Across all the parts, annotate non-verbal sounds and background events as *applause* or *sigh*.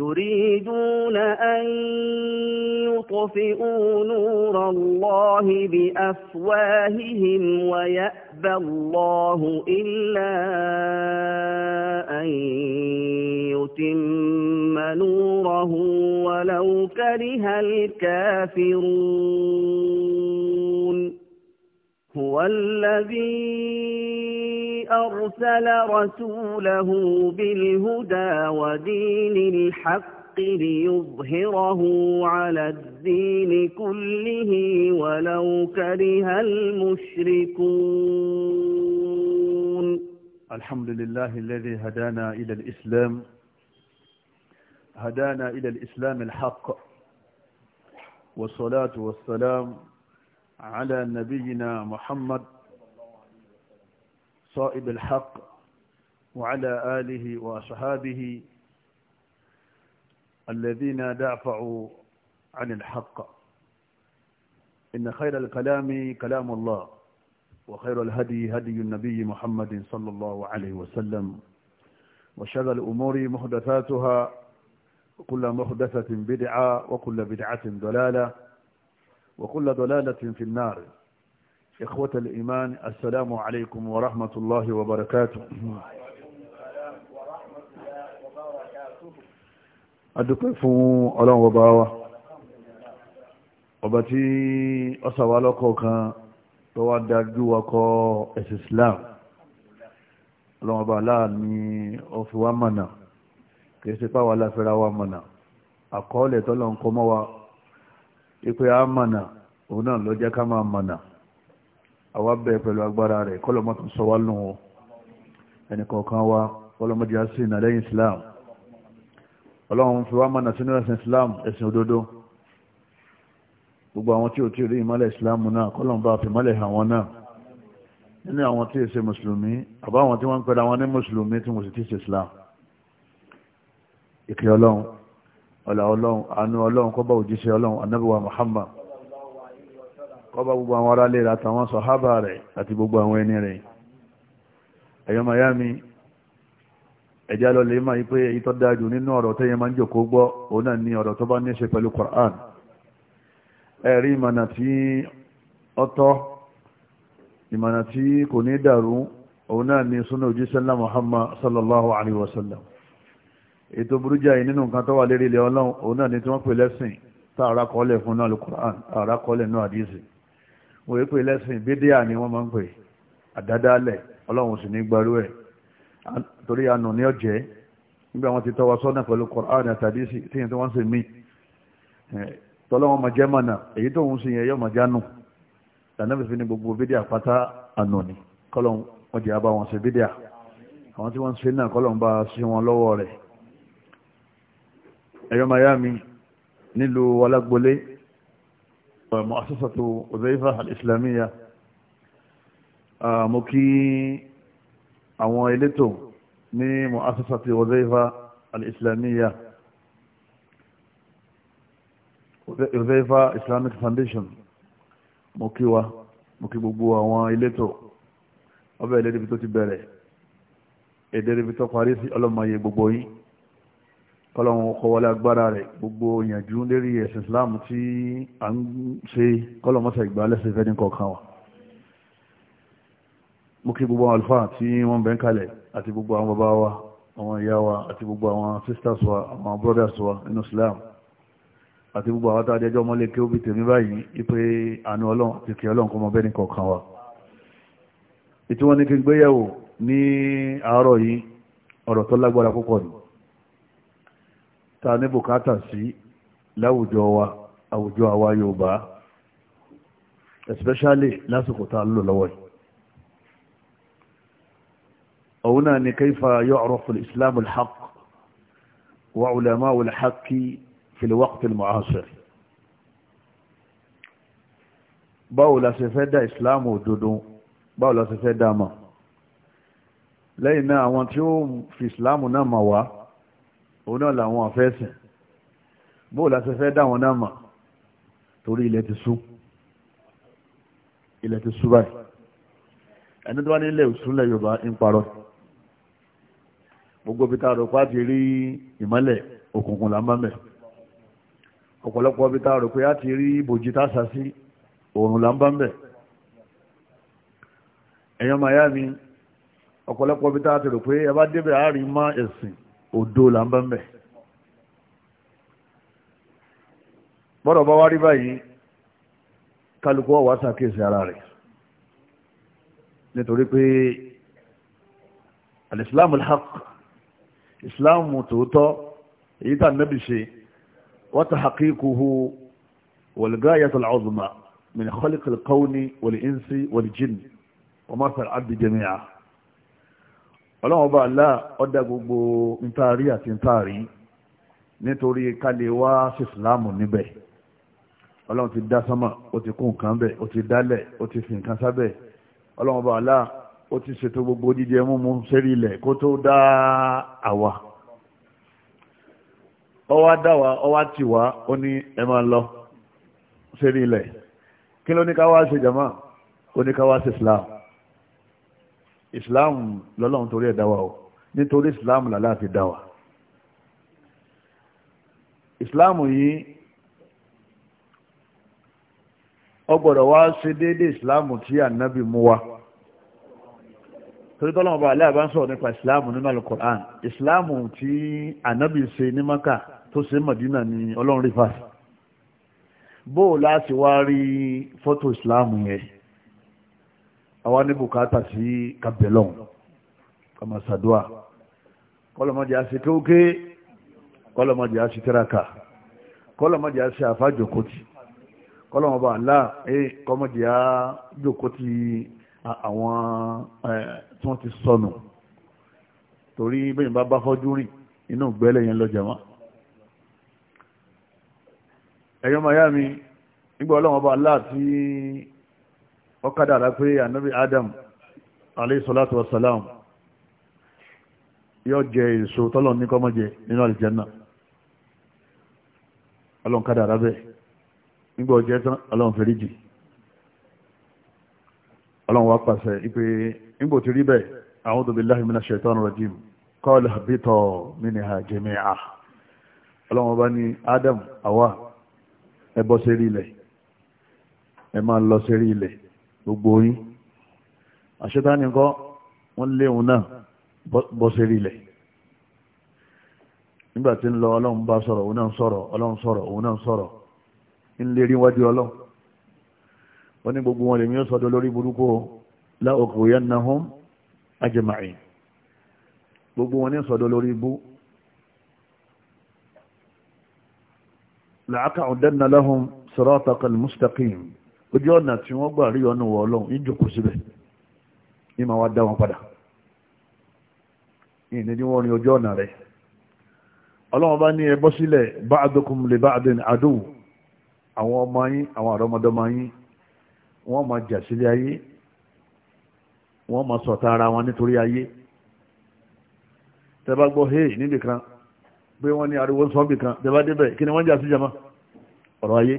يريدون أن يطفئوا نور الله بأفواههم ويأبى الله إلا أن يتم نوره ولو كره الكافرون هو الذي أرسل رسوله بالهدى ودين الحق ليظهره على الدين كله ولو كره المشركون الحمد لله الذي هدانا إلى الإسلام هدانا إلى الإسلام الحق والصلاة والسلام على نبينا محمد صائب الحق وعلى آله وأصحابه الذين دافعوا عن الحق إن خير الكلام كلام الله وخير الهدي هدي النبي محمد صلى الله عليه وسلم وشغل الأمور محدثاتها وكل محدثة بدعة وكل بدعة ضلالة وكل ضلالة في النار إخوة الإيمان السلام عليكم ورحمة الله وبركاته adúpẹ́ fún ọlọ́run ọba wa ọba tí ó ṣà wá lọ́kọ̀ọ̀kan tó wá dájú wakọ ẹ̀sìn Islam ọlọ́run ọba láàní ọ̀fíwá mọ̀nà kìí sí pàwà láfẹ́ra wa mọ̀nà àkọọ́lẹ̀ tọ́lọ̀ ń kọ́ mọ́ wa ipé a mọ̀nà òun náà ló jẹ́ ká máa mọ̀nà àwa bẹ̀rẹ̀ pẹ̀lú agbára rẹ̀ kọ́lọ̀mọ́ tó sọ wá nù ọ́ ẹnì kọ̀ọ̀kan wa kọ́lọ̀mọ́ jẹ́ sí ìnà lẹ́yìn islam ọlọ́run fi wá mọ̀nà sínú ẹ̀sìn islam ẹ̀sìn òdodo gbogbo àwọn tí ò tí rí ìmọ́lẹ̀ islam náà kọ́lọ̀mọ́ bá fi mọ́lẹ̀ àwọn náà nínú àwọn tí èsè mùsùlùmí àbá àwọn tí wọ́n ń pẹ̀lú àwọn ní mùsùlùmí tí mo sì ti ṣe islam ìkẹ́ ọlọ́run ọlà ọlọ́run àánú ọlọ́run kọ́bà òjíṣẹ́ ọlọ́run anábíwá muhammad kọba gbogbo àwọn ará lè àtàwọn sọ̀hábà rẹ̀ àti gbogbo àwọn ẹni rẹ̀ ẹ̀yọ́ miami ẹjá lọ lè máa yí pé èyí tó dájú nínú ọ̀rọ̀ tẹ́yẹ máa ń jòkó gbọ́ òun náà ní ọ̀rọ̀ tó bá ní ṣe pẹ̀lú Qur'an ẹ̀rí ìmọ̀nà tí ọtọ́ ìmọ̀nà tí kò ní dàrú òun náà ní súnà òjísẹ́lá Muhammad sallallahu alaihi wasallam ètò burújà yìí nínú nǹkan tó wà lérí ilẹ̀ ọlọ́run òun náà ní tí wọ́n pè lẹ́sìn tá àràkọọ́lẹ̀ fún náà lù Qur'an àràkọọ́lẹ̀ náà àdíyèsí wọ́n pè lẹ́sìn bídíà ni wọ́n máa ń pè àdádálẹ̀ ọlọ́run sì ní gbarú ẹ̀ torí ànà ní ọ̀jẹ́ nígbà wọn ti tọ́wọ́ sọ́nà pẹ̀lú Kùránì àtàdé sí tí yẹn tó wọ́n sì mí tọ́lọ́wọ́n máa jẹ́ mànà èyí tó ń sin yẹn yọ́ máa jánu tànàbí fi ní gbogbo bídíà pátá ànà ni kọ́lọ́n wọ́n jẹ́ abá wọn sí bídíà àwọn tí wọ́n ń ṣe náà kọ́lọ́n bá sí wọn lọ́wọ́ rẹ̀ ẹ̀yọ́ مؤسسة أذيفة الإسلامية mo kí àwọn elétò ní مؤسسة أذيفة الإسلامية أذيفة Islamic Foundation mo kí wa mo kí gbogbo àwọn elétò ọbẹ̀ ìlérí tó ti bẹ̀rẹ̀ èdè ríbi tó parí sí ọlọ́mọ iye gbogbo yìí kọ́lọ́run kọ́ wọlé agbára rẹ̀ gbogbo ìyànjú lérí ẹ̀sìn islam tí a ń ṣe kọ́lọ́mọ́sà ìgbà lẹ́sìn fẹ́ ní kọ̀ọ̀kan wa mo kí gbogbo àwọn àlùfáà tí wọ́n bẹ̀ ń kalẹ̀ àti gbogbo àwọn bàbá wa àwọn ìyá wa àti gbogbo àwọn sisters wa àwọn brothers wa nínú islam àti gbogbo àwọn tàbí ẹjọ́ mọ́lé kí ó bí tèmi báyìí ipé àánú ọlọ́run àti kí ọlọ́run kọmọ bẹ́ni kọ̀ọ̀kan wa ìtí wọ́n ní kí gbéyàwó ní àárọ̀ yìí ọ̀rọ̀ ta ní bùkátà sí láwùjọ wa àwùjọ àwa Yorùbá especially lásìkò tá a lò lọ́wọ́ yìí òun náà ni kaifa yu'rafu al-islam al-haq wa ulama al-haq fi al-waqt al báwo la fẹ́ dá islam òdodo báwo la fẹ́ dá mọ̀ lẹ́yìn náà àwọn tí ó fi islam náà mọ̀ wá òun náà làwọn àfẹ́sìn bóò láti fẹ́ dá wọn náà mà torí ilẹ̀ ti sú ilẹ̀ ti sú báyìí ẹni tó wá nílẹ̀ òsúnlẹ̀ yorùbá ń parọ́ gbogbo bí tá a rò pa ti rí ìmọ́lẹ̀ òkùnkùn là ń bá mẹ́ ọ̀pọ̀lọpọ̀ bí tá a rò pé a ti rí ibòjì tá a sà sí òòrùn là ń bá mẹ́ ẹ̀yàn màyá ọ̀pọ̀lọpọ̀ bí tá a ti rò pé ẹ bá débẹ̀ àárín má ẹ̀sìn òdo là ń bá ń bẹ̀. bọ́dọ̀ bá wá rí báyìí kálukú ọ̀wá ṣàkíyèsí ara rẹ̀ nítorí pé alìsílámù alhaq ìsìlámù tòótọ́ èyí tà nẹ́bì ṣe wọ́n ta haqiquhu والغاية العظمى من خلق الكون والإنس والجن ومثل العبد جميعا ọlọ́run bá ńlá ọdá gbogbo ntaari àti ntaari nítorí kálẹ̀ wá sí ìsìláàmù níbẹ̀ ọlọ́run ti dá sánmà ó ti kó nǹkan bẹ̀ ó ti dálẹ̀ ó ti fi nǹkan sábẹ̀ ọlọ́run bá ńlá ó ti ṣètò gbogbo jíjẹ múmu sérí ilẹ̀ kó tó dá àwa ọwá dáwà ọwá tìwá ó ní ẹ máa lọ sérí ilẹ̀ kí ló ní ká wá ṣe jàmá ó ní ká wá sí ìsìláàmù islam lọ́lọ́run torí ẹ̀ dá wa o nítorí islam làlá fi dá wa islam yìí ó gbọ́dọ̀ wá ṣe déédé islam tí ànábì mú wa torí tọ́lọ́mọba alẹ́ àbá ń sọ̀rọ̀ nípa islam nínú alukoran islam tí ànábì ṣe ní maka tó ṣe mọ̀dínà ní ọlọ́run rí bóò láti wá rí fọ́tò islam yẹn àwa ní bùkátà sí kabelon kamasadua kọlọmọdé àṣekéwóké kọlọmọdé àṣetẹraka kọlọmọdé àṣe àfájòkòtì kọlọmọba àlá kọmọdé àjòkòtì àwọn tí wọ́n ti sọnù torí bẹ́yìn bá bá fọ́jú rìn inú gbẹ́lẹ̀ yẹn lọ́jọ́ wọn ẹ̀yọ́ mayami nígbà ọlọ́mọba àlá tí Ọ ọkádà alápé ànábì adam aléṣọ́látù wasalam yóò jẹ èso tọ́lọ̀ ní kọmọ́jẹ nínú àlìjẹ́nà ọlọ́n kádà arábẹ̀ nígbà ọjẹ́ tán ọlọ́n fèríjì ọlọ́n wá pàṣẹ ipé nígbà tí rí bẹ́ẹ̀ a'udhu billahi minash shaitanir rajim qala habita minha jami'a ọlọ́n ọba ní adam àwa ẹbọ́ sérí ilẹ̀ ẹ máa lọ sérí ilẹ̀ gbogbo orí àṣetáni kọ́ wọ́n léhun náà bọ́sẹ̀rí ilẹ̀ nígbà tí ń lọ ọlọ́run bá sọ̀rọ̀ òun náà sọ̀rọ̀ ọlọ́run sọ̀rọ̀ òun náà sọ̀rọ̀ ń lè rí wájú ọlọ́run wọ́n ní gbogbo wọn lèmi ó sọ́dọ̀ lórí burúkú la uqwiyannahum ajma'in gbogbo wọn ní sọ́dọ̀ lórí ibú la'aq'udanna lahum siratakal mustaqim ojú ọ̀nà tí wọ́n gbà rí ọ̀nà wọ̀ ọlọ́run níjòkó síbẹ̀ ní ma wá dá wọn padà ìní ni wọ́n rin ojú ọ̀nà rẹ̀ ọlọ́run bá ní ẹbọ́ sílẹ̀ ba'dukum li ba'din adu àwọn ọmọ yín àwọn àrọ́mọdọ́mọ yín wọ́n máa jà sílé ayé wọ́n máa sọ̀tá ara wọn nítorí ayé tẹ́bá gbọ́ hey níbìkan pé wọ́n ní ariwo sọ́bìkan tẹ́bá débẹ̀ kí ni wọ́n jà sí jama ọ̀rọ̀ ayé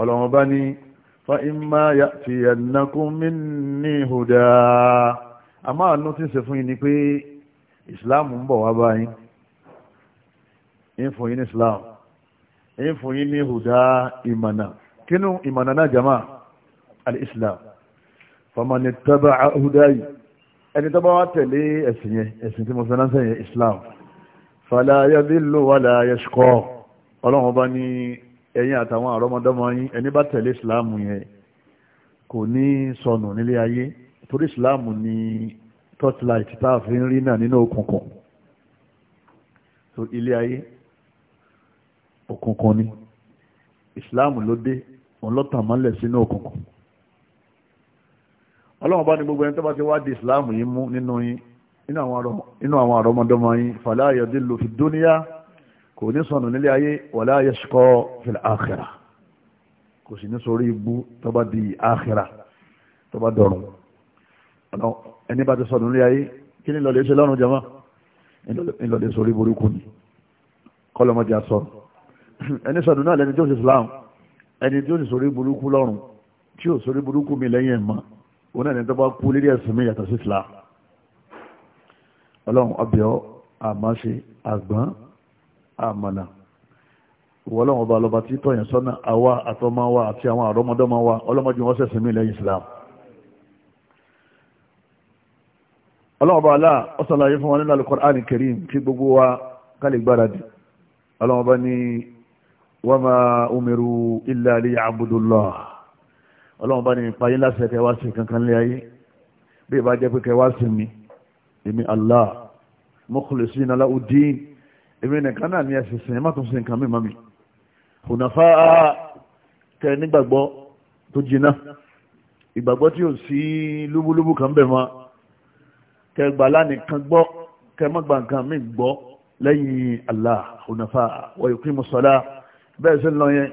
ọlọ́run bá ní fa imma ya'tiyannakum minni huda a máa nú tí ń ṣe fún yín ni pé ìsìláàmù ń bọ̀ wá báyìí ń fún yín ní ìsìláàmù ń fún yín ní huda ìmọ̀nà kínú ìmọ̀nà náà jama al-islam famani taba'a hudayi ẹni tó wá tẹ̀lé ẹ̀sìn yẹn ẹ̀sìn tí mo fẹ́ lánṣẹ́ yẹn islam fala yadhillu wala yashqa ọlọ́run bá ní ẹ̀yin àtàwọn àrọ́mọdọ́mọ yín ẹni bá tẹ̀lé ìsìláàmù yẹn kò ní sọnù nílé ayé torí ìsìláàmù ni torchlight tá a fi ń rí náà nínú òkùnkùn so ilé ayé òkùnkùn ni ìsìláàmù ló dé òun ló tàn mọ́lẹ̀ sínú òkùnkùn ọlọ́run bá ní gbogbo ẹni tó bá ti wá di ìsìláàmù yìí mú nínú yín nínú àwọn àrọ́mọdọ́mọ yín fala yadillu fi dunya kò ní sọnù nílé ayé wala yashqa fil akhira kò sì ní sórí ibú tó bá di akhira tó bá dọ̀rùn ẹni bá ti sọnù nílé ayé kí ni lọ́lẹ̀ ṣe lọ́rùn jama ìlọ́lẹ̀ sórí burúkú ni kọ́lọ́mọdé sọ ẹni sọnù náà lẹni tó ṣe Islam ẹni tó ṣe sórí burúkú lọ́rùn tí ò sórí burúkú mi lẹ́yìn ẹ̀ òun náà ni tó kú lérí ẹ̀sìn mi yàtọ̀ sí Islam ọlọ́run ọbẹ̀ ọ àmáṣe àgbọ̀n àmànà ìwọ́lọ́wọ́n ọba lọba tí tọ́yìn sọ́nà àwa àtọ́mọ́ wa àti àwọn àrọ́mọdọ́mọ wa ọlọ́mọdé wọn sẹ̀sìn mí lẹ́yìn Islam ọlọ́wọ́ba alá ọ̀sánláyé fún wa nínú Al-Qur'an Al-Karim tí gbogbo wa kálí gbáradì ọlọ́wọ́ba ní wa ma umiru illa liya'budullah ọlọ́wọ́ba ní ìpayé Allah mukhlisina lahu ddin èmi nìkan náà ni ẹsẹ̀ sìn ẹ má tún sin nǹkan mi mọ́ mi ònàfà tẹ nígbàgbọ́ tó jiná ìgbàgbọ́ tí ò sí lúbúlúbú kan bẹ̀ mọ́ kẹ gbà lánìkan gbọ́ kẹ má gba nǹkan mi gbọ́ lẹ́yìn Allah ònàfà wọ́n yòókù mùsọ̀lá bẹ́ẹ̀ sí lọ yẹn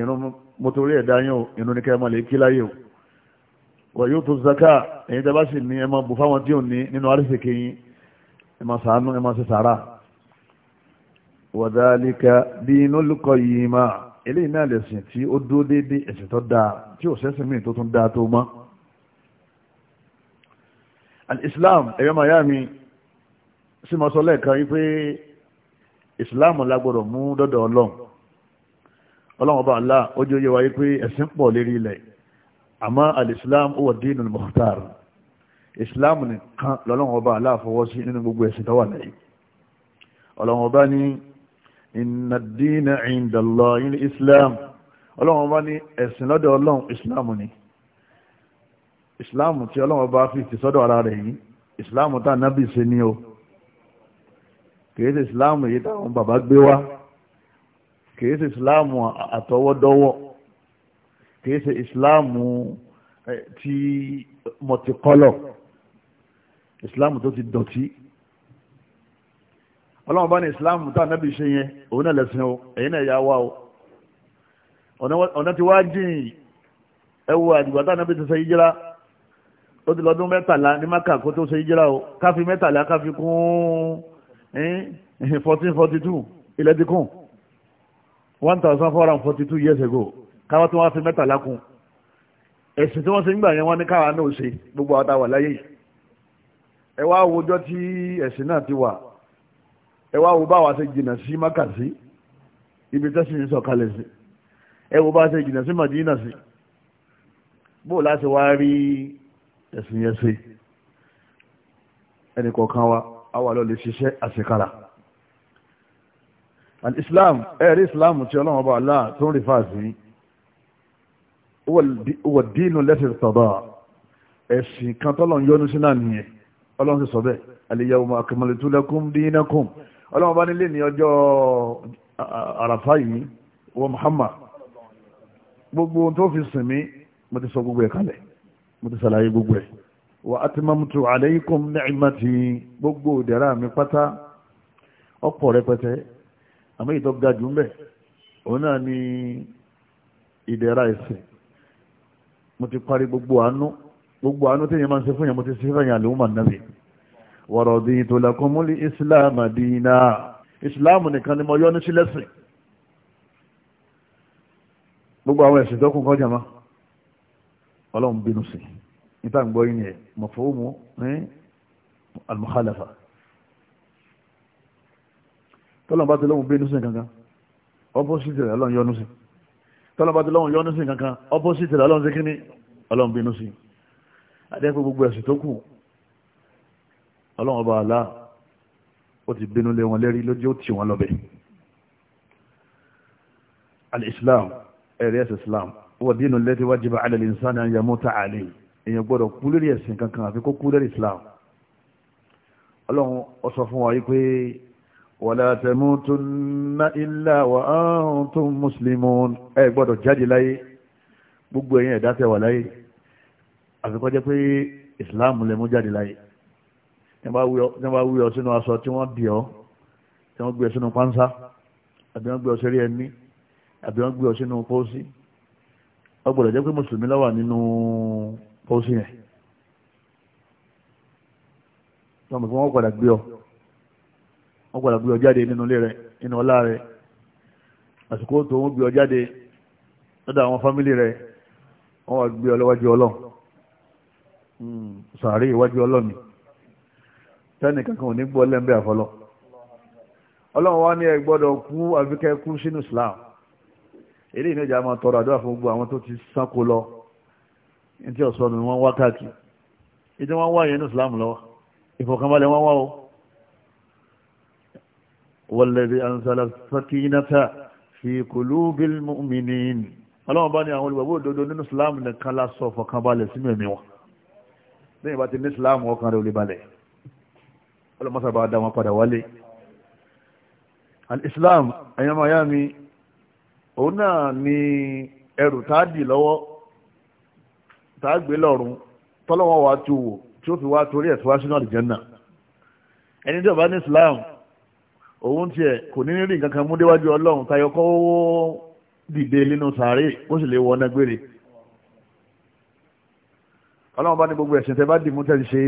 ìrún mọ́tòrí ẹ̀dá yẹn o ìrún ní kẹ́ mọ́ lè kí láyé o wọ́n yóò tó zaka èyí tẹ́ bá sì ní ẹ máa bù fáwọn tí ò ní nínú àrísìkì yín ẹ máa ṣàánú ẹ máa ṣe sàárà wàdálíkà dinul qayyima eléyìí náà lẹ̀sìn tí ó dúró déédé ẹ̀sìn tó dáa tí ò sẹ́sìn míì tó tún dáa tó mọ́ al-islam ẹ̀yọ́ miami sí mo sọ lẹ́ẹ̀kan yí pé islam lágbọ́dọ̀ mú dọ́dọ̀ ọlọ́run ọlọ́run ọba Allah ó jẹ́ yẹ wáyé pé ẹ̀sìn pọ̀ lérí ilẹ̀ àmọ́ al-islam huwa dinul mukhtar islam nìkan lọ́lọ́run ọba Allah fọwọ́ sí nínú gbogbo ẹ̀sìn tó wà lẹ́yìn ọlọ́run ọba ní inna ad-dina 'inda Allahi al-islam ọlọ́run ọba ní ẹ̀sìn lọ́dọ̀ ọlọ́run islam ni islam tí ọlọ́run ọba fi ti sọ́dọ̀ ara rẹ̀ yìí islam tá nábì ṣe ni o kìí ṣe islam èyí táwọn bàbá gbé wá kìí ṣe islam àtọwọ́dọ́wọ́ kìí ṣe islam eh, tí mọ̀tíkọ́lọ̀ islam tó ti dọ̀tí ọlọ́run bá ní islam tá nábì ṣe yẹn òun náà lẹ́sìn o ẹ̀yin náà yà wá o ọ̀nà tí wàá jìn ẹwọ àdìgbà tá nábì ti ṣe yíjìrá ó ti lọ́dún mẹ́tàlá ní maka kó tó ṣe yíjìrá o káfí mẹ́tàlá káfí kún fourteen forty two ilẹ̀ ti kún one thousand four hundred forty two years ago káwá tí wọ́n fi mẹ́tàlá kún ẹ̀sìn tí wọ́n ṣe ń gbà yẹn wọ́n ní káwa náà ṣe gbogbo àtàwà láyé ẹ wá wojọ́ tí ẹ̀sìn náà ti wà ẹ wá wo báwa ṣe jìnnà sí maka sí ibi tẹ́sí ń sọ̀kalẹ̀ sí ẹ wo bá ṣe jìnnà sí madina sí bó láti wá rí ẹ̀sìn yẹn sí ẹnì kọ̀ọ̀kan wa àwa lọ lè ṣiṣẹ́ àṣekára and islam ẹ̀rí islam tí ọlọ́run ọba aláà tó ń rí fáàsì wọ dínú lẹ́sẹ̀ tọ̀dọ̀ ẹ̀sìn kan tọ́lọ̀ ń yọnu sí náà nìyẹn ọlọ́run ti sọ bẹ́ẹ̀ al-yawma akmaltu lakum dinakum ọlọ́run bá nílé ní ọjọ́ àràfá yìí wọ Muhammad gbogbo tó fi sìn mí mo ti sọ gbogbo ẹ̀ kalẹ̀ mo ti sàlàyé gbogbo ẹ̀ wà á ti mamtu alaykum ni'mati gbogbo ìdẹ̀ra mi pátá ọ̀pọ̀ rẹpẹtẹ àmọ́ ìtọ́ ga jù ń òun náà ni ìdẹ̀ra ẹ̀sìn mo ti parí gbogbo àánú gbogbo àánú tí èèyàn máa ń ṣe fún yàn mo ti ṣe fẹ́yàn àlùmọ̀ nàbì waraditu lakumul islam dina islam nìkan ni mo yọ ní sílẹ̀sìn gbogbo àwọn ẹ̀sìn tó kún kọjá ma ọlọ́run bínú sí níta gbọ́ yìí ni ẹ̀ mafhumu ní al-mukhalafa tọ́lọ́n bá ti lọ́hun bínú sí kankan opposite rẹ̀ ọlọ́run yọ́nú sí tọ́lọ́n bá ti lọ́hun yọ́nú sí kankan opposite rẹ̀ ọlọ́run sí kíní ọlọ́run bínú sí adẹ́kùn ọlọ́run ọba àlá ó ti bínú lé wọn lérí lójú ó tì wọn lọ́bẹ̀ al-islam ẹ̀rí ẹ̀sìn islam wọ́n dínú lẹ́tí wájiba ala al-insani an yamuta alayhi èèyàn gbọ́dọ̀ kú lérí ẹ̀sìn kankan àfi kó kú lérí islam ọlọ́run ó sọ fún wa yí pé wala tamutunna illa wa antum muslimun ẹ gbọ́dọ̀ jáde láyé gbogbo ẹ̀yin ẹ̀dá tẹ́ wà láyé àfi pé islam lẹ jáde láyé tí wọ́n bá wí ọ sínú aṣọ tí wọ́n dì ọ́ tí wọ́n gbé ọ sínú pánsá àbí wọ́n gbé ọ sórí ẹní àbí wọ́n gbé ọ sínú pósí wọ́n gbọ́dọ̀ jẹ́ pé mùsùlùmí ló wà nínú pósí yẹn wọ́n mọ̀ pé wọ́n padà gbé ọ wọ́n padà gbé ọ jáde nínú ilé rẹ nínú ọlá rẹ àsìkò tó wọ́n gbé ọ jáde lọ́dọ̀ àwọn fámílì rẹ̀ wọ́n wá gbé ọlọ́wájú ọlọ́run hmm, sàárè iwájú ọlọ́run tẹ́nì kankan ò ní gbọ́ lẹ́ńbẹ́ àfọlọ́ ọlọ́run wá ní ẹ gbọ́dọ̀ kú àfikẹ́ kú sínú islam èdè ìnájà máa tọrọ àdúrà fún gbogbo àwọn tó ti sáko lọ ní tí ọ̀sán ni wọ́n wá káàkiri ìdí wọ́n wá yẹn ní islam lọ ìfọ̀kànbalẹ̀ wọ́n wá o wọ́lẹ̀dẹ̀ ansala sakinata fi kulubil mu'minin ọlọ́run bá ní àwọn olùgbàgbọ́ òdodo nínú islam nìkan lásọ̀ fọ̀kànbalẹ̀ sínú ẹ̀mí wọn lẹ́yìn bá ti ní islam ọkàn rẹ̀ ò ọlọ́mọ́sàbà dá wọn padà wálé al-islam ayyamayami òun náà ni ẹrù tààdì lọ́wọ́ tààgbé lọ́rùn tọ́lọ́wọ́ wa ti wò tí ó fi wá torí ẹ̀ síwájú náà àlùjánnà ẹni tí ó ní islam òun tiẹ̀ kò ní rí nǹkan kan mú déwájú ọlọ́run tayọ kọ́ dìde nínú sàárè ó sì lè wọ ọ́nà gbére ọlọ́run bá ní gbogbo ẹ̀sìn tẹ́ bá dì mú tẹ́ ti ṣe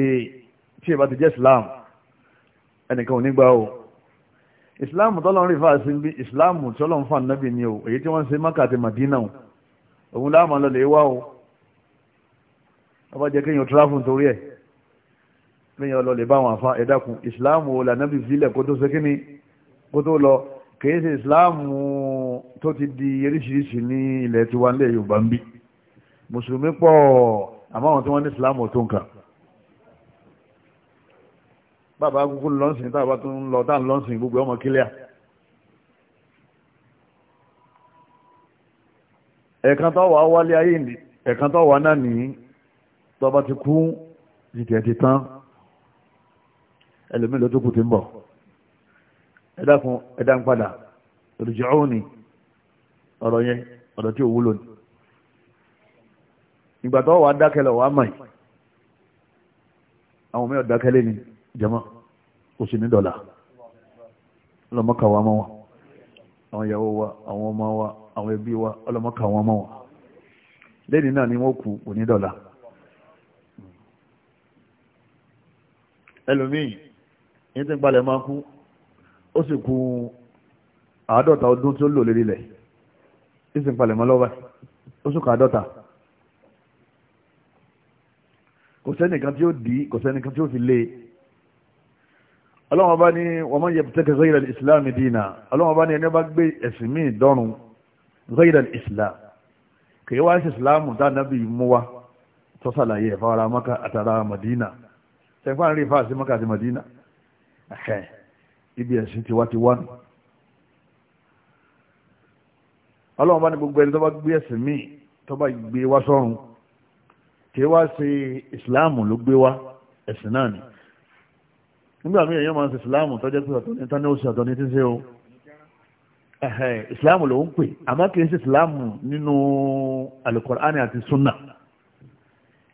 tí ẹ bá ti jẹ́ islam ẹnìkan ò ní gbà o ìsìláàmù tọ́lọ́run rí fáà sí bí ìsìláàmù tí ọlọ́run fà nábì ni o èyí tí wọ́n ń ṣe Mákà àti Màdínà o òun láàmà lọ lè wá o ọba jẹ́ kéèyàn tíráfù nítorí ẹ̀ kéèyàn lọ lè bá wọn àfa ẹ̀dákun ìsìláàmù o lànàbì fílẹ̀ kó tó ṣe kí ni kó tó lọ kìí ṣe ìsìláàmù tó ti di eríṣiríṣi ní ilẹ̀ tiwa nílẹ̀ Yorùbá ń bí mùsùlùmí pọ̀ àmọ́ àwọn tí wọ́n ní ìsìláàmù tó nǹkan bàbá kúkú lọ́nsìn tàbá tó ń lọ tá lọ́nsìn gbogbo ọmọ kílíà ẹ̀kan tó wà wálé ayé ní ẹ̀kan tó wà náà nìyí tó ti kú jìtẹ̀ ti tán ẹlòmí tó kù ti ń bọ̀ ẹ̀dá kun ẹ̀dá ń padà òrùjọ́ ni ọ̀rọ̀ yẹn ọ̀rọ̀ tí ò wúlò ní ìgbà tó wà dákẹ́lẹ̀ wà mọ̀ àwọn mẹ́ọ̀ dákẹ́lẹ̀ ni jama kò sí ní dọ́là ọlọ́mọkà wa mọ́ wọn àwọn ìyàwó wa àwọn ọmọ wa àwọn ẹbí wa ọlọ́mọkà wa mọ́ wọn lẹ́yìn náà ni wọ́n kú òní dọ́là ẹlòmíì yín tí ń palẹ̀ máa kú ó sì kú àádọ́ta ọdún tí ó lò lérí lẹ̀ yín tí ń palẹ̀ máa lọ́wọ́ ó sì kú àádọ́ta kò sẹ́nìkan tí ó dì í kò sẹ́nìkan tí ó fi lé e ọlọ́wọ́n bá ní wọ́n mọ̀ yẹ tẹ́kẹ̀ zayira islam dina ọlọ́wọ́n bá ní ẹni bá gbé ẹ̀sìn míì dọ́rùn zayira islam kì í wá sí islam tá nàbí mú wa tó sàlàyé ẹ̀fọ́ ara maka àtàrà madina sẹ́fà ń rí ifá sí maka àti madina ẹ̀hẹ́ ibi ẹ̀sìn tiwa ti wá nù. ọlọ́wọ́n bá ní gbogbo ẹni tó bá gbé ẹ̀sìn míì tó bá gbé wa sọ́run kì í islam ló gbé wa ẹ̀sìn náà ni nígbà míì èèyàn máa ń ṣe ìsìláàmù tó jẹ́ pé ọ̀tọ̀ ní tánú oṣù ọ̀tọ̀ ní ti ṣe o ìsìláàmù ló ń pè àmọ́ kì í ṣe ìsìláàmù nínú alukur'ani àti sunna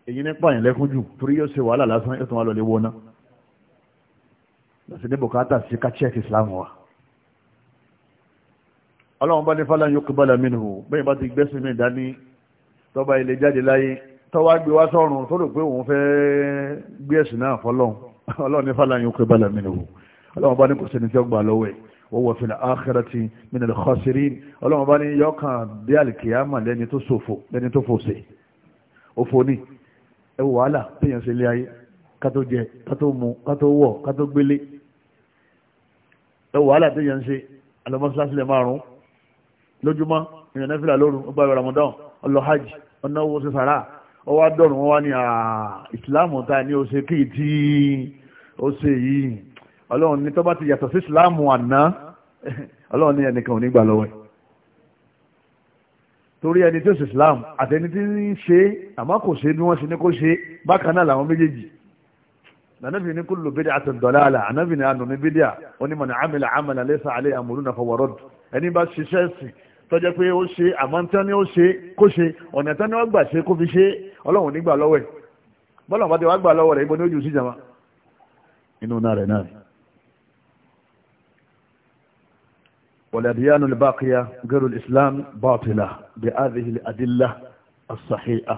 èyí ní pààyàn lẹ́kún jù torí yóò ṣe wàhálà lásán yóò tún wá lọlé wọná lọ́sí ní bùkátà sí ká chẹ́ẹ̀kì ìsìláàmù wa ọlọ́run bá ní fàlàn yóò kúbọ̀lá mínú bẹ́ẹ̀ bá ti gbẹ́sí mi dání tọ́ba ilé jáde láyé tọ́wá gbé wá sọ́run tó rò pé òun fẹ́ ọlọ́run ní fàlàyé ń pè bàlà mi nìwò ọlọ́run bá ní kò sí ní tí ó gbà lọ́wọ́ ẹ̀ wọ́n wọ̀ fìlà áhẹ́rẹ́tì min al-khasirin ọlọ́run bá ní yọ́kàn bí àlìkìyàmà lẹ́ni tó ṣòfò lẹ́ni tó fòṣe òfò ni ẹ wò wàhálà téèyàn ṣe lé ayé kátó jẹ kátó mu kátó wọ̀ kátó gbélé ẹ wò wàhálà téèyàn ṣe alọ́mọsílásílẹ̀ márùn-ún lójúmọ́ ìrìn lóru ó gbàgbé ramadan ọlọ hajj ọ̀nà owó ṣe sàrà ọwọ́ adọ́rùn wọn wá ní ìsìláàmù ta ni ó ṣe kéètì ó ṣe yìí ọlọ́run ní tó bá ti yàtọ̀ sí ìsìláàmù àná ọlọ́run ní ẹnìkan ò ní gbà lọ́wọ́ torí ẹni tí ó sì islam àtẹni tí ń ṣe àmọ́ kò ṣe bí wọ́n ṣe ní kó ṣe bákan náà làwọn méjèèjì nànàbì ní kullu bid'atin dalalah ànàbì ní ànàbì bídíà ó ní man amila amalan laysa alayhi amruna fahuwa radd ẹni bá ṣiṣẹ́ sí tọ́jẹ́ pé ó ṣe àmọ́ tán ni ó ṣe kó ṣe ọ̀nà tán ni wọ́n gbà ṣe kó fi ṣe ọlọ́run nígbà lọ́wọ́ ẹ̀ bọ́lá inú náà rẹ̀ náà wàlàdíyánu al-baqiya gẹ́rù islam bátìlá bí ádìhì àdílá as-sahiha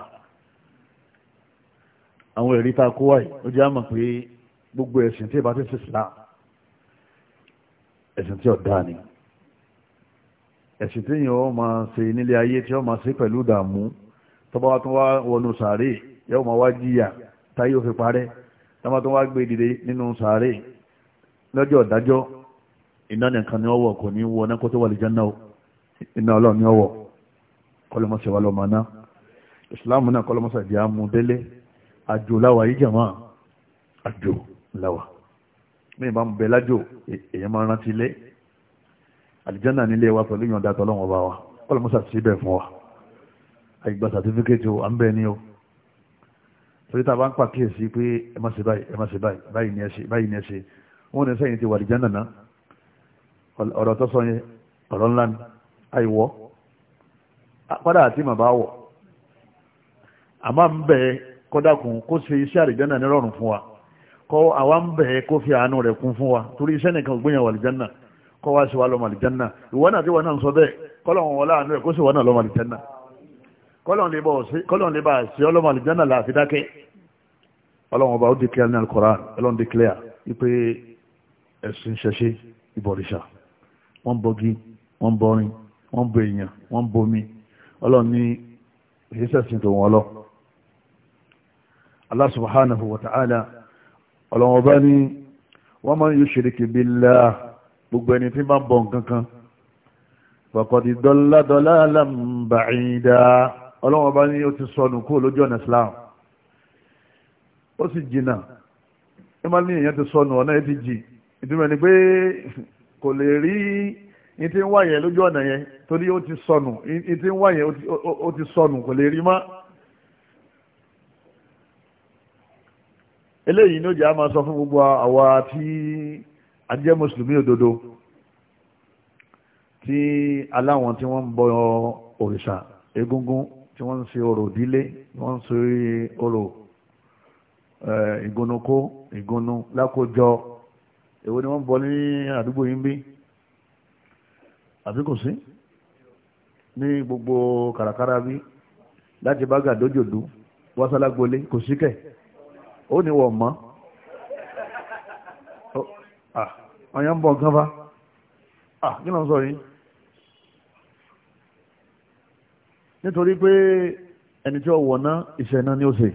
àwọn èrí ta kó wáyé ó jẹ́ àmà pé gbogbo ẹ̀sìn tí ìbá ti sí islam ẹ̀sìn tí ọ̀dá ni ẹ̀sìn tí yìí ó máa ṣe nílé ayé tí ó máa ṣe pẹ̀lú ìdààmú tọ́bá wa tún wá wọnú sàárè yóò máa wá jìyà táyé ó fi parẹ́ tọ́mọ́ tó wá gbé dìde nínú sàárè lọ́jọ́ ìdájọ́ iná nìkan ni ọwọ́ kò ní wọ náà kó tó wà lè jẹ́nà iná ọlọ́run ní ọwọ́ kọlọmọsẹ̀ wà lọ́mọ náà ìsìláàmù náà kọlọmọsẹ̀ di amúdélé àjò láwà yìí jàmá àjò láwà mí bá ń bẹ lájò e-, èèyàn máa rántí ilé àlìjánà nílé wa pẹ̀lú ìyọ̀ǹda tọ́lọ́wọ́n bá wa kọlọmọsẹ̀ síbẹ̀ fún wa àyígbà sàtífíkẹ́tì à ń bẹ ní o torí tá a bá ń pàkíyèsí pé ẹ má ṣe báyìí ẹ má ṣe báyìí báyìí ni ẹ ṣe báyìí ni ẹ ṣe wọn ní sẹ́yìn ti wà lìjánà náà ọ̀rọ̀ tó sọ yẹn ọ̀rọ̀ ńlá ni àìwọ́ padà àti màbá wọ̀ àmá ń bẹ̀ kọ́dákun kó ṣe iṣẹ́ àlìjánà ní rọrùn fún wa kọ́ àwa ń bẹ̀ kó fi àánú rẹ̀ kún fún wa torí iṣẹ́ nìkan gbìyànjú àlìjánà kọ́ wá sí wa lọ́mọ àlìjánà ìwọ náà ti wà náà ń sọ bẹ́ẹ̀ kọ́lọ́wọ́n wọlé àánú rẹ̀ kó sì kọ́lọ̀n lè bá ṣe ọlọ́mọ àlìjánà láàfi dákẹ́ ọlọ́run ọba ó declare ní al-Qur'an ọlọ́run declare wípé ẹ̀sìn ṣẹṣe ìbọ̀rìṣà wọ́n bọ́gí wọ́n bọ́rin wọ́n bọ èèyàn wọ́n bomi ọlọ́run ní ìṣẹ́sìn tó wọn lọ Allah subhanahu wa ta'ala ọlọ́run ọba ní wa man yushrik billah gbogbo ẹni tí bá ń bọ̀ nǹkan kan faqad dalla dalalan ba'ida ọlọ́wọ́n bá ní ó ti sọnù kúrò lójú ọ̀nà islam ó sì jìnnà ẹ máa ní èèyàn ti sọnù ọ̀nà ẹ ti jì ìdúmọ̀ ni pé kò lè rí ní ti ń wá yẹn lójú ọ̀nà yẹn torí ó ti sọnù ní ti ń wá yẹn ó ti sọnù kò lè rí mọ́. eléyìí ló jẹ́ a máa sọ fún gbogbo àwa tí a jẹ́ mùsùlùmí òdodo tí aláwọn tí wọ́n ń bọ òrìṣà egúngún tí wọ́n ń ṣe orò ìdílé wọ́n ń ṣe orò ìgúnnukó ìgúnnu lákòjọ èwo ni wọ́n ń bọ ní àdúgbò yín bí àbí kò sí ní gbogbo kàràkàrà bí láti bá gàdójòdú wásálágbólé kò sí kẹ̀ ó ní wọ̀ mọ́ ọ̀yàn ń bọ̀ nǹkan fa kí ló ń sọ yìí. nítorí pé ẹni tí ó wọ̀ ná iṣẹ́ náà ni ó ṣe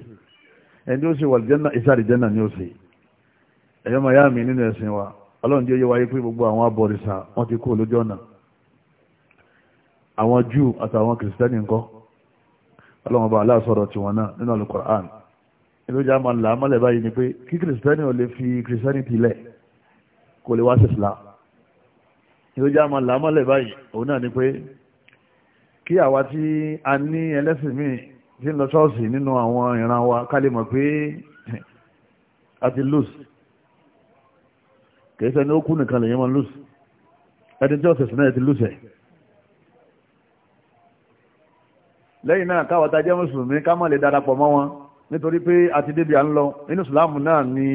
ẹni tí ó ṣe wàlìjẹ́nà iṣẹ́ àlìjẹ́nà ni ó ṣe ẹ̀yọ́ màá yá mi nínú ẹ̀sìn wa ọlọ́run jẹ́ yé wáyé pé gbogbo àwọn abọ̀rìṣà wọ́n ti kú lójú ọ̀nà àwọn júù àtàwọn kìrìsìtẹ́nì ńkọ́ ọlọ́run ọba aláàsọ̀rọ̀ tiwọn náà nínú alukur'an inú ìjà máa là á mọ́lẹ̀ báyìí ni pé kí kìrìsìtẹ́nì ò lè fi kìrìsìtẹ́nì tilẹ̀ kò lè wá sí ìsìlá inú ìjà máa ń là á mọ́lẹ̀ báyìí òun náà ni pé kí àwa tí a ní ẹlẹ́sìn míì tí ń lọ ṣọ́ọ̀ṣì nínú àwọn ìran wa ká lè mọ̀ pé a ti lose kìí sẹ́ni ó kú nìkan lèyàn máa lose ẹni tí ọ̀sẹ̀ sinẹ́ ti lose ẹ̀ lẹ́yìn náà káwa tá jẹ́ mùsùlùmí ká má lè darapọ̀ mọ́ wọn nítorí pé a ti débi à ń lọ nínú ìsìláàmù náà ni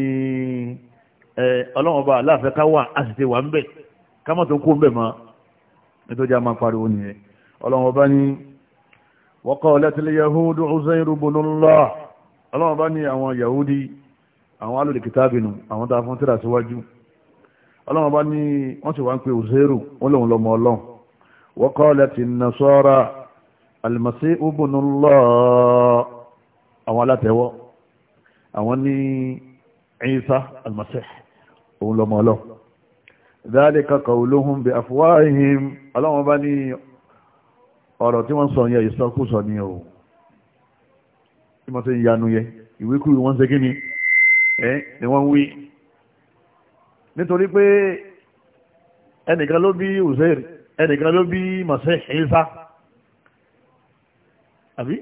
ọlọ́wọ́n bá aláàfẹ́ ká wà á sì ti wà ń bẹ̀ ká má tó kú ń bẹ̀ mọ́ nítorí a máa pariwo nìyẹn ọlọ́run ọba ní waqalat al-yahudu Uzairu ibnullah ọlọ́run ọba ní àwọn yahudi àwọn alòlùkítàbìnù àwọn tá a fún tíra síwájú ọlọ́run ọba ní wọ́n sì wá ń pe Uzairu wọ́n lòun lọ́mọ ọlọ́run waqalat an-nasara al-masihu ibnullah àwọn alátẹ̀wọ́ àwọn ní Isa al-masih òun lọ́mọ ọlọ́run dhalika qawluhum bi afwahihim ọlọ́run ọba ní ọ̀rọ̀ tí wọ́n sọ yẹn ìsọkúsọ ni o tí wọ́n ti ń yanu yẹ ìwékúwé wọ́n ṣe kí ni ẹ ni wọ́n wí nítorí pé ẹnìkan ló bí uzair ẹnìkan ló bí masih isa àbí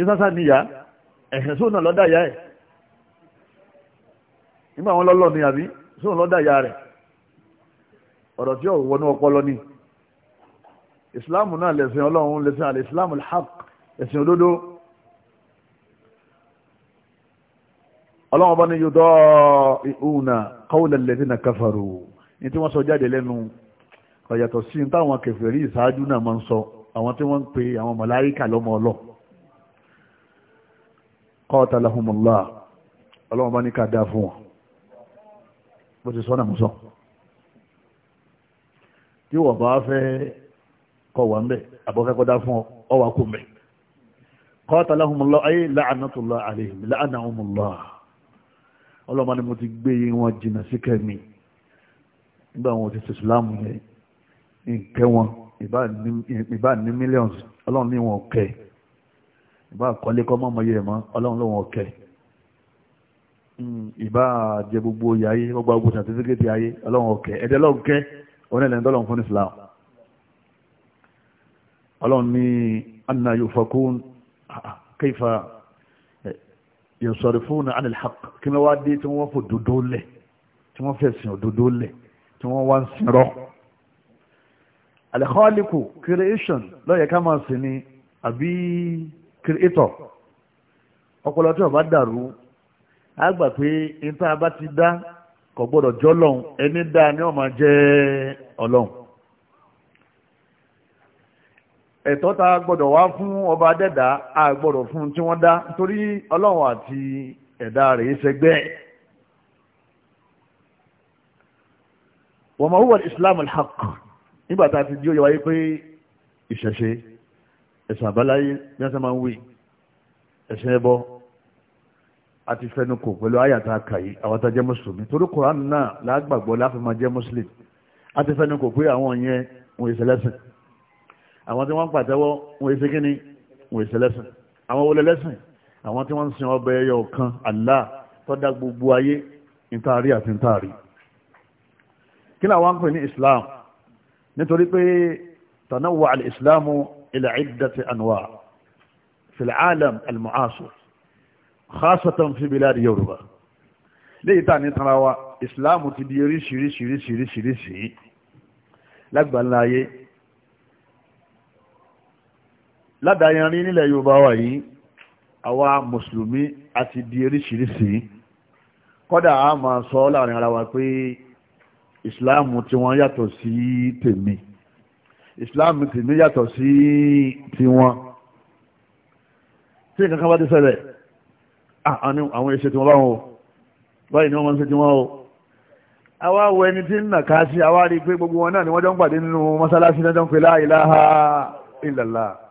isa sá níyà ẹ̀sìn sóun náà lọ́dà ìyá ẹ̀ nígbà wọn lọ́lọ́ ni àbí sóun lọ́dà ìyá rẹ̀ ọ̀rọ̀ tí ò wọnú ọpọlọ ni ìsìláàmù náà lẹ̀sìn ọlọ́run lẹ̀sìn àlè ìsìláàmù haq ẹ̀sìn òdodo ọlọ́run bá ní yóò ìhùnà qawla alladhina kafaru ní tí wọ́n sọ jáde lẹ́nu ọ̀yàtọ̀ sí ní táwọn kèfèrí ìsáájú náà máa ń sọ àwọn tí wọ́n ń pe àwọn màláíkà lọ́mọ ọlọ́ qatalahumullah ọlọ́run bá ní ká dáa fún wọn bó ti sọ náà mú sọ tí wọ́n bá fẹ́ kọ wà ń bẹ àbọ̀kẹ́kọ́dá fún ọ wà kú mẹ kọ́ta láhùnmùlọ ayé láàánàtòlá àlehìm láàánàhùnmùlọ ọlọ́mọ ni mo ti gbé wọn jìnnà sí kẹ́mi nígbà wọn ti sèṣùlámù yẹn nkẹ́ wọn ìbá ní millions ọlọ́run ní wọn kẹ́ ìbá kọ́lé kọ́ mọ́ ọmọye mọ́ ọlọ́run ló wọn kẹ́ hmm, ìbá jẹ gbogbo oyè ayé gbogbo agbóhùn ayé ọlọ́run ọ̀kẹ́ ẹ̀dẹ́ lọ́nkẹ́ onílẹ̀ ọlọ́run ní anna yufakun ah, ah, kaifa eh, yansarifuna anil haqq kí wọ́n wá dé tí wọ́n fò dodo lẹ̀ tí wọ́n fẹ́ sìn òdodo lẹ̀ tí wọ́n wá ń sin rọ́ alikọ́ọ̀lìkù creation lọ́yẹ̀ ká máa sin ni àbí creator ọpọlọ tí wọ́n bá dàrú á gbà pé níta bá ti dá kò gbọ́dọ̀ jọ́ lọ́hùn ẹni dáa ni wọ́n máa jẹ́ ọlọ́hùn ẹ̀tọ́ ta gbọ́dọ̀ wá fún ọba dẹ́dà a gbọ́dọ̀ fún tí wọ́n dá torí ọlọ́run àti ẹ̀dá rẹ̀ ṣẹgbẹ́ wa ma huwa islam al-haqq nígbà tá a ti di ó yẹ wáyé pé ìṣẹ̀ṣe ẹ̀sìn àbáláyé bí wọ́n ṣe máa ń wí ẹ̀sìn ẹbọ àti fẹnukò pẹ̀lú àyàtà kàyí àwọn tá a jẹ́ mùsùlùmí torí koran náà lágbàgbọ́ láfi máa jẹ́ mùsùlùmí àti fẹnukò pé àwọn yẹn wọn ìṣẹ̀lẹ̀sìn àwọn tí wọ́n ń pàtẹ́wọ́ wọ́n èsì kíni wọ́n èsì lẹ́sìn àwọn wọlé lẹ́sìn àwọn tí wọ́n ń sin ọbẹ̀ ẹyọ kan Allah tó dá gbogbo ayé ntaari àti ntaari kí ni àwọn ń pè ní Islam nítorí pé tanawwa al-Islamu ila iddati anwa fil alam al-mu'asir khasatan fi bilad Yorùbá léyìí tà ní tarawa Islam ti di oríṣiríṣiríṣiríṣiríṣi lágbàláyé ládàáyanrí nílẹ̀ yorùbá wà yìí àwa mùsùlùmí a ti di oríṣiríṣi kọ́dà a máa sọ láàrin ara wa pé ìsìláàmù tí wọ́n yàtọ̀ sí tèmi ìsìláàmù tèmi yàtọ̀ sí tiwọn tí nǹkan kan bá ti ṣẹlẹ̀ àwọn ẹ̀ṣẹ̀ tí wọ́n bá wọn o báyìí ni wọ́n máa ń ṣe tiwọn o àwa wo ẹni tí ń nàka sí àwa rí i pé gbogbo wọn náà ni wọ́n jọ ń pàdé nínú mọ́sálásí náà ń pè la ilaha illallah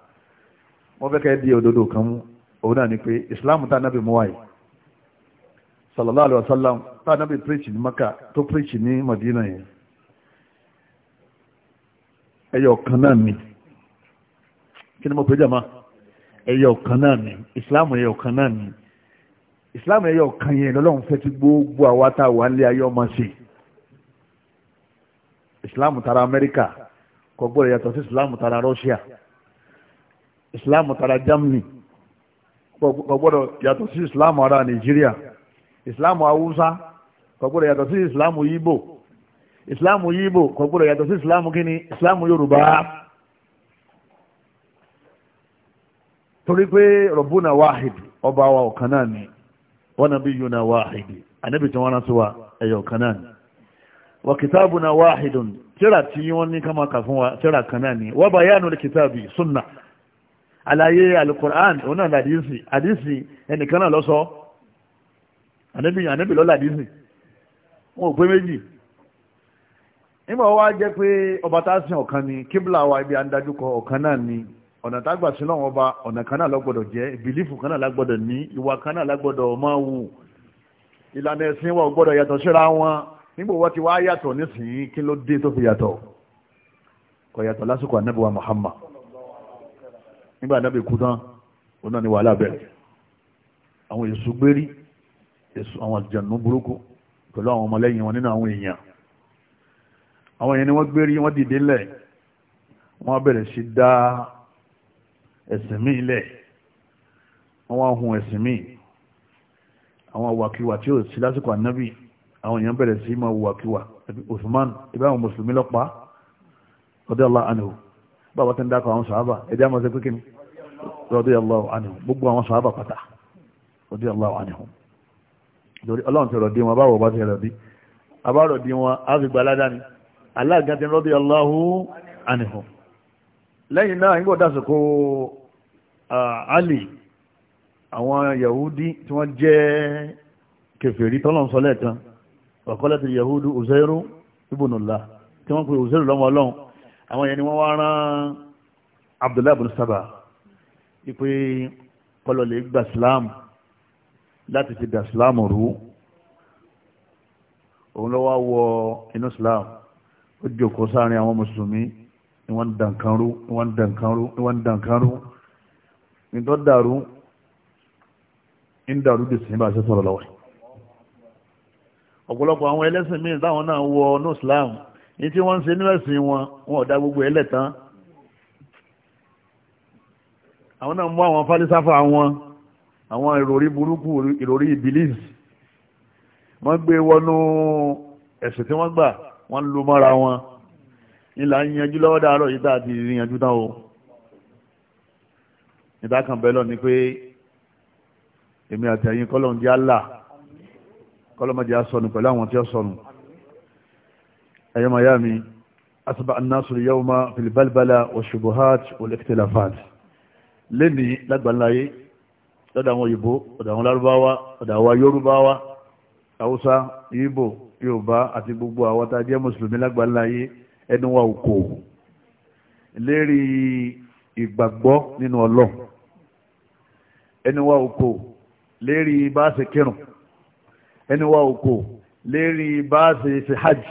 wọ́n fẹ́ kẹ́ di òdodo kan mú òun náà ni pé islam tá nábì mú wáyé sallallahu alaihi wasallam tá nábì preach ní maka tó preach ní madina yẹn ẹyọ kan náà ni kí ni mo pè jàmá ẹyọ kan náà ni islam ẹyọ kan náà ni islam ẹyọ kan yẹn lọ́lọ́run fẹ́ ti gbogbo àwa tá a wà nílé ayé ọmọ sí islam tara amẹ́ríkà kò gbọ́dọ̀ sí islam tara russia islam tara germany kò gbọ́dọ̀ yàtọ̀ sí islam ara nàìjíríà islam haúsá kò gbọ́dọ̀ yàtọ̀ sí islam yíbò islam yíbò kò gbọ́dọ̀ yàtọ̀ sí islam kíni islam yorùbá torí pé rọ̀bùnà wáhid ọba wa ọ̀kan náà ni wa nabiyuna wáhid ànábì tí wọ́n rán sí wa ẹ̀yọ̀ ọ̀kan náà ni wa kitabuna wáhidun tíra tí wọ́n ní ká máa kà fún wa tíra kan náà ni wa bayanu likitabi sunna alaye alukur'an ona na hadisi eni kana na lo so anabi anabi lo la hadisi won pe meji imo wa je pe oba ta sin okan ni kibla wa bi andaju ko okan na ni ona ta gba sin lohun oba ona kan na lo je belief kan na la gbodo ni iwa kana na la gbodo ma wu ilana esin wa gbodo yato sira won nigbo wa ti wa yato nisin kin lo de to fi yato ko yato lasuko annabi wa nígbà náà bí kú tán òun náà ni wàhálà bẹ̀rẹ̀ àwọn èso gbérí èso àwọn àjànú burúkú pẹ̀lú àwọn ọmọlẹ́yìn wọn nínú àwọn èèyàn àwọn èèyàn ni wọ́n gbérí wọ́n dìde lẹ̀ wọ́n bẹ̀rẹ̀ sí dá ẹ̀sìn míì lẹ̀ wọ́n wá hun ẹ̀sìn míì àwọn àwàkiwà tí ó sí lásìkò ànábì àwọn èèyàn bẹ̀rẹ̀ sí máa wàkiwà Uthman ibà àwọn mùsùlùmí lọ́pàá radiyallahu anhu bàbá tó ń dákọ̀ àwọn sàábà ẹ̀dá máa ṣe pé kíni radiyallahu anhum gbogbo àwọn sàábà pátá radiyallahu anhum lórí ọlọ́run ti rọ̀dí wọn báwọ̀ bá ti rọ̀dí abárọ̀dí wọn á fi gbaládá ni aláàgá ti radiyallahu anhum lẹ́yìn náà ń gbọ́dá sọ́kò Ali àwọn Yahudi tí wọ́n jẹ́ kèfèrí tọ́lọ́n sọ lẹ́ẹ̀kan wàkọ́lẹ́tì Yahudu Uzairu ibùnullah tí wọ́n pe Uzairu lọ́mọ ọlọ́run àwọn yẹn ni wọ́n wá rán abdullahi bin saba ipe kọlọ̀lẹ̀ gba islam láti fi da islam rú òun ló wá wọ inú islam ó jókòó sáárín àwọn mùsùlùmí ni wọ́n dànkan rú ni wọ́n dànkan rú ni wọ́n dànkan rú ni tó dàrú ń dàrú dì sí sọ̀rọ̀ lọ́wọ́ ọ̀pọ̀lọpọ̀ àwọn ẹlẹ́sìn míì táwọn náà wọ inú islam ní tí wọ́n ń ṣe nílẹ̀sìn wọn wọn ò dá gbogbo ẹ̀ lẹ́tàn àwọn náà mú àwọn fálísáfà wọn àwọn ìròrí burúkú ìròrí ibilis wọ́n gbé wọnú ẹ̀sìn tí wọ́n gbà wọ́n lu mọ́ra wọn ìlà ń yanjú lọ́wọ́ dáàrọ̀ yìí tàà ti rí yanjú tán o ìdákan bẹ́lọ̀ ni pé èmi àti ẹ̀yin kọ́lọ̀ ń di Allah kọ́lọ̀ mọ́ di pẹ̀lú àwọn tí ó sọnù ẹ̀yọ́ miami asaba annasu yawma fil balbala wa shubuhat wal ikhtilafat leni lagbanlaye lọ́dọ̀ àwọn òyìnbó ọ̀dọ̀ àwọn lárúbáwá ọ̀dọ̀ àwọn yorùbáwá haúsá yíbò yorùbá àti gbogbo àwọn tá a jẹ́ mùsùlùmí lágbàláyé ẹnu wa òkò lérí ìgbàgbọ́ nínú ọlọ́ ẹnu wa òkò lérí bá a ṣe kírun ẹnu wa òkò lérí bá a ṣe ṣe hajj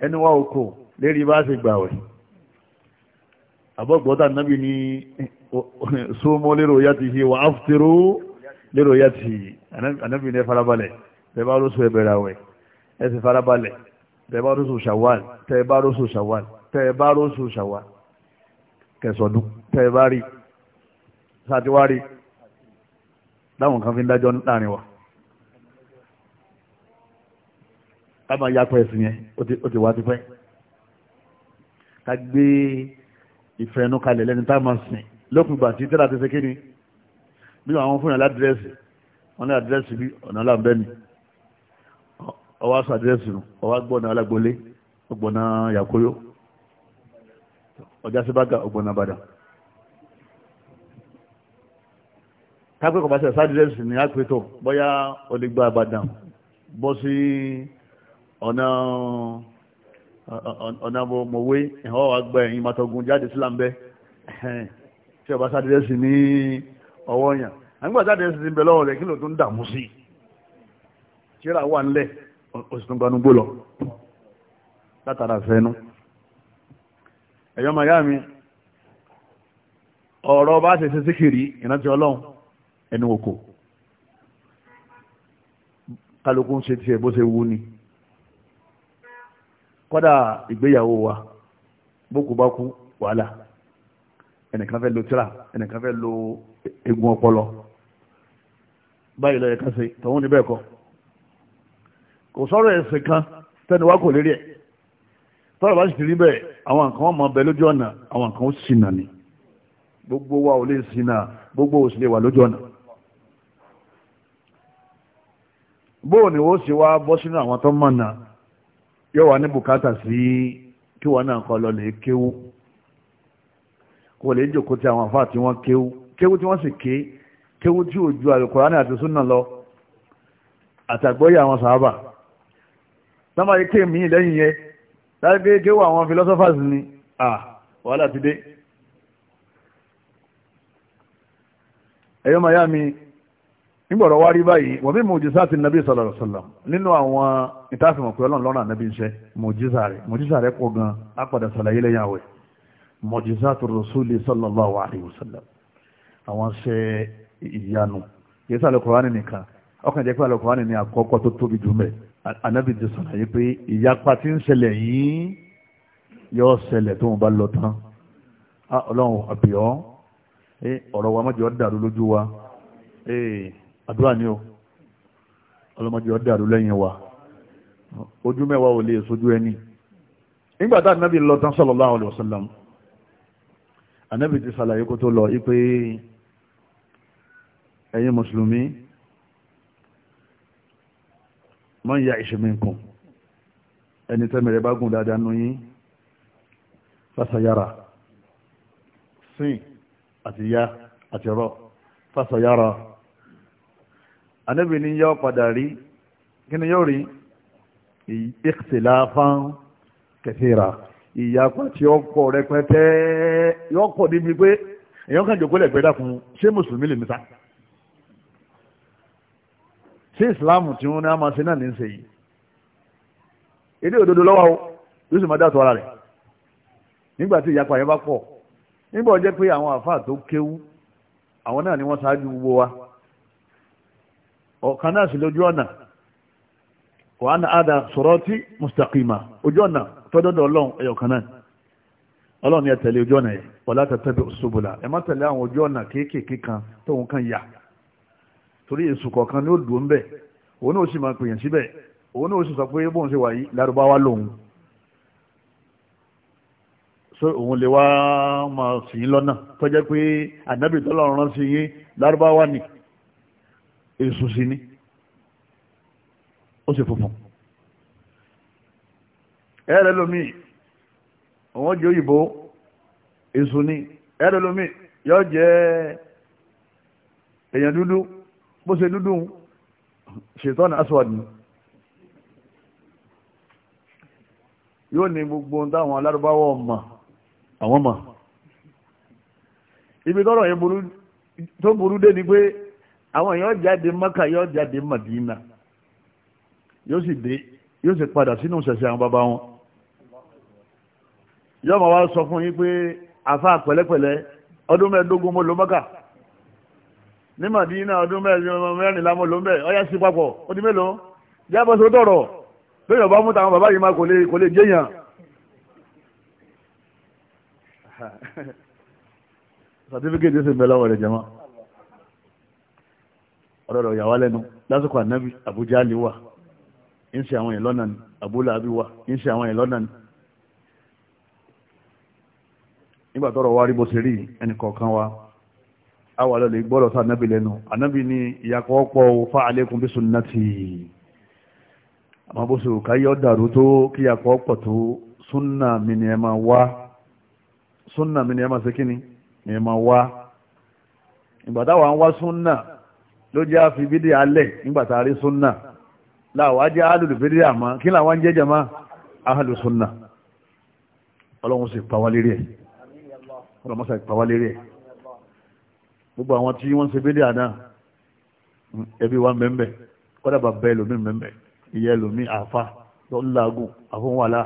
ẹni wá oko lérí bá ṣe gbàwẹ̀ àbọ̀gbọ́ta nábì ní súnmọ́ lérò ya ti ṣe wà áfùtírú lérò ya ti ànábì ní farabalẹ̀ tẹ bá rúṣù ẹbẹ̀rẹ̀ àwẹ̀ ẹ sì farabalẹ̀ tẹ bá rúṣù ṣàwàl tẹ bá rúṣù ṣàwàl tẹ bá rúṣù ṣàwàl kẹsọ̀dún tẹ bá rí sátiwárí láwọn kan fi ń dájọ́ láàrin wa Kama máa yá pẹ́ ẹ̀sìn yẹn ó ti wá ti pẹ́ ká gbé ìfẹ́nu kalẹ̀ lẹ́ni tá a máa sìn lókùn ìgbà tí tẹ́lá ti ṣe kéde bí àwọn fún yàn ládírẹ́sì wọn ní àdírẹ́sì bí ọ̀nà ni ọwọ́ aṣọ àdírẹ́sì nù ọwọ́ agbọ́nà alágbólé ọgbọ̀nà yàkóyó ọjà síbága ọgbọ̀nà bàdà kápẹ́kọ̀ọ́ bá ṣe àdírẹ́sì ní àpètò bóyá ó lè bọ́ sí ọ̀nà ọ̀nà mọ̀wé ẹ̀họ́ àgbà ẹ̀yìn matogun jáde sílàmbẹ́ tí ọba sáré sí ní ọwọ́ yàn àgbà sáré sí ti bẹ̀ lọ́wọ́ rẹ̀ kí ló tún dààmú sí tíra wà ńlẹ̀ oṣù tó gbanúgbó lọ látara fẹ́nu ẹ̀yọ́ màyá mi ọ̀rọ̀ bá ṣe ṣe síkìrí ìrántí ọlọ́run ẹnu òkò kálukú ń ṣe tiẹ̀ bó ṣe wú ni kọ́dà ìgbéyàwó wa bókù bá kú wàhálà ẹnìkan fẹ́ lo tíra ẹnìkan fẹ́ lo egun ọpọlọ báyìí lọ́yẹ̀ kan ṣe tọ́hún níbẹ̀ kọ́ kò sọ̀rọ̀ ẹ̀sìn kan tẹ́ni wá kò lérí ẹ̀ tọ́rọ̀ bá sì ti rí bẹ́ẹ̀ àwọn nǹkan wọn máa bẹ lójú ọ̀nà àwọn nǹkan ó ṣìnà ni gbogbo wa ò lè ṣìnà gbogbo ò sì lè wà lójú ọ̀nà bóò ni ó sì wá bọ́ sínú àwọn tó mọ̀nà yóò wà ní bùkátà sí kí wọ́n náà kọ́ lọ lè kéwú kò lè jòkó tí àwọn àfáà tí wọ́n kéwú kéwú tí wọ́n sì ké kéwú tí ò ju àlùkùránì àti súnà lọ àtàgbọ́yé àwọn sàábà sábà yìí kéèmí lẹ́yìn yẹn láti pé kéwú àwọn philosophers ni à wàhálà ti dé ẹ̀yọ́ màyá nígbọ̀rọ̀ wá rí báyìí wọ́n bí mòjísà ti nàbí sallallahu alaihi wasallam nínú àwọn ìtàfihàn pé ọlọ́run lọ́rùn ànábì ń ṣe mòjísà rẹ̀ mòjísà rẹ̀ pọ̀ gan apàdà sàlàyé lẹ́yìn àwẹ̀ mòjísà tó rasuli sallallahu alaihi wasallam àwọn ṣe ìyanu yẹ́sà alukọ̀ránì nìkan ọkàn jẹ́ pé alukọ̀ránì ni àkọ́kọ́ tó tóbi jù mẹ́ ànábì ti sàlàyé pé ìyapa ti ń ṣẹlẹ̀ yìí yóò ṣẹlẹ̀ tó ń bá lọ tán ah, ọlọ́run àbíọ́ eh, ọ̀rọ̀ wa mọ́jọ́ dàrú lójú wa eh, àdúrà ni o ọlọ́mọdé ọdẹ àdúrà lẹ́yìn wa ojú mẹ́wàá ò lè sojú ẹni nígbà tá ànábì lọ tán sallallahu alaihi wasallam ànábì ti ṣàlàyé kó tó lọ ipe ẹ̀yin mùsùlùmí mọ́ ìyá ìṣẹ́mìnkùn ẹni tẹ́mẹ̀rẹ̀ bá gùn dáadáa nú yín fásayára sin àti ya àti rọ fásayára anábì kí ni yóò rí ìṣẹ̀láfán kẹsìrà ìyapa tí ó pọ̀ rẹpẹtẹ yóò pọ̀ níbi pé èèyàn kan jòkó lẹ́gbẹ́ dákun ṣé mùsùlùmí lè níta ṣé ìsìláàmù tí wọ́n ní a máa ṣe náà ní ṣe yìí ilé òdodo lọ́wọ́ o yóò sì máa dàtọ̀ ara rẹ̀ nígbà tí yẹn bá pọ̀ nígbà ó jẹ́ pé àwọn àfáà tó kéwú àwọn náà ni wọ́n ṣáájú wa ọ̀kan náà lójú ọ̀nà wà ní àdá sirati mustaqima ojú ọ̀nà tọ́dọ̀dọ̀ ọlọ́run ẹ̀yọ̀ kan ọlọ́run ya tẹ̀lé ojú ọ̀nà yẹn wala tattabi'us subula ẹ má tẹ̀lé àwọn ojú ọ̀nà kéékèèké kan tóun kan yà torí èsù kọ̀ọ̀kan ni ó dùn bẹ́ẹ̀ òun náà ó sì máa pèèyàn síbẹ̀ òun náà ó sì sọ pé bóun ṣe wà lárúbáwá ni èso sí ní ó sì funfun ẹ̀rẹ́ lómi wọ́n jẹ́ òyìnbó èso ní ẹ̀rẹ́ lómi yọ jẹ́ èèyàn dúdú bó ṣe dúdú ṣètọ́nà aswad ni yóò ní gbogbo táwọn alárúbáwọ̀ ọmọ àwọn ọmọ ibi tọ́rọ̀ yẹn burú tó burú dé ni pé àwọn èèyàn jáde mọ́kà yóò jáde mọ̀dínà yóò sì dé yóò sì padà sínú ṣẹ̀ṣẹ̀ àwọn bàbá wọn yóò máa wá sọ fún yín pé àfa pẹ̀lẹ́pẹ̀lẹ́ ọdún mẹ́ẹ̀ẹ́dógún mo lò mọ́kà ní mọ̀dínà ọdún mẹ́rìnlá mo lò ń bẹ̀ ọyá sí papọ̀ ó di mélòó jábọ̀ sí tọ̀rọ̀ lóyún ọba mú táwọn bàbá yìí máa kò lè kò lè jẹ́yàn *laughs* certificate ṣe ń bẹ lọ́wọ́ rẹ̀ jẹ́ mọ́ ọ̀rọ̀rọ̀ yà wá lẹ́nu lásìkò ànábì Abu Jahli wà ń ṣe àwọn ìlọ́nà ni Abu Lahabi wà ń ṣe àwọn ìlọ́nà ni nígbà tọ́rọ̀ wá rí bó ṣe rí ẹnì kọ̀ọ̀kan wa a wà lọ́lẹ̀ gbọ́dọ̀ sá ànábì lẹ́nu ànábì ni ìyàkọ̀ ọ̀pọ̀ fa alaykum bi sunnati àmọ́ bó ṣe òkà yọ dàrú tó kí ìyàkọ̀ ọ̀pọ̀ tó súnà mi ni ẹ máa wá súnà mi ni ẹ máa ṣe kíni ni ẹ máa wá ìgbà táwa ń wá súnà ló jẹ́ àfi bídí alẹ̀ nígbàtà àrí súnnà láwọ́ ajẹ́ alùlù bídí àmá kí làwọn jẹ́ jẹma ahàlù súnnà ọlọ́run sì pa wá lérí ẹ̀ ọlọ́run sì pa wá lérí ẹ̀ gbogbo àwọn tí wọ́n ṣe bídí àná ẹbí wa mẹ́mbẹ̀ kọ́dà bàbá ẹlòmí mẹ́mbẹ̀ ìyá ẹlòmí àfa lọ́lágùn àfọwọ́lá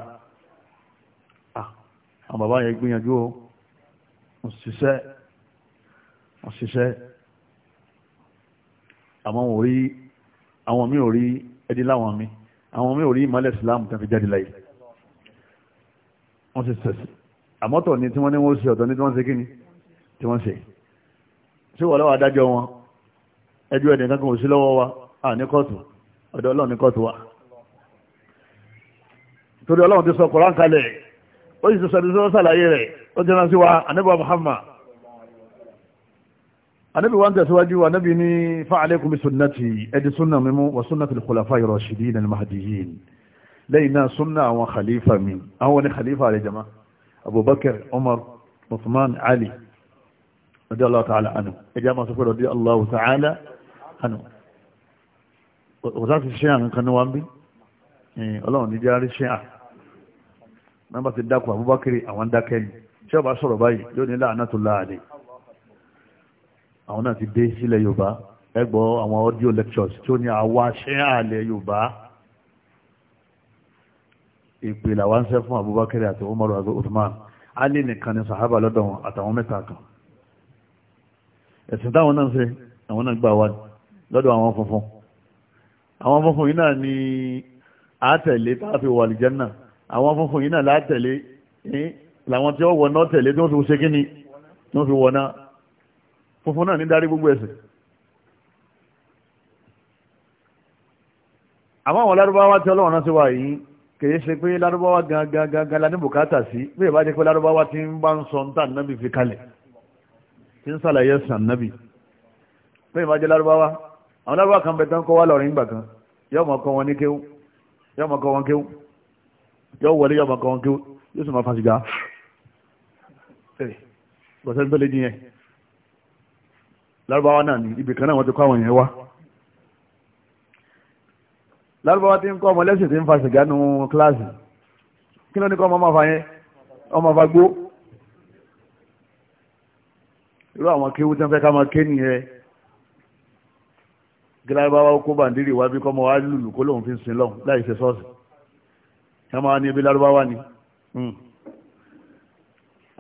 àwọn bàbá yẹn gbìyànjú ó ṣiṣẹ́ àmọ́ wọn ò rí àwọn mi ò rí ẹdí láwọn mi àwọn mi ò rí ìmọ̀lẹ̀ ìsìláàmù tán fi jáde láyé wọ́n ti sẹ̀sì àmọ́tọ̀ ni tí wọ́n ní wọ́n ṣe ọ̀tọ̀ ní tí wọ́n ṣe kí ni tí wọ́n ṣe ṣé wọ́n lọ́wọ́ adájọ́ wọn ẹjọ́ ẹ̀dẹ̀ kankan ò sí lọ́wọ́ wa à ní kóòtù ọ̀dọ̀ ọlọ́run ní kóòtù wa torí ọlọ́run ti sọ anábì wọ́n tẹ̀síwájú anábì ní fa'alaykum bi sunnati ẹdí súnà mímú wa sunnati al-khulafa'i ar-rashidin al-mahdiyyin lẹ́yìn náà súnà àwọn khalifa mi àwọn ni khalifa rẹ̀ jama abubakar umar usman ali radiyallahu ta'ala anhu ẹjá masu fẹ́ radiyallahu ta'ala anhu òsáàtì ṣe àwọn kan ní wọ́n bí ọlọ́run ní járí ṣe à mẹ́bàá ti dákọ̀ abubakar àwọn dákẹ́yìn ṣé ọba sọ̀rọ̀ báyìí yóò ní la'natullah alayhi àwọn náà ti dé sílẹ̀ yorùbá ẹ àwọn audio lectures tí ó ní àwa ṣẹ́ àlẹ̀ yorùbá ìpè làwọn ń sẹ́ fún Abubakar àti Umar àti Uthman Ali nìkan ni sahaba lọ́dọ̀ wọn àtàwọn mẹ́ta kan ẹ̀sìn táwọn náà ń ṣe àwọn náà gbà wá lọ́dọ̀ àwọn funfun àwọn funfun yìí náà ni àátẹ̀lé táàfi wà lìjẹ́nà àwọn funfun yìí náà látẹ̀lé làwọn tí ó wọ̀ náà tẹ̀lé tí wọ́n fi ṣe wọ́n náà funfun náà ní darí gbogbo ẹ̀sìn àmọ́ àwọn lárúbáwá tí ọlọ́run náà ti wà yìí kìí ṣe pé lárúbáwá gangan gangan la ní bùkátà sí bí ìbá jẹ́ pé lárúbáwá ti ń bá ń sọ ń tà nábì fi kalẹ̀ tí ń sàlàyé sàn nábì bí ìbá jẹ́ lárúbáwá àwọn lárúbáwá kan bẹ̀ tán kọ́ wá lọ́rin ìgbà kan yóò mọ̀ wọn kéwú yóò wọlé yóò mọ̀ kọ́ wọn kéwú yóò sì máa fa sìgá bọ̀sẹ̀ ń tó lé lárúbáwá náà ní ibì kan náà wọ́n ti kọ́ àwọn yẹn wá lárúbáwá ti ń kọ́ ọmọ lẹ́sìn tí ń fa sìgá nu kíláàsì kí ló ní kọ́ ọmọ máa fa yẹn ọmọ fa gbó irú àwọn kéwú tí wọ́n fẹ́ ká máa ké nìyẹn gíláàbáwá kó bàndírì wá bí kọ́ ọmọ wa lùlù kó lóun fi ń sin lọ́hùn láì ṣe sọ́ọ̀sì ẹ máa ní ibi lárúbáwá ni hmm.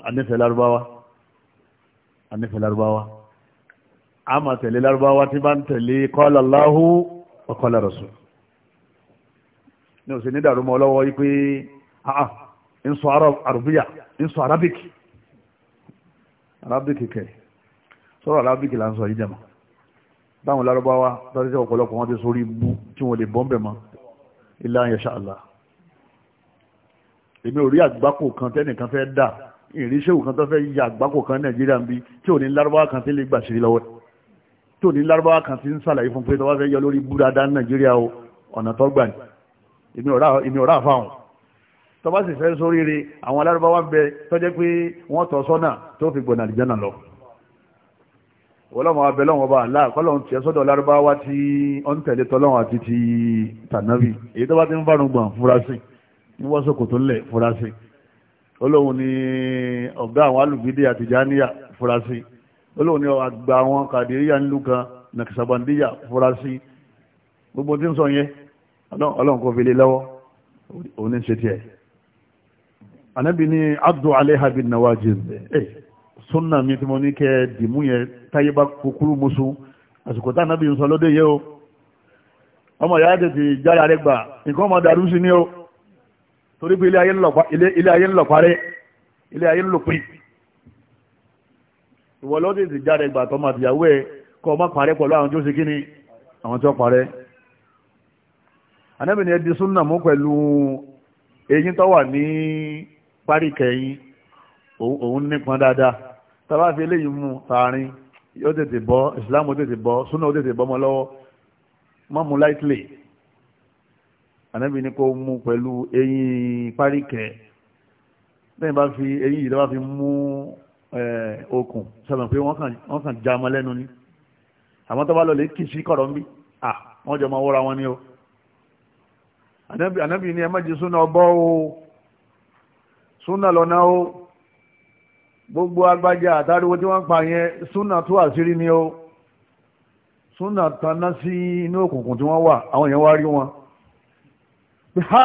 anífẹ̀ẹ́ lárúbáwá anífẹ̀ẹ́ lárúbáwá a máa tẹ̀lé lárúbáwá tí bá ń tẹ̀lé qala Allahu wa qala Rasul ní òsì ní dàrúmọ́ ọlọ́wọ́ wípé àà ń sọ arabiya ń sọ arabic arabic kẹ sọ́rọ̀ arabic là ń sọ yìí jẹ́mọ̀ báwọn lárúbáwá tọ́jú ọ̀pọ̀lọpọ̀ wọn ti sórí ibú tí wọ́n lè bọ́m̀bẹ̀ mọ́ illa yasha Allah èmi ò rí àgbákò kan tẹ́nìkan fẹ́ dà ìrísẹ́wò kan tó fẹ́ yí àgbákò kan nàìjíríà ń bí tí ò ní lárúbáwá kan tí lè gbà sí tó ní lárúbáwá kan ti ń sàlàyé fún pé tọ́wọ́ fẹ́ yọ lórí búradá nàìjíríà o ọ̀nà tó gbà ní èmi ọ̀rá fáwọn tọ́wọ́ sì fẹ́ sóríire àwọn lárúbáwá ń bẹ tọ́jẹ́ pé wọ́n tọ́ sọ́nà tó fi gbọ̀nà àlìjánà lọ ọlọ́mọ abẹ lọ́wọ́ bá aláà kọ́lọ́n tiẹ̀ sọ́dọ̀ lárúbáwá tí ó ń tẹ̀lé tọ́lọ́wọ́ àti ti tànàbì èyí tó bá ti ń bá rúgbọ̀n furasí ní wọ́n sòkò tó lẹ̀ furasí olóhùn ni ọ̀gá àwọn alùbídé àti jáníyà furasí olóhùn ni àgbà àwọn kàdíríyà ńlú kan nàkìsàbàndíyà furasí gbogbo tí ń sọ yẹn ọlọ́run kò fi lé lọ́wọ́ òun ní ṣe tiẹ̀ ànábì ní abdu aleha bin nawajid ẹ sunna mi tí mo ní kẹ dìmú yẹn táyé bá kúkúrú musu àsìkò tá ànábì ń sọ lóde yẹ o ọmọ ìyá tètè jára rẹ gbà nǹkan ọmọ dàrú sí ni o torí pé ilé ayé ń lọ parẹ́ ilé ayé ń lọ pin ìwọ ló tètè jáde gbà tọ́mọ àtìyàwó ẹ̀ kọ́ ọmọ parẹ́ pẹ̀lú àwọn tó ṣe kíni àwọn tó parẹ́ anábìnrin ẹdí súnà mú pẹ̀lú eyín tó wà ní parí kẹyìn òun nípọn dáadáa tàbá fi eléyìí mú tààrin yóò tètè bọ́ ìsìláàmù tètè bọ́ súnà ó tètè bọ́ mọ́ lọ́wọ́ má mú láìtìlẹ̀ anábìnrin kò mú pẹ̀lú eyín parí kẹ lẹ́yìn bá fi eyín yìí lọ́wọ́ fi mú Eh, okùn sọ̀rọ̀ pé wọ́n kàn já ọmọ lẹ́nu ni àmọ́ tó bá lọ lè kì sí kọ̀rọ̀ ń bí à wọ́n jọ máa wọ́ra wọn ni o ànábì ni ẹ má jẹ súnà ọbọ o súnà lọ́nà o gbogbo agbájá àtàríwó tí wọ́n pa yẹn súnà tú àṣírí ni o súnà tanná sí inú òkùnkùn tí wọ́n wà àwọn èèyàn wá rí wọn ha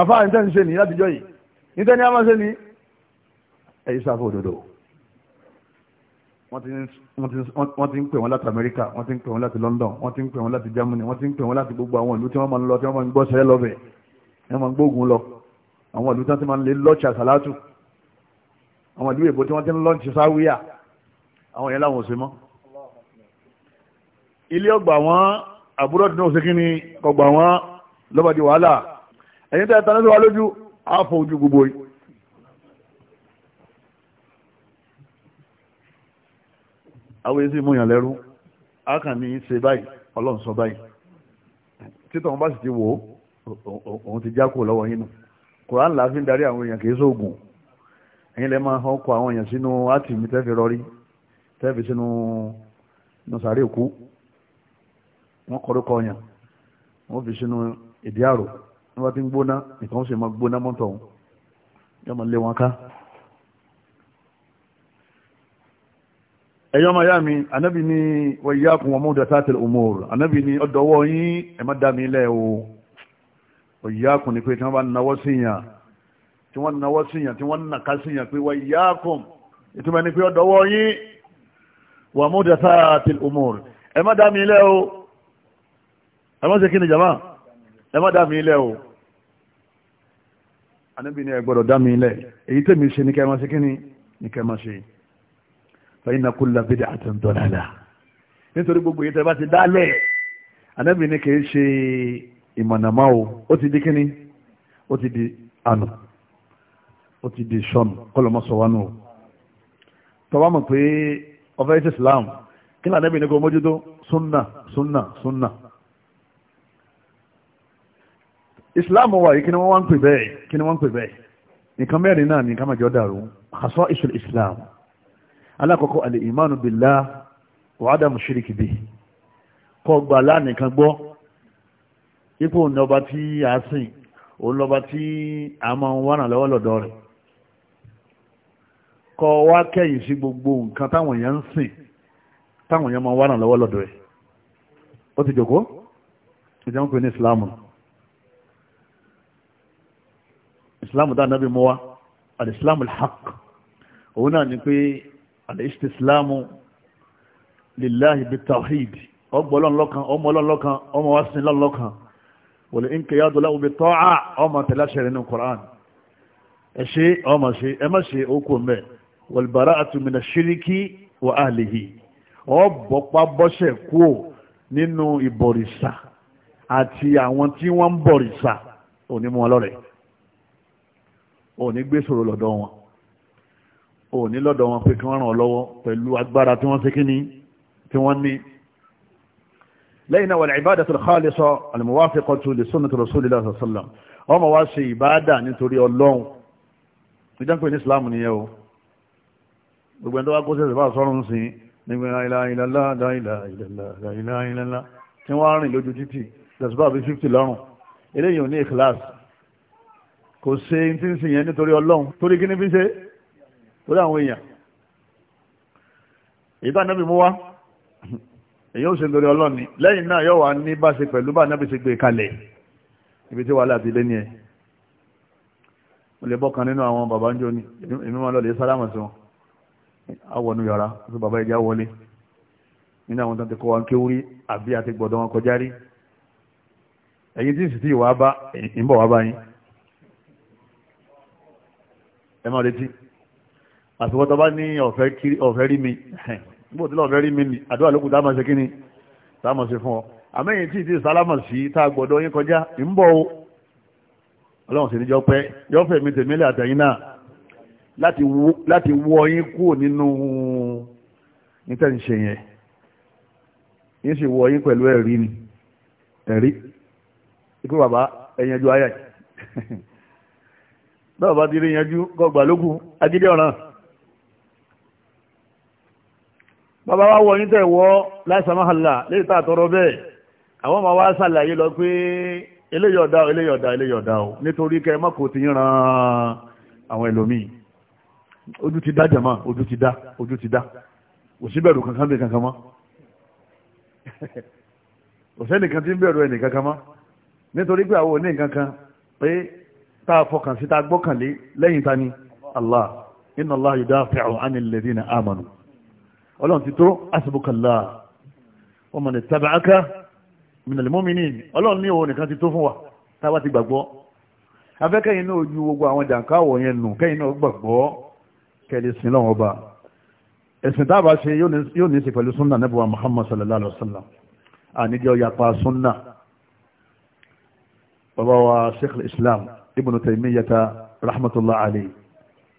àfáà ní tẹ́ ń ṣe ní látijọ́ yìí ní a máa ṣe ní ẹ̀yí sáfò òdodo wọ́n ti ń pè wọ́n láti Amẹ́ríkà wọ́n ti ń pè wọ́n láti London wọ́n ti ń pè wọ́n láti Germany wọ́n ti ń pè wọ́n láti gbogbo àwọn ìlú tí wọ́n máa ń lọ tí wọ́n máa ń gbọ́ sẹ́yẹ́ lọ́bẹ̀ ẹ̀ máa ń gbóògùn lọ àwọn ìlú tí wọ́n ti máa ń lé lọ́ọ̀ṣì àsàlátù àwọn ìlú èbó tí wọ́n ti ń lọ́ọ̀ṣì sáwíyà àwọn yẹn láwọn ò ṣe mọ́. ilé ọgbà wọn àbúrò tí wọ́n ṣe kí ni ọgbà wọn lọ́bàdì wàhálà ẹ̀yin tẹ́ ẹ àwọn èsì múyàn lẹ́rú akàn ní ṣe báyìí ọlọ́run sọ báyìí títọ̀ wọn bá sì ti wò ó òun ti jákò lọ́wọ́ yín nù koran la fi ń darí àwọn èèyàn kìí sóògùn ẹ̀yin lè máa hàn kọ àwọn èèyàn sínú áàtì mi tẹ́fi rọrí tẹ́fi sínú nùsàrí òkú wọ́n kọ́rọ́kọ́ ọ̀yàn wọ́n fi sínú ìdí àrò wọ́n bá ti ń gbóná nìkan ó sì máa gbóná mọ́tọ̀ wọn yọ́n máa lé wọn ká ẹ̀yọ́ ma yá mi anábì ní wàyíyákùn wọn mọ́dá sátìl umar anábì ní ọdọ̀wọ́ yín ẹ̀mọ́ dámi ilẹ̀ o wàyíyákùn ni pé tí wọ́n bá nawọ́ síyàn tí wọ́n nawọ́ síyàn tí wọ́n nàka síyàn pé wàyíyákùn ìtumọ̀ ni pé ọdọ̀wọ́ yín wà mọ́dá sátìl umar ẹ̀mọ́ dámi ilẹ̀ o ẹ̀mọ́ ṣe kí ni jama ẹ̀mọ́ dámi ilẹ̀ o anábì ní ẹ gbọ́dọ̀ dámi ilẹ̀ èyí tẹ̀mí fẹ́yìnà kó la bídà àti dọ̀làlà nítorí gbogbo yìí tẹ́ bá ti dálẹ̀ anábì ní kì í ṣe ìmọ̀nàmá o ó ti di kíní ó ti di ànà ó ti di sọnù kọlọmọsọ wa nù tọwọ́ mọ̀ pé ọ̀fẹ́ ìṣe Islam kí ni anábì ní kò mójútó sunna sunna sunna Islam wà yìí kí ni wọ́n wá ń pè bẹ́ẹ̀ kí ni wọ́n ń pè bẹ́ẹ̀ nǹkan mẹ́rin náà ní ká má dàrú àṣọ ìṣòro Islam alákọ̀ọ́kọ́ alẹ́ ìmánu bìlá wàhádà mùsírìkì bì kọ́ gba lánìkan gbọ́ ipò ọ̀nàba tí a sìn ọ̀nàba tí a máa ń wánà lọ́wọ́ lọ́dọ̀ rẹ̀ kọ́ wá kẹ́yìn sí gbogbo nǹkan táwọn èèyàn ń sìn táwọn èèyàn máa ń wánà lọ́wọ́ lọ́dọ̀ rẹ̀ ó ti jòkó ìjọ ń pè ní ìsìláàmù ìsìláàmù dáadáa bí mọ́ wá àdìsìláàmù hàk òun náà ni pé al-istislamu lillahi bit-tawhid ọgbọ́lọ́n lọ́kan ọmọ ọmọ wa sin lọ́n lọ́kan wal inqiyadu lahu ọ taa ọmọ tẹ̀láṣẹ̀ rẹ̀ ní ọmọ ṣe ẹ má ṣe okò mẹ́ wal bara'atu shiriki wa ahlihi ọ̀bọ̀pá bọ́ṣẹ̀ kúò nínú ìbọ̀rìṣà ò ní lọ́dọ̀ wọn pé kí wọ́n ràn ọ́ lọ́wọ́ pẹ̀lú agbára tí wọ́n ṣe kí ni tí wọ́n ní lẹ́yìn náà wal ibadatu al-khalisa al-muwafiqatu li sunnati rasulillah sallallahu alaihi wasallam ọmọ wa ṣe ìbáadà nítorí ọlọ́run ìjọ́pẹ̀ ní islam nìyẹn o gbogbo ẹni tó wá kó sẹ́sẹ̀ bá sọ́run sí nígbà ìlàìlàlá ìlàìlàlá tí wọ́n lórí àwọn èèyàn èyí tá nẹ́bí mú wá èyí ó ṣe lórí ọlọ́ni lẹ́yìn náà yóò wá ní bá ṣe pẹ̀lú bá nẹ́bí ṣe gbé kalẹ̀ ibi tí wàhálà ti lé ní ẹ̀ mo lè bọ́kan nínú àwọn bàbá ń jó ni èmi máa lọ lè sálámà sí wọn àwọnú yàrá tó bàbá ìjà wọlé nínú àwọn tó ti kọ́ wa ń kéwúrí àbí àti gbọ̀dọ̀ wọn kọjá rí ẹ̀yin tí ń sì tí ìwà bá ìbọ̀ wá bá yín ẹ má retí àsìkò tó bá ní ọ̀fẹ́ rí mi bó tilẹ̀ ọ̀fẹ́ rí mi ni àdúrà lókùn táwọn ṣe kíni táwọn ṣe fún ọ àmẹ́yìn tí ìdí sálámà sí tá a gbọ́dọ̀ yín kọjá ń bọ̀ o ọlọ́run sì ní jọ pẹ́ yọ fẹ́ mi tèmi àtẹ̀yìn náà láti wọ yín kúrò nínú nítẹ̀síṣe yẹn yín sì wọ yín pẹ̀lú ẹ̀rí ni ẹ̀rí ikú bàbá ẹ̀yẹn ju ayà yìí *laughs* bẹ́ẹ̀ bá ti rí yẹn ju kọgbà lókun agídé ọ̀ràn. bàbá wa wọ yín tẹ̀ wọ́ léyìí tá àtọrọ bẹ́ẹ̀ àwọn ọmọ lọ pé eléyọ̀dá eléyọ̀dá eléyọ̀dá o nítorí kẹ mọ́kò ti ran àwọn ojú ti dá jàmá ojú ti dá ojú ti dá sí bẹ̀rù kankan bí kankan mọ́ *laughs* kò sẹ́nìkan tí ń bẹ̀rù ẹnì kankan mọ́ nítorí pé àwọn oní kankan pé tá a fọkàn sí tá a gbọ́kànlé lẹ́yìn ta ni Allah inna Allah ọlọ́run ti tó àṣìbùkàlá wọ́n mọ̀ ní tàbíáká mìnàlímọ́mìnì ọlọ́run ní òun nìkan ti tó fún wa táwa ti gbàgbọ́ afẹ́kẹ́yìn náà ju gbogbo àwọn jàǹkáwọ̀ yẹn nù kẹ́yìn náà gbàgbọ́ kẹ́lẹ́ sin lọ́wọ́ ọba ẹ̀sìn táàbà ṣe yóò ní ṣe pẹ̀lú súnà nẹ́bùwà Muhammad sallallahu alaihi wa sallam àníjẹ́ ọyapa súnà bàbá wa Sheikh Islam Ibn Taymiyyah rahmatullah alayhi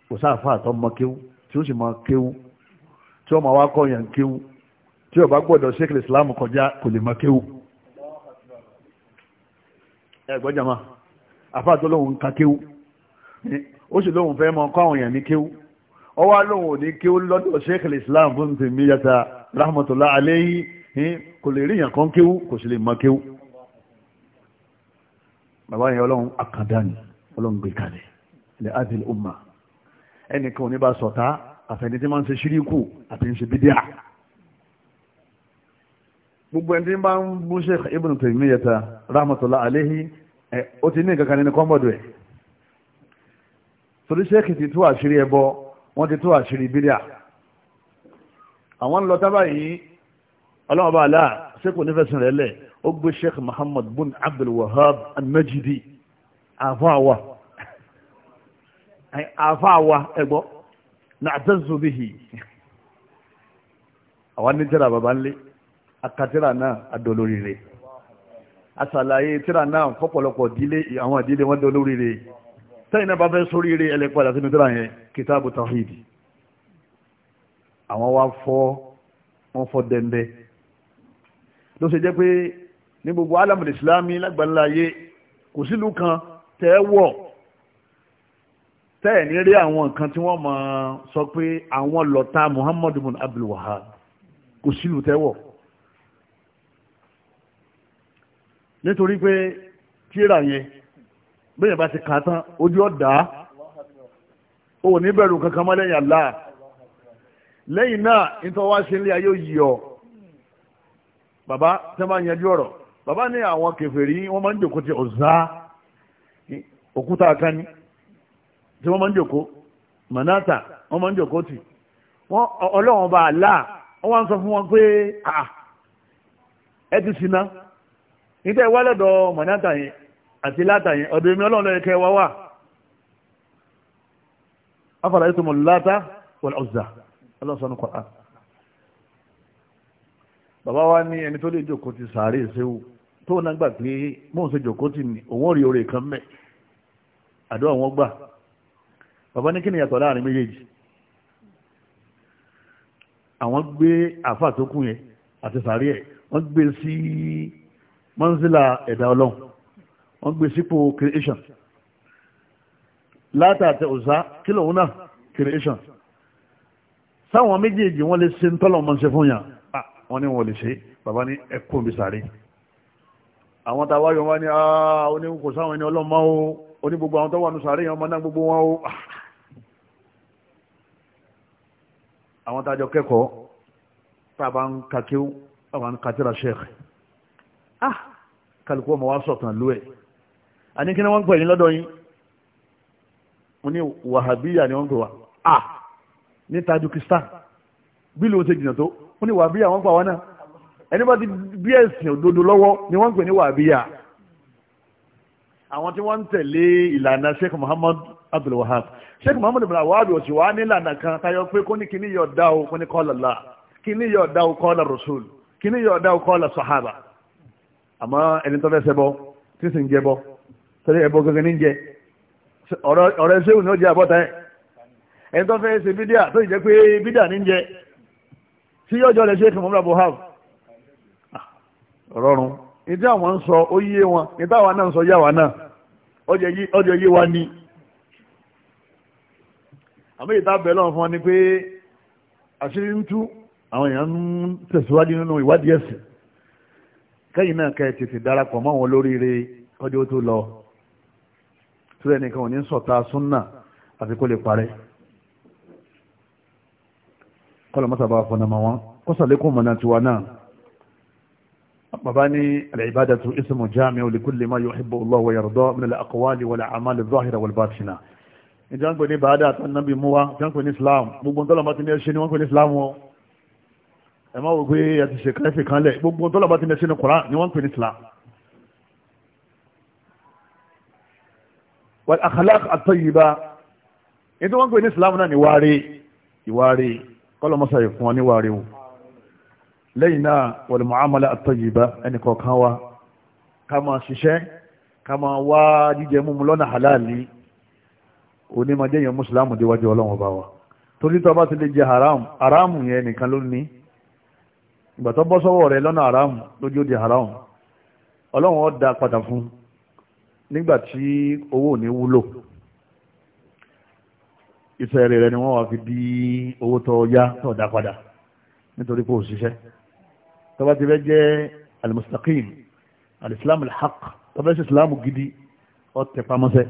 kò sáà fà àtọ́ mọ́ kéwú tí ó sì mọ́ kéwú tí ọmọ wa kọ́ yàn kéwú tí ó bá gbọ́dọ̀ ṣékèlè ìsìláàmù kọjá kò lè mọ kéwú ẹ̀gbọ́n jama àfáà tó lóun ka kéwú ó sì lóun fẹ́ mọ kọ́ àwọn yàn ní kéwú ọwọ́ lóun ò ní kéwú lọ́dọ̀ ṣékèlè ìsìláàmù fún tèmi yàtà rahmatulah aleyhi kò lè rí yàn kan kéwú kò sì lè mọ kéwú bàbá yẹn ọlọ́run àkàndá ọlọ́run gbé kalẹ̀ ilẹ̀ adil umma ẹnìkan ò ní bá sọ̀tá àfẹ̀yìntì tí máa ń ṣe ṣíríkù àti ń ṣe bídíà gbogbo ẹni tí bá ń bú Sheikh Ibn Taymiyyah rahmatullahi alayhi ó ti ní kankan nínú kọ́mọ̀dù ẹ̀ torí Sheikh ti tú àṣírí ẹbọ wọ́n ti tú àṣírí bídíà àwọn ń lọ tábà yìí ọlọ́mọba àlá Sheikh onífẹ̀sìn rẹ̀ lẹ̀ ó gbé Sheikh Muhammad bin Abdul Wahhab àfọ àwa àfọ àwa ẹ̀gbọ́n nàtàzù bìhì àwọn ní tíra bàbá ńlé akatira náà adolóríire asàlàyé tíra náà fọ́pọ̀lọpọ̀ dílé àwọn ìdílé wọn dolóríire tẹ́yìn náà bá fẹ́ sóríire ẹlẹ́pàdà sínú tíra yẹn kìtàbù tàfíìdì àwọn wá fọ́ wọ́n fọ́ dẹ́ndẹ́ ló ṣe jẹ́ pé ní gbogbo alamul islami lágbàláyé kò sílùú kan tẹ́ wọ̀ tẹ́ẹ̀ ní rí àwọn nǹkan tí wọ́n máa sọ pé àwọn lọ́ta Muhammadu bin Abdul Wahab kò sílù tẹ́wọ̀ nítorí pé tíra yẹn bẹ́ẹ̀ bá ti kà tán ojú ọ̀dà ó ní bẹ̀rù kankan mọ́ lẹ́yìn Allah lẹ́yìn náà nítorí wá sí ilé ayé yìí ọ bàbá tẹ́ máa yanjú ọ̀rọ̀ bàbá ní àwọn kèfèrí wọ́n máa ń jòkó ti ọ̀zá òkúta kan ni. tí wọ́n máa ń jòkó manata wọ́n máa ń jòkó tì wọ́n ọlọ́run ọba àlá wọ́n wá ń sọ fún wọn pé ẹ ti sinna níta ìwá manata yẹn àti láta yẹn ọ̀dọ̀ èmi ọlọ́run lọ́yẹ wá wà afọlá yìí tó láta bàbá wa ní ẹni tó lè jòkó ti sàárè ṣéwù tó náà gbà pé mò ń ṣe jòkó ní òun ò rí kan bàbá ní kí ni yàtọ̀ láàrin méjèèjì àwọn gbé àfà tó kún yẹn àti sàárì ẹ̀ wọ́n gbé sí mọ́nsílà ẹ̀dá ọlọ́run wọ́n gbé sípò creation látàtẹ̀ òsá kí lòun náà creation sáwọn méjèèjì wọ́n lè ṣe ń tọ́lọ̀ mọ́ ṣe fún yàn wọ́n ní wọ́n lè ṣe bàbá ní ẹkùn bí sàárì àwọn tàwáyọ̀ wọ́n ní àà oníkòsáwọn ẹni ọlọ́mọ́ o oní gbogbo àwọn tó wà ní sàárì yẹn ọmọ náà gbogbo wọn o àwọn tájọ kẹ́kọ̀ọ́ tàbá ń kakíw àwọn ń katira sheikh ah kálukú ọmọ wa sọ̀tàn lú ẹ̀ àní kí ni wọ́n ń pè ní lọ́dọ̀ yín mo ní wàhábíyà ni wọ́n ń pè wá ah ní tajikistan bí ló ṣe jìnnà tó mo ní wàhábíyà wọ́n pa wá náà ẹni bá ti bí ẹ̀sìn òdodo lọ́wọ́ ni wọ́n ń pè ní wàhábíyà àwọn tí wọ́n ń tẹ̀lé ìlànà sheikh muhammad Abdul Wahab Sheikh Muhammad ibn Awad ò sì wá nílànà kan tayọ pé ní kini yọ dá o kó ní Allah kíní yọ dá o Sahaba ama ẹni tó fẹ́ ṣẹbọ bọ torí ẹbọ gẹ́gẹ́ Sheikh Muhammad ibn Awad ah, rọrùn ìdí àwọn ń sọ ó yé wọn àwọn àmì ìdábẹ̀ lọ́wọ́ fún ọ ni pé àṣírí ń tú àwọn èèyàn ń tẹ̀síwájú nínú ìwádìí ẹ̀sìn kẹ́yìn náà kẹ́ tètè darapọ̀ mọ́ àwọn olóríire ọjọ́ tó lọ tíwẹ́ nìkan ò ní sọ̀tà súnà àti kó lè parẹ́ kọ́lọ̀ mọ́sàbà fọ̀nàmọ́ wọn kó sàlékún mọ̀nà tiwa náà bàbá ní al-ibadatu ismu jami'u li kulli ma yuhibbu Allahu wa yarda min al-aqwali wal a'mali adh-dhahira wal batina ìjọ ń pè ní bàádà àtànàbì mú wa ìjọ ń pè ní Islam gbogbo tọ́lọ̀bá ti ní ẹṣẹ́ ni wọ́n pè ní Islam wọn ẹ má wò pé ẹ ti ṣe kẹfì kan lẹ̀ gbogbo tọ́lọ̀bá ti ní ẹṣẹ́ ni Kùránì ni wọ́n pè ní Islam wal akhlaq at-tayyiba ètò wọ́n pè ní Islam náà ni wáre ìwáre kọ́lọ́mọ́sá ìfún wọn ní wáre o lẹ́yìn náà wal mu'amala at-tayyiba ẹnì kọ̀ọ̀kan wa ká máa ṣiṣẹ́ ká máa wá jíjẹ múmu lọ́nà halali onímọ̀jẹ́ yẹn mùsùlùmù déwájú ọlọ́run ọba wa torí tó bá ti lè jẹ haram haram yẹn nìkan ló ní ìgbà tó bọ́ sọ́wọ́ rẹ lọ́nà haram lójú di haram ọlọ́run ó dá padà fún nígbà tí owó ò ní wúlò iṣẹ́ rẹ̀ ni wọ́n wá fi bí owó tó yá tó dá padà nítorí pé òṣìṣẹ́ tó bá ti fẹ́ jẹ́ al-mustaqim al-islam al-haq islam gidi ó tẹpamọ́sẹ́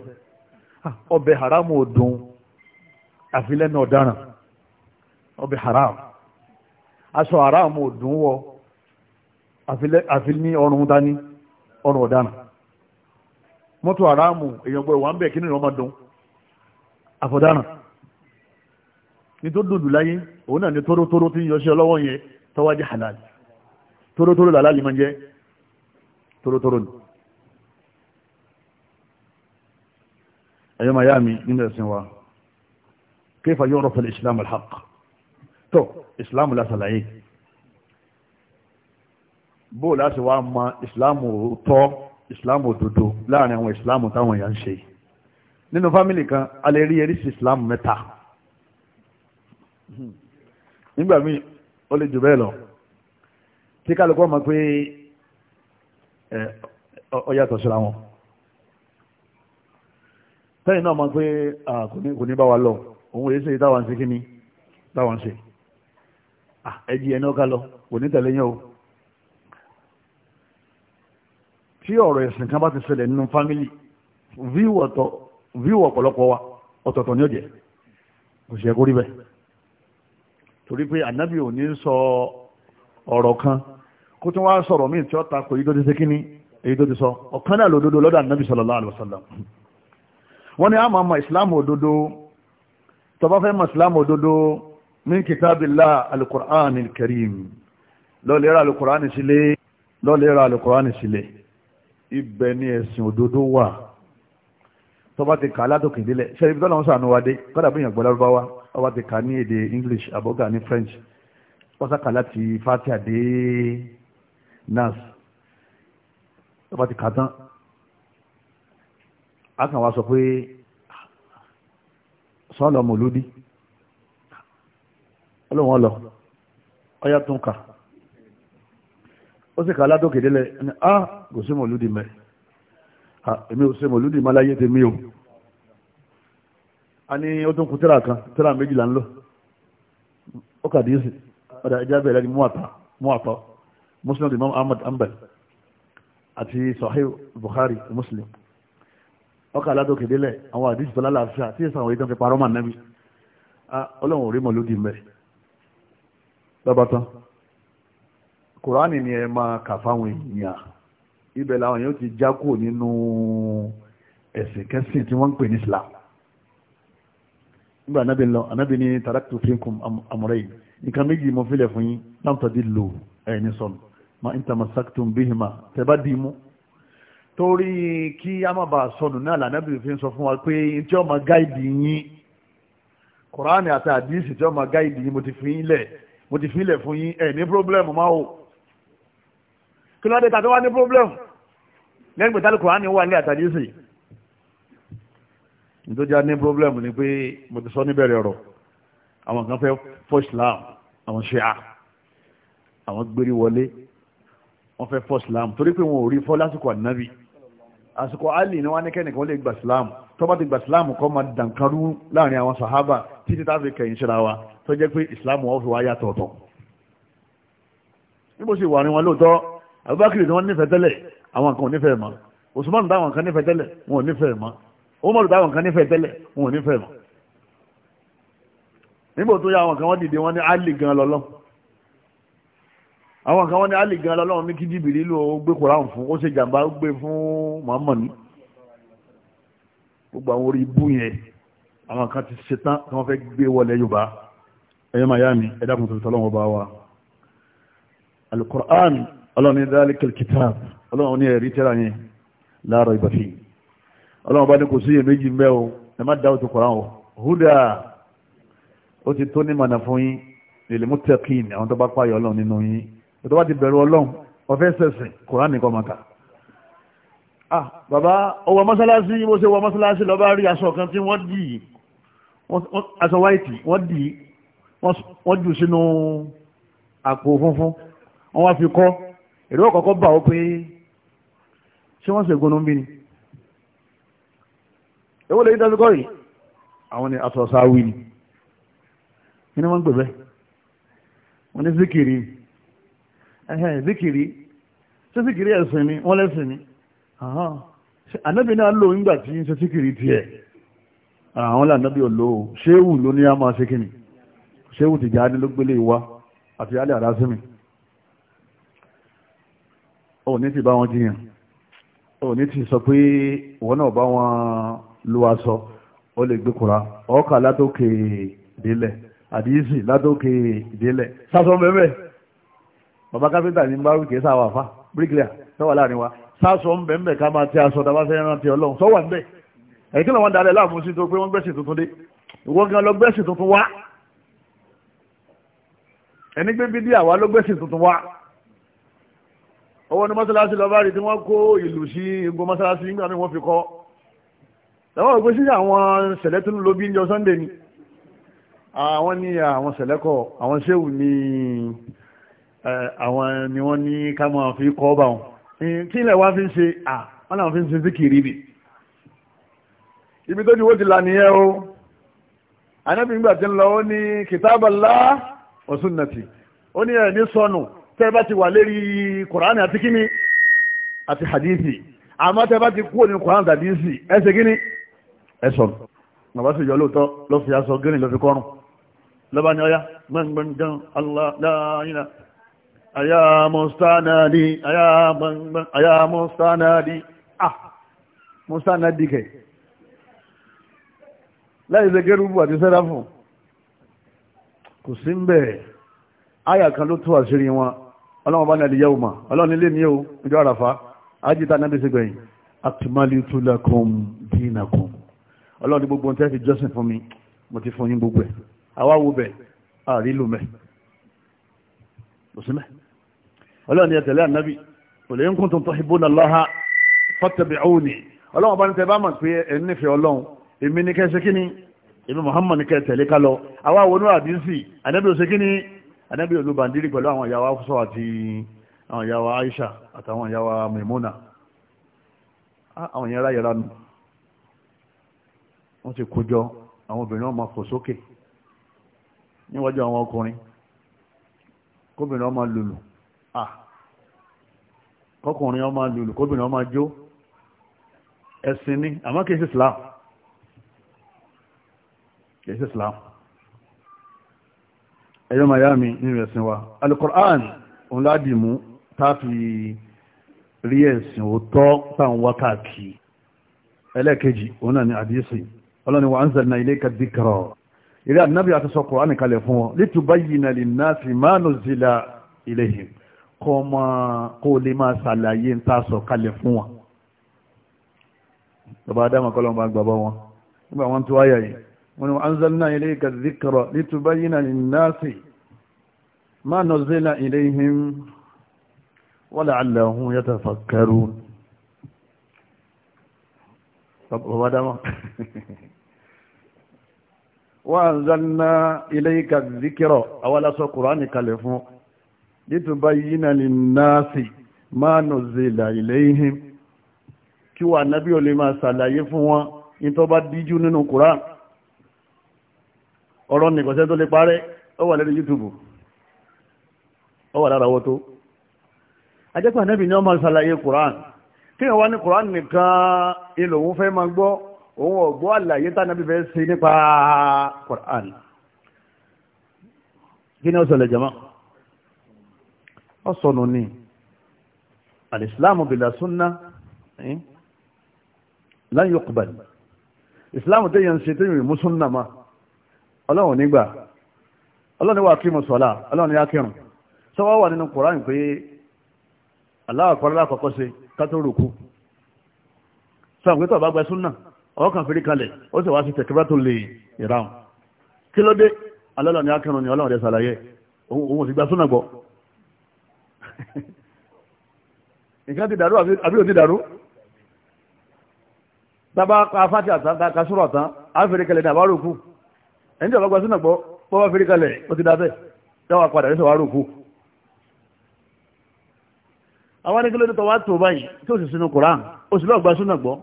ọbẹ̀ haramu ò dùn àfi lẹ́nu ọ̀daràn ọbẹ̀ haramu aṣọ haramu ò dùn wọ ní ọrùn dání ọrùn ọ̀daràn mọ́tò haramu èèyàn gbọ́ ìwà ń bẹ̀ kí nìyàn máa dùn àfọ̀daràn ní tó dùn dùn láyé òun náà ni tórótóró tí ń yọ sí ọlọ́wọ́ yẹn tọ́wájú tórótóró máa jẹ́ tórótóró ni. ẹ̀yọ́ màá yá mi nínú ẹ̀sìn wa kéfà yóò rọ́pẹ̀lẹ̀ islam alhaq tó islam lásàlàyé bóò láti wá ma islam tọ́ islam òdodo láàrin àwọn islam táwọn èèyàn ń ṣe nínú fámìlì kan a lè rí eríṣi islam mẹ́ta nígbà míì ó lè jù bẹ́ẹ̀ lọ tí kálukú ọmọ pé ọ yàtọ̀ síra wọn tẹ́yìn náà mọ̀ pé kò ní bá wa lọ òun èyí ṣe táwọn ṣe kíní táwọn ṣe ẹjì ẹni ọ̀ká lọ kò ní tẹ̀lé yẹn o tí ọ̀rọ̀ ẹ̀sìn kan bá ti ṣẹlẹ̀ nínú fámìlì víwọ̀ ọ̀pọ̀lọpọ̀ wa ọ̀tọ̀ọ̀tọ̀ ni ó jẹ́ kò ṣe kó rí bẹ́ẹ̀ torí pé ànábì ò ní sọ ọ̀rọ̀ kan kó tún wá sọ̀rọ̀ míì tí ó ta kò èyí tó ti ṣe kíní èyí tó ti sọ ọ̀kan náà lòdodo lọ́dọ̀ ànábì sallallahu alaihi wasallam wọ́n ní àmọ́ ọmọ ìsìláàmù òdodo tó bá fẹ́ mọ̀ ìsìláàmù òdodo min kitabillah alukur'an karim lọ́lẹ́ra alukur'an sílé lọ́lẹ́ra alukur'an sílé ibẹ̀ ni ẹ̀sìn òdodo wà tó bá ti kà látòkè délẹ̀ ṣẹ́ni bí tọ́lọ́wọ́n sànú wa dé kọ́dà bí yàn gbọ́dọ̀ bá wa ọba ti kà ní èdè English àbọ́gà ní French wọ́sàkà láti fatia dé nas ọba ti kà tán a kàn wá sọ pé sọ́ọ̀lọ́ mọ̀lúdí ọlọ́wọ́n lọ ọyá tún kà ó sì kà aládókè délẹ̀ ní a ah, kò sí mọ̀lúdí mẹ́ ah, èmi ò sí mọ̀lúdí má láyé tèmi o a ní ó tún kù tíra kan tíra méjìlá ńlọ ó kà díẹ̀ sí ọ̀dà ẹja bẹ̀rẹ̀ ní mú muslim imam ahmad ambal àti sahih bukhari muslim ọkà aládókè délẹ̀ àwọn àdìsí tó lálàáfíà tí èsì àwọn ìtàn fi parọ́ màá nẹ́bí ọlọ́run ò rí mọ̀lódì mẹ́ lọ́ba tán kùránì ni ẹ máa kà fáwọn èèyàn ibẹ̀ làwọn èèyàn ti já kúrò nínú ẹ̀sìn kẹsìn tí wọ́n ń pè ní Islam nígbà anábì lọ anábì ní taraktu finkum amrayn nǹkan méjì mo filẹ̀ fún yín láǹtọ́ di lò ẹ̀yìn sọ̀nù ma in tamassaktum bihima tẹ́ bá dì í mú torí kí a má bàa sọnù náà lànàbì fi ń sọ fún wa pé tí ọmọ gáìdì yín kùránì àti àdíìsì tí ọmọ gáìdì yín mo ti fi ilẹ̀ mo ti fi fún yín ẹ̀ ní pírọ́blẹ́mù máa o kí ló dé tàbí wá ní pírọ́blẹ́mù lẹ́yìn pẹ̀tàlì kùránì wà ní àtàdíìsì nítorí ní pírọ́blẹ́mù ni pé mo ti sọ níbẹ̀rẹ̀ ọ̀rọ̀ àwọn kan fẹ́ fọ́ Islam àwọn ṣíà àwọn gbérí wọlé wọ́n fẹ́ fọ́ Islam torí pé wọn ò rí fọ́ lásìkò ànábì àsìkò alì ni wọ́n ní kẹ́nìkan lè gbà sílámù tó bá ti gbà sílámù kọ́ máa dànkarú láàrin àwọn sàhábà títí tá fi kẹ̀yìn síra wa tó jẹ́ pé ìsìlámù wọn fi wá yàtọ̀ ọ̀tọ̀ níbo sì wà ní wọn lóòótọ́ Abubakar ni wọ́n nífẹ̀ẹ́ tẹ́lẹ̀ àwọn kan ò nífẹ̀ẹ́ mọ́ Usman dáwọn kan nífẹ̀ẹ́ tẹ́lẹ̀ wọn ò nífẹ̀ẹ́ mọ́ Umar dáwọn kan nífẹ̀ẹ́ tẹ́lẹ̀ wọn ò nífẹ̀ẹ́ mọ́ níbo tó yá àwọn kan wọ́n dìde wọ́n ní alì gan lọ́lọ́ àwọn kan wọ́n ní alì gan lọ́lọ́run ní kí jìbìrì ló gbé koran fún ó ṣe jàǹbá gbé fún muhammad ní gbogbo àwọn orí ibú yẹn àwọn kan ti ṣetán tí wọ́n fẹ́ gbé wọlé yorùbá ẹ̀yẹ́ miami ẹ̀dàkùn tó tọ́lọ́wọ́ bá wa alukur'an ọlọ́run ní dáríkìl kitab ọlọ́run ní ẹ̀rí tẹ́ra yẹn láàárọ̀ ìbàfí ọlọ́run bá ní kò sí iyèméjì ń bẹ o ẹ má dáwọ́ tó koran o húdà ó ti tó ní mànà fún yín lil muttaqin àwọn tó bá pààyàn ọlọ́run nínú yín ètò bá ti bẹ̀rù ọlọ́run ọ̀fẹ́ sẹ̀sẹ̀ kòránì kọ́ mọ́ta ah bàbá ọwọ́ mọ́sálásí bó ṣe wọ mọ́sálásí lọ́ba rí aṣọ kan tí wọ́n dì í aṣọ wáìtì wọ́n dì í wọ́n jù sínú àpò funfun wọ́n wá fi kọ́ èrò ọ̀kọ̀ọ̀kọ̀ bà ó pé ṣé wọ́n ṣègùn níbi ni èwo lè yí dájú kọ́ àwọn ni aṣọ sáwì ni kí ni wọ́n ń bẹ́ẹ̀ wọ́n ní síkìrì ni zikiri ṣé zikiri ẹ̀sìn ni wọ́n lẹ́sìn ni ànábì náà lò nígbà tí ń ṣe zikiri tiẹ̀ àwọn lànàbì òlò ṣéwù ló ní a máa ṣe kíni ṣéwù Tìjàní ló gbélé wa àti alẹ́ àdásímì ò ní ti bá wọn jiyàn ò ní ti sọ pé ìwọ náà bá wọn lo aṣọ ó lè gbé kura ọkà látòkè délẹ̀ àdìsí látòkè délẹ̀ sásọ mẹ́mẹ́ bàbá káfíńtà ní bá rúkè sáwà fa bíríkìlà sọ́wà láàrin wa sáàsọ ń bẹ̀ ń bẹ̀ ká máa tẹ aṣọ tàbá fẹ́ rántí ọlọ́run sọ́wà ń bẹ̀ ẹ̀yìn kí làwọn dalẹ̀ láàmú sí tó pé wọ́n gbẹ̀sìn tuntun dé ìwọ́n gan lọ gbẹ̀sìn tuntun wá ẹni gbé bídí àwa ló gbẹ̀sìn tuntun wá ọwọ́ ní mọ́sálásí lọ bá rí tí wọ́n kó ìlú sí igun mọ́sálásí nígbà míì wọ́n fi kọ́ lọ́wọ́ òpin sí àwọn sẹ̀lẹ̀ tó ń lo bí ń jọ Sunday ni àwọn ní àwọn sẹ̀lẹ́kọ̀ àwọn séwù ní Eh, àwọn ni wọ́n ní ká máa fi kọ́ bá wọn kí ilẹ̀ wá fi ń ṣe à wọ́n náà fi ń ṣe síkìrì bì ibi tó ti wó ti là nìyẹn o anábì ńgbà tí ń lọ ó ní kitaballah wa sunnati ó ní ẹ̀ ní sọnù tẹ́ bá ti wà lérí kùránì àti kíni àti hadithi àmọ́ tẹ́ bá ti kúrò ní kùránì àti hadithi ẹ ṣe kíni ẹ sì yọ lóòótọ́ ló fi aṣọ gírin ló fi kọrùn lọ́ba ni ọya gbọ̀ngbọ̀ngàn Allah la ilaha aya mustanadi ah mustanadi ke láì zẹgẹ́rù bú àti sẹ́dá fún kò sí ń bẹ̀ aya kan ló tó àṣírí wọn ọlọ́wọ́n bá nàìjíríà yawma ọlọ́run ilé ní o ìjọ àràfá ajíta náà bẹ́sẹ̀ gbẹ̀yìn akmalitu lakum dinakum ọlọ́run gbogbo ń tẹ́ jọ́sìn fún mi mo ti fún yín gbogbo ẹ̀ ọlọ́run ni ẹ tẹ̀lé ànábì kò lè ń kún tuntun ìbúnà lọ́ha fattabi'uni ọlọ́run ọba ní tẹ bá mọ̀ pé ẹ nífẹ̀ẹ́ ọlọ́run èmi ní kẹ́ ṣe kí ni èmi Muhammad ní kẹ́ tẹ̀lé ká lọ àwa wọnú àdínsì ànábì ò ṣe kí ni ànábì ò ló bàndírì pẹ̀lú àwọn ìyàwó afúsọ àti àwọn ìyàwó Aisha àtàwọn ìyàwó Maimuna àwọn ìyàrá yàrá nù wọ́n ti kójọ àwọn obìnrin wọn máa fò sókè níwájú àwọn ọkùnrin kóbìnrin wọn máa lùlù ah kọkùnrin ọmọ lùlù kóbìnrin ọmọ jó ẹ̀sìn ni àmọ́ kìí sí Islam kìí sí Islam ẹ̀yọ́ miami nínú ẹ̀sìn wa alukur'an òun láti mú táàfi rí ẹ̀sìn òótọ́ táwọn wákàkì ẹlẹ́ẹ̀kejì òun náà ni àdíyèsí ọlọ́ni wa anzalna ilayka dhikra ilé àdínábì àti sọ Kùránì kalẹ̀ fún wọn litubayyina lin-nasi ma nuzila kọ́ máa kó lè máa ṣàlàyé ń ta sọ kalẹ̀ fún wọn bàbá adáma kọ́lọ̀ bá gbàbọ́ wọn nígbà wọn tó wáyà yìí wọn ni anzalna ilayka dhikra litubayyina linnasi ma nuzila ilayhim wa la'allahum yatafakkarun bàbá adáma *laughs* wa anzalna ilayka dhikra litubayyina linnasi ma nuzila ilayhim kí wà nábí ò lè máa ṣàlàyé fún wọn ní tó bá díjú nínú Qur'an ọ̀rọ̀ nìkọ̀ṣẹ́ tó lè parẹ́ ó wà lórí YouTube ó wà lára wọ́tó ajẹ́pà nẹ́bì ní ọmọ ìsàlàyé Qur'an kí wọ́n wá ní Qur'an nìkan ilò òun fẹ́ máa gbọ́ òun ọ̀gbọ́ àlàyé tánàbí fẹ́ sí nípa Qur'an kí ni ó sọ̀lẹ̀ ọ̀sọ̀nù ni alìsìláàmù bìlà súnná eh, láyé ọkùbà ní ìsìláàmù téèyàn ṣe téèyàn mú súnná ma ọlọ́run nígbà ọlọ́run ni wà kí mu sọ̀lá ọlọ́run ni akírun sọ́wọ́ wà nínú kùrán pé aláàkọ́rọ́ lákọ̀ọ́kọ́ ṣe kátólùkù sọ́wọ́n pé tọ́ọ̀bá gba súnná ọkàn fèrè kalẹ̀ ó sì wá sí tẹ̀kẹ́bá tó lè ìràun kí ló dé alọ́lọ́run ni akírun ni ọlọ́run rẹ̀ ṣàlàyé òun ò sì gba súnná gbọ́ nǹkan ti dàrú àbí ò ti dàrú tábà afáàtì àtàn kasúrò àtàn àfẹ́rẹ́ kẹlẹ̀ ní àbáròkú ẹni tí ọ̀gá sínú gbọ́ pọ́wọ́ fẹ́rẹ́ kẹlẹ̀ ó ti dábẹ́ dáwà padà ní sọ̀wáròkú àwọn anìkílẹ̀ tó tọwá tó báyìí tó sì sínú koran ó sì lọ́gbà súnà gbọ́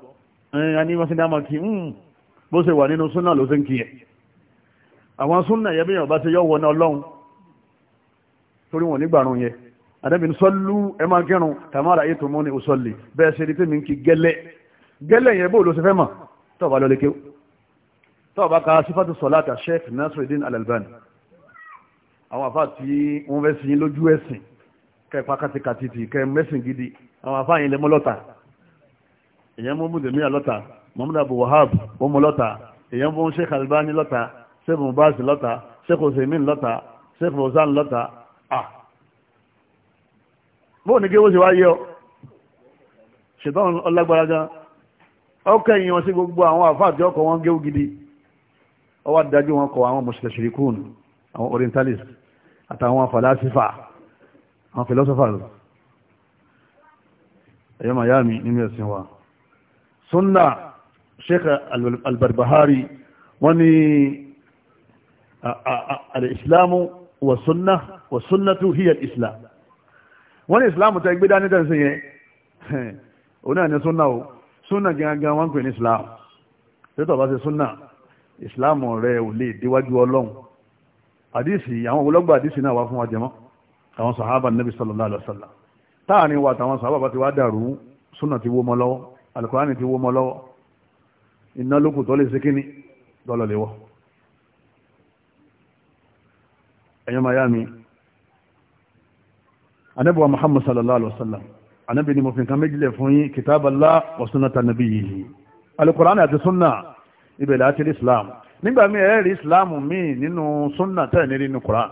ẹ̀yìn àní wọ́n sì ní àmàkí hmm, bó ṣe wà nínú súnà ló ṣe ń kíyẹ̀ àwọn súnà yẹ bí yàn bá ṣe yọ wọ ọlọ́run torí wọn nígbàrún yẹn àdẹ́bìn sọ́lú ẹ máa kírun tàmàrà ayé tó mọ́ ní òsọ́lì bẹ́ẹ̀ ṣe rí pé mi ń kí gẹ́lẹ́ gẹ́lẹ́ yẹn bó ló ṣe fẹ́ mọ̀ tọ́ọ̀bá lọ lékeu tọ́ọ̀bá ka sífàtú sọ̀láta sheikh nasruddin al-albani àwọn àfáà tí wọ́n fẹ́ sin lójú ẹ̀sìn kẹ́ pa kàtìkàtì tì kẹ́ mẹ́sìn gidi àwọn àfáà yẹn lè mọ́ lọ́ta èyàn mú mú dèmíyà lọ́ta muhammad abu wahab ó mú lọ́ta èyàn mú sheikh albani lọ́ta sheikh mubaz lọ́ta osemin lọ́ta sheikh bóò ní kí ó sì wáyé ọ ṣètọ́n ọlágbára gan ọkọ̀ ẹ̀yìn wọn sí gbogbo àwọn àfáà tí ọkọ̀ wọn géwú gidi ọwá dájú wọn kọ àwọn mùsùlùmí àwọn orientalist àtàwọn falasifa àwọn philosophers ẹ̀yọ́ miami nínú ẹ̀sìn wa sunna sheikh wa sunnatu hiya al-islam wọ́n ní ìsìláàmù tẹ́ gbé dání tẹ̀sí yẹn òun náà ní súnà o súnà gangan wọ́n ń pè ní ìsìláàmù tẹ́tọ̀ bá ṣe súnà ìsìláàmù rẹ̀ ò lè déwájú ọlọ́run àdìsí àwọn ológbò àdìsí náà wá fún wa jẹmọ́ àwọn sàhábà nàbì sallallahu alaihi wasallam táàrin wa àtàwọn sàhábà bá ti wá dàrú súnà ti wó mọ́ lọ́wọ́ alukurani ti wó mọ́ lọ́wọ́ iná lókù tó lè ṣe kíní dọ́lọ̀ lè wọ́ ẹ̀yọ́ miami anabi wa muhammad sallallahu alaihi wasallam anabi ni mo fi nǹkan méjìlẹ̀ fún yín kitaballah wa sunnata nabiyyihi alukur'an àti sunna ibẹ̀ láti rí islam nígbà míì ẹ̀ rí islam míì nínú sunna tẹ̀ ní nínú quran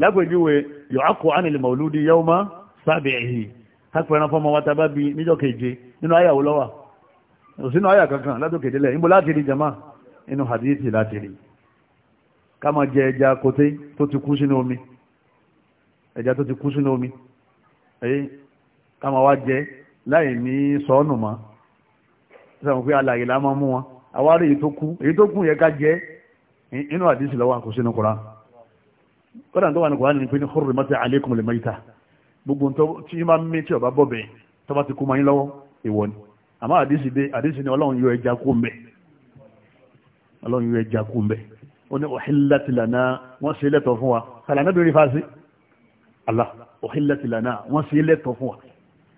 lágbèjúwe yu'aqqu anil mawludi yawma sabi'ihi kápẹ́ran fọmọ wa tàbá bí níjọ́ keje nínú àyàwó lọ́wà òsínú àyà kankan látòkèdè lẹ̀ níbo láti rí jama inú hadithi láti rí ká máa kote tó ti kú sínú omi ẹja tó ti kú sínú omi ẹ káma wá jẹ láì ní sọ́ọ̀nù mọ́ sọ́ọ̀nù pé alàyè la máa mú wọn àwárí èyí tó kú èyí tó kú yẹ ká jẹ inú àdìsí lọ́wọ́ kò sínú Kùránì kọ́dà tó wà ní Kùránì ni pé ní hurrimat alaykum al-maytah gbogbo tí yín máa ń mí tí ọba bọ̀ bẹ́ẹ̀ tó bá ti kú mayín lọ́wọ́ ìwọ ni àmọ́ àdìsí dé àdìsí ni ọlọ́run yọ ẹja kú mbẹ́ ọlọ́run yọ ẹja kú mbẹ́ ó ní uhillat lana wọ́n ṣe lẹ́tọ̀ fún wa kàlànà bí rí fásitì Allah uhillat lana wọ́n sì lẹ́tọ̀ fún wa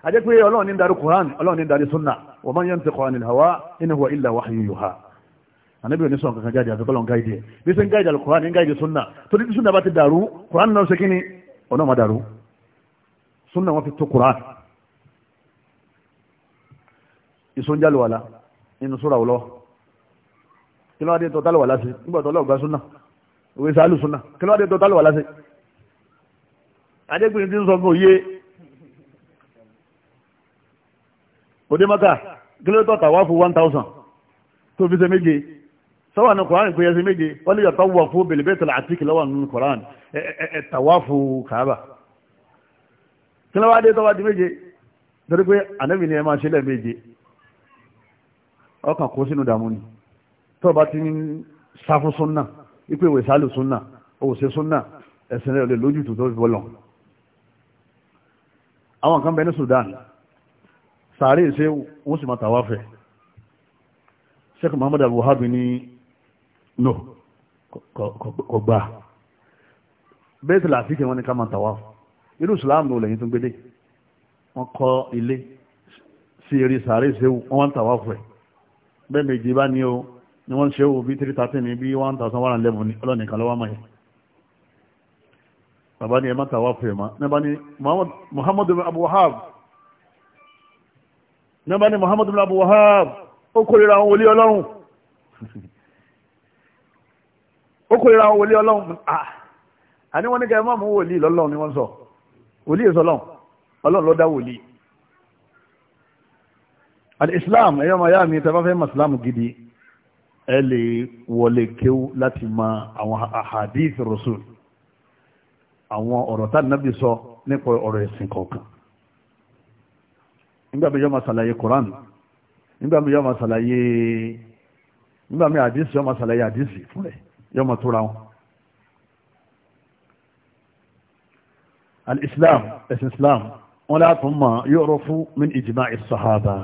ajẹ́ pé ọlọ́run ní darí Qur'an ọlọ́run ní darí sunna wa man yantiqu anil hawa in huwa illa wahyun yuha ànábì òní sọ̀rọ̀ kankan jáde àti ọlọ́run gáìdì ẹ̀ bí sẹ́ ń gáìdì al-Qur'an ń gáìdì sunna tó ní sunna bá ti dàrú Qur'an náà ṣe kíni ọ̀nà máa dàrú sunna wọn fi tó Qur'an ìsọ̀njálùwàlá inú súra ọlọ́ kí ló wá dé tọ́tálùwàlá sí nígbà tó ọlọ́ọ̀gbá sunna òwe sàálù sunna kí ló wá dé tọ́tálùwàlá sí adégbèrè tí ń sọ fún òye òde maka kílódé tọ́ta wá fún one thousand tó fi ṣe méje sọ́wọ́n ní koran kò yẹ ṣe méje wọ́n lè yàtọ̀ wọ̀ fún bèlè bẹ́ẹ̀ tẹ̀lé àti kìlọ́wọ́ nínú koran ẹ̀ tàwa fún kàába kílọ́wọ́ adé tọ́wọ́ di méje torí pé ànábì ni ẹ máa ṣe lẹ́ẹ̀méje ọkàn kó sínú dààmú ni tó bá ti ń sáfún súnà ipò ìwé sálù súnà òwòsè súnà ẹ̀sìn rẹ̀ lè lójú tó tó fi bọ́ lọ́n àwọn kan bẹ ní Sudan sàárè ṣe wọ́n sì máa tàwa fẹ̀ Sheikh Muhammad al-Wahabi ní no kò gbà bẹ́ẹ̀ tí làásìkè wọn ni ká máa tàwa irú Islam ní olèyìn tó gbélé wọ́n kọ́ ilé sí eré sàárè ṣe wọ́n wá ń tàwa fẹ̀ bẹ́ẹ̀ méjì bá ní o ni wọ́n ṣe wo bí 330 ní bí 1111 ọlọ́nìkan lọ́wọ́ máa yẹn bàbá ni ẹ má tàwa fún ẹ ma nígbà ni Muhammad bin Abu Wahab nígbà ni Muhammad bin Abu Wahab ó kórira àwọn wòlíì ọlọ́run ó kórira àwọn wòlíì ọlọ́run àní wọ́n ní kẹ́ ẹ má mú wòlíì lọ́lọ́run ni wọ́n sọ wòlíì èso ọlọ́run ọlọ́run ló dá wòlíì al-islam ẹ̀yọ́ ma yá mi tẹ́ bá fẹ́ mọ̀ islam gidi ẹ lè wọlé kéwú láti mọ àwọn ahadith rasul àwọn ọ̀rọ̀ tá nàbì sọ nípa ọ̀rọ̀ ẹ̀sìn kọ̀ọ̀kan nígbàmí yọ́ máa ṣàlàyé koran nígbàmí yọ́ máa ṣàlàyé nígbàmí àdísì yọ́ máa ṣàlàyé àdísì fún rẹ̀ yọ́ máa tóra wọn al-islam ẹ̀sìn islam wọ́n látún mọ̀ yóò rọ fún min ìjìmá ìsọ̀hábà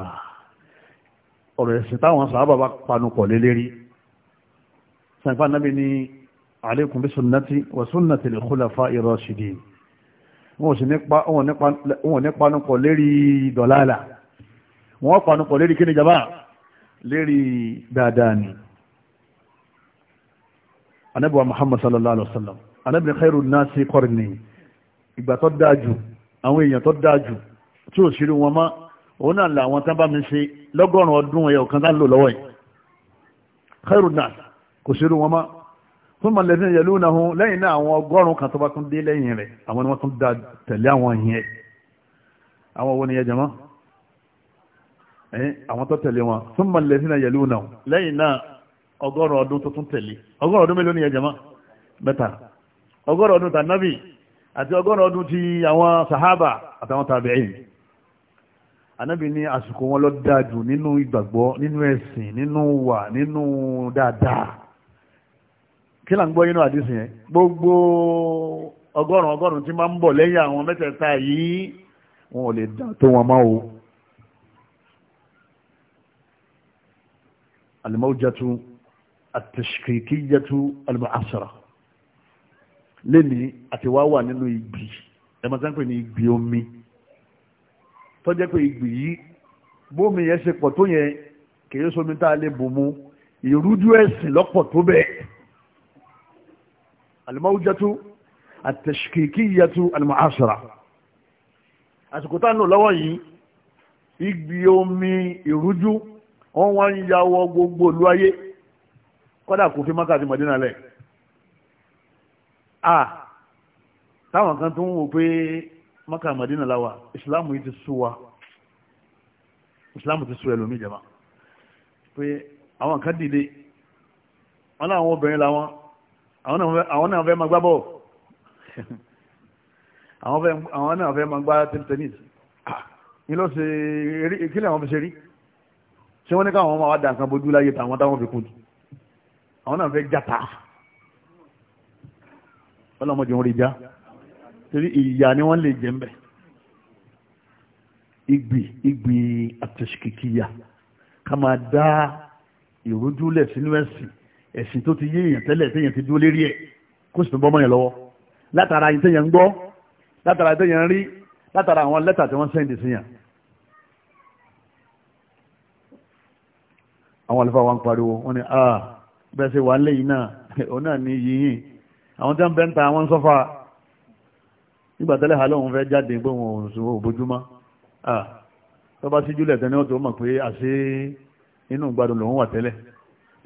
ọ̀rọ̀ ẹ̀sìn táwọn sàhábà bá panu pọ̀ lélẹ́rí sanfà nàbì ni alaykum bi sunnati wa sunnati al-khulafa'i ar-rashidin wọ́n sì ní panupọ̀ lérí dọ̀lálà wọ́n panupọ̀ lérí kí ni jaba lérí dáadáa ni anábíwa muhammad sallallahu alaihi wasallam anábí khairu nasi qarni ìgbà tó dájú àwọn èèyàn tó dájú tí ò ṣírí wọn má òun náà là àwọn tán bá mi ṣe lọ́gọ́rùn-ún ọdún ẹ̀yọ̀ kan tán lò lọ́wọ́ yìí khairu nasi kò ṣírí wọn má tó ma lẹ́sìn yẹ̀lú náà hun lẹ́yìn náà àwọn ọgọ́rùn-ún kan tó bá tún dé lẹ́yìn rẹ̀ àwọn ni wọ́n tún da tẹ̀lé àwọn yẹn àwọn wo ni yẹ jẹmọ́ àwọn tó tẹ̀lé wọn tó mọ̀ lẹ́sìn yẹ̀lú náà lẹ́yìn náà ọgọ́rùn-ún ọdún tó tún tẹ̀lé ọgọ́rùn-ún ọdún mélòó ni yẹ jẹmọ́ mẹ́ta ọgọ́rùn-ún ọdún àti ti ànábì ní àsìkò wọn lọ dáa jù nínú kí là ń gbọ́ inú àdísì yẹn gbogbo ọgọ́rùn ọgọ́rùn tí máa ń bọ̀ lẹ́yìn àwọn mẹ́tẹ̀ẹ̀ta yìí wọn ò lè dá tó wọn máa o alimọ́jàtú àtẹ̀ṣkìkíjàtú alimọ́asara lẹ́ni àti wá wà nínú ìgbì ẹ̀ máa sáńpẹ̀ ní ìgbì omi tọ́jẹ́ pé ìgbì yìí bómi yẹn ṣe pọ̀ tó yẹn kèé sómi tá a lè bò mu ìrújú ẹ̀sìn lọ́pọ̀ tó bẹ́ẹ̀ alimawujatu atashkikiyatu alimuasara àsìkò tá a nù lọ́wọ́ yìí ìgbì omi ìrújú wọ́n wá ń yàwọ gbogbo olú ayé kọ́dà kò fi mákàtí mọ̀dínà lẹ̀ à táwọn kan tó ń wò pé mákà mọ̀dínà láwà ìsìláàmù yìí ti sú wa ìsìláàmù ti sú ẹlòmí jẹma pé àwọn kan dìde wọn láwọn obìnrin làwọn àwọn náà fẹ́ máa gbá bọ́ọ̀ àwọn náà fẹ́ máa gbá tennis ní ah, ló ṣe kí lè àwọn fi ṣe rí ṣé wọ́n ní káwọn máa wá dà nǹkan bójú láyé tàwọn táwọn fi kún jù àwọn náà fẹ́ jàtà ọlọ́mọdé wọn rí já torí ìyà ni wọ́n lè jẹ́ mbẹ̀ ìgbì ìgbì àtẹ̀síkìkìyà ká máa dá ìrújúlẹ̀ sínú ẹ̀sìn ẹ̀sìn tó ti yé èèyàn tẹ́lẹ̀ téèyàn ti dúró lérí ẹ̀ kó sì tó bọ́ mọ́yàn lọ́wọ́ látara yìí téèyàn ń gbọ́ látara téèyàn rí látara àwọn lẹ́tà tí wọ́n sẹ́ǹdì sí yàn. àwọn àlùfáà wa ń pariwo wọ́n ní ah bẹ́ẹ̀ ṣe wà ń léyìn náà *laughs* òun náà ní yìnyín àwọn tí wọ́n bẹ́ ń ta àwọn sọ́fà nígbà tẹ́lẹ̀ ha lóun fẹ́ jáde pé wọn ò sọ òbójúmọ́ ah tó bá síjú lẹ̀ tẹ́ni ó tó mọ̀ pé àṣé inú ìgbádùn lòun wà tẹ́lẹ̀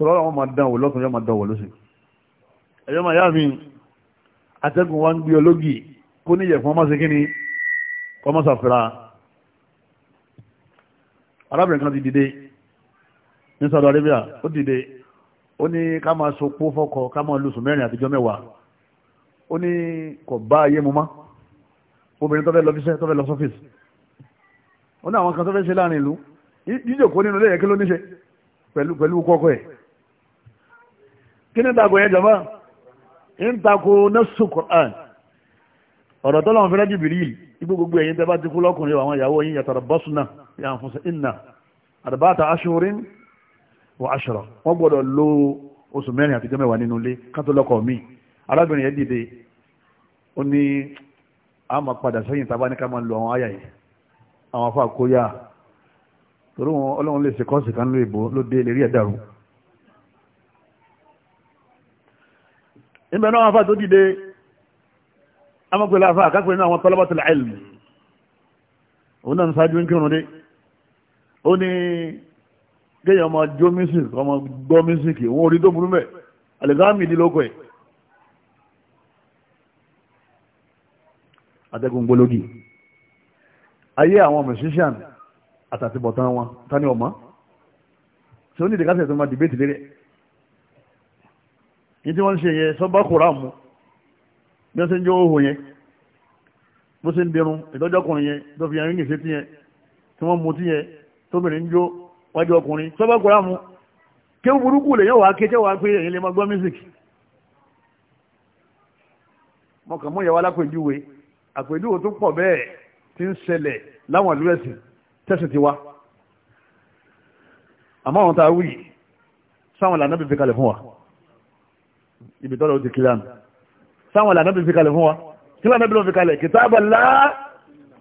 tọ́lọ́ àwọn máa dánwò lọ́kùnrin máa dánwò lọ́sìn ẹ̀yọ́ máa yá mi atẹ́gùn wa ń gbé ológì kó níyẹ̀ fún ọmọ sekínì ọmọ sàfẹ́ra arábìnrin kan ti dìde ní Saudi Arabia ó dìde ó ní ká máa sopó fọ́kọ ká máa lùsù mẹ́rin àtijọ́ mẹ́wàá ó ní kò bá ayé mu mọ́ obìnrin tó fẹ́ lọ fíṣẹ́ tó fẹ́ lọ sọ́fíìsì ó ní àwọn kí ní tako yẹn jọba ń tako nọ́ọ̀sù Qur'an ọ̀rọ̀ tọ́lọ́run fẹ́rẹ́ Jibril igbó gbogbo ẹ̀yin tẹ́ bá ti kú lọ́kùnrin àwọn ìyàwó yín yatarabbasna bí àǹfọ̀sẹ̀ ìnà arba'ata ashhurin wa ashra wọ́n gbọ́dọ̀ lo oṣù mẹ́rin àti jẹ́mẹ́wàá nínú ilé kátó lọ́kọ̀ mi arábìnrin yẹn dìde ó ní a padà sẹ́yìn tàbá ní ká máa lo àwọn àyà yìí àwọn afọ àkóyà torí wọn ọlọ́run lè ṣe kọ́ọ̀sì kan ìbẹ̀ náà afá tó dìde amọ́pẹ̀lẹ̀ afá àkápẹ̀ náà wọn talabatul ilmi òun náà sáájú ń kírun dé ó ní kéèyàn ọmọ jó mísìk ọmọ gbọ́ mísìk òun orí tó burú mẹ́ alẹ́gáàmì ìdílókò ẹ̀ atẹ́gùn gbólógì ayé àwọn musician àtàtìbọ̀tán wọn tani ọmọ tí ó ní ìdíkásẹ̀ tó máa dìbẹ́tì lérẹ́ yìí tí wọ́n ń ṣe yẹn sọ bá kòrán mu bí wọ́n ṣe ń jó ohun yẹn bó ṣe ń dirun ìtọ́jú ọkùnrin yẹn tó fi yẹn ń ṣe tí yẹn tí wọ́n mu tí yẹn tóbìnrin ń jó wájú ọkùnrin sọ bá kòrán mu kéwù burúkú lè yẹn wàá ké tẹ́wàá pé èyí lè máa gbọ́ music mo kàn mú ìyàwó alápèjúwe àpèjúwe tó pọ̀ bẹ́ẹ̀ ti ń ṣẹlẹ̀ láwọn ìlú ẹ̀sìn tẹ̀sìn ti wá àmọ́ àwọn tá a wí sáwọn ìlànà bèbè kalẹ̀ fún wa ibi tọ́lọ̀ ti kílá nù sáwọn lànà bí fi kalẹ̀ fún wa kílá nàbí ló fi kalẹ̀ kitaballah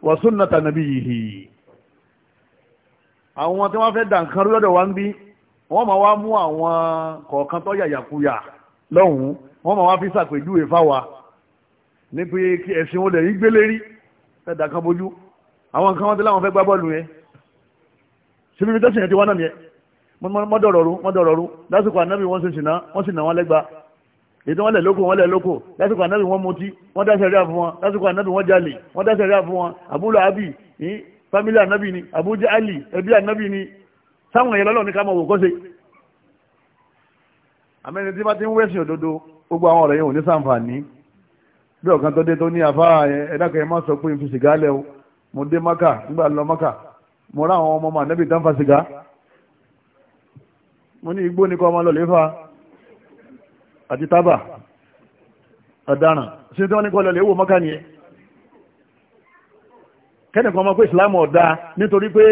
wa sunnata nabiyhi àwọn tí wọ́n fẹ́ dà nǹkan lọ́dọ̀ wa ń bí wọ́n máa wá mú àwọn kọ̀ọ̀kan tó yàyàkuyà lọ́hùn wọ́n máa wá fi sàpèjúwe fáwa ní pé kí ẹ̀sìn olè yí gbélé rí ẹ̀dà kan bojú àwọn nǹkan wọn tí láwọn fẹ́ gbá bọ́ọ̀lù yẹn síbi tẹ́sìn yẹn ti wá náà yẹn mọ́dọ̀rọ̀rú mọ́dọ̀rọ̀rú lásìkò ètò wọn lẹ̀ lóko wọn lẹ̀ lóko lásìkò ànábì wọn mutí wọn dá sẹ̀ríà fún wọn lásìkò ànábì wọn jalè wọn dá sẹ̀ríà fún wọn àbúlọ àbí ní fámílì ànábì ni àbújá àlì ẹbí ànábì ni sáwọn èèyàn lọ́lọ́ ní ká máa wò kọ́sẹ̀. àmẹ́ni tí bá ti ń wẹ̀sìn òdodo gbogbo àwọn ọ̀rẹ́ yẹn ò ní sàǹfààní bí ọ̀kan tó dé tó ní afá ẹ̀dákẹ́ ẹ̀ má sọ pé n fi sìgá lẹ o mo dé maka nígbà lọ maka mo rá àwọn ọmọ ọmọ ànábì tán fa sìgá mo àti tábà ọ̀daràn sí tí wọ́n ní kọlọ̀ lè wò mọ́ká nìyẹn kẹ́nìkan ọmọ pé ìsìlámù ọ̀dá nítorí pé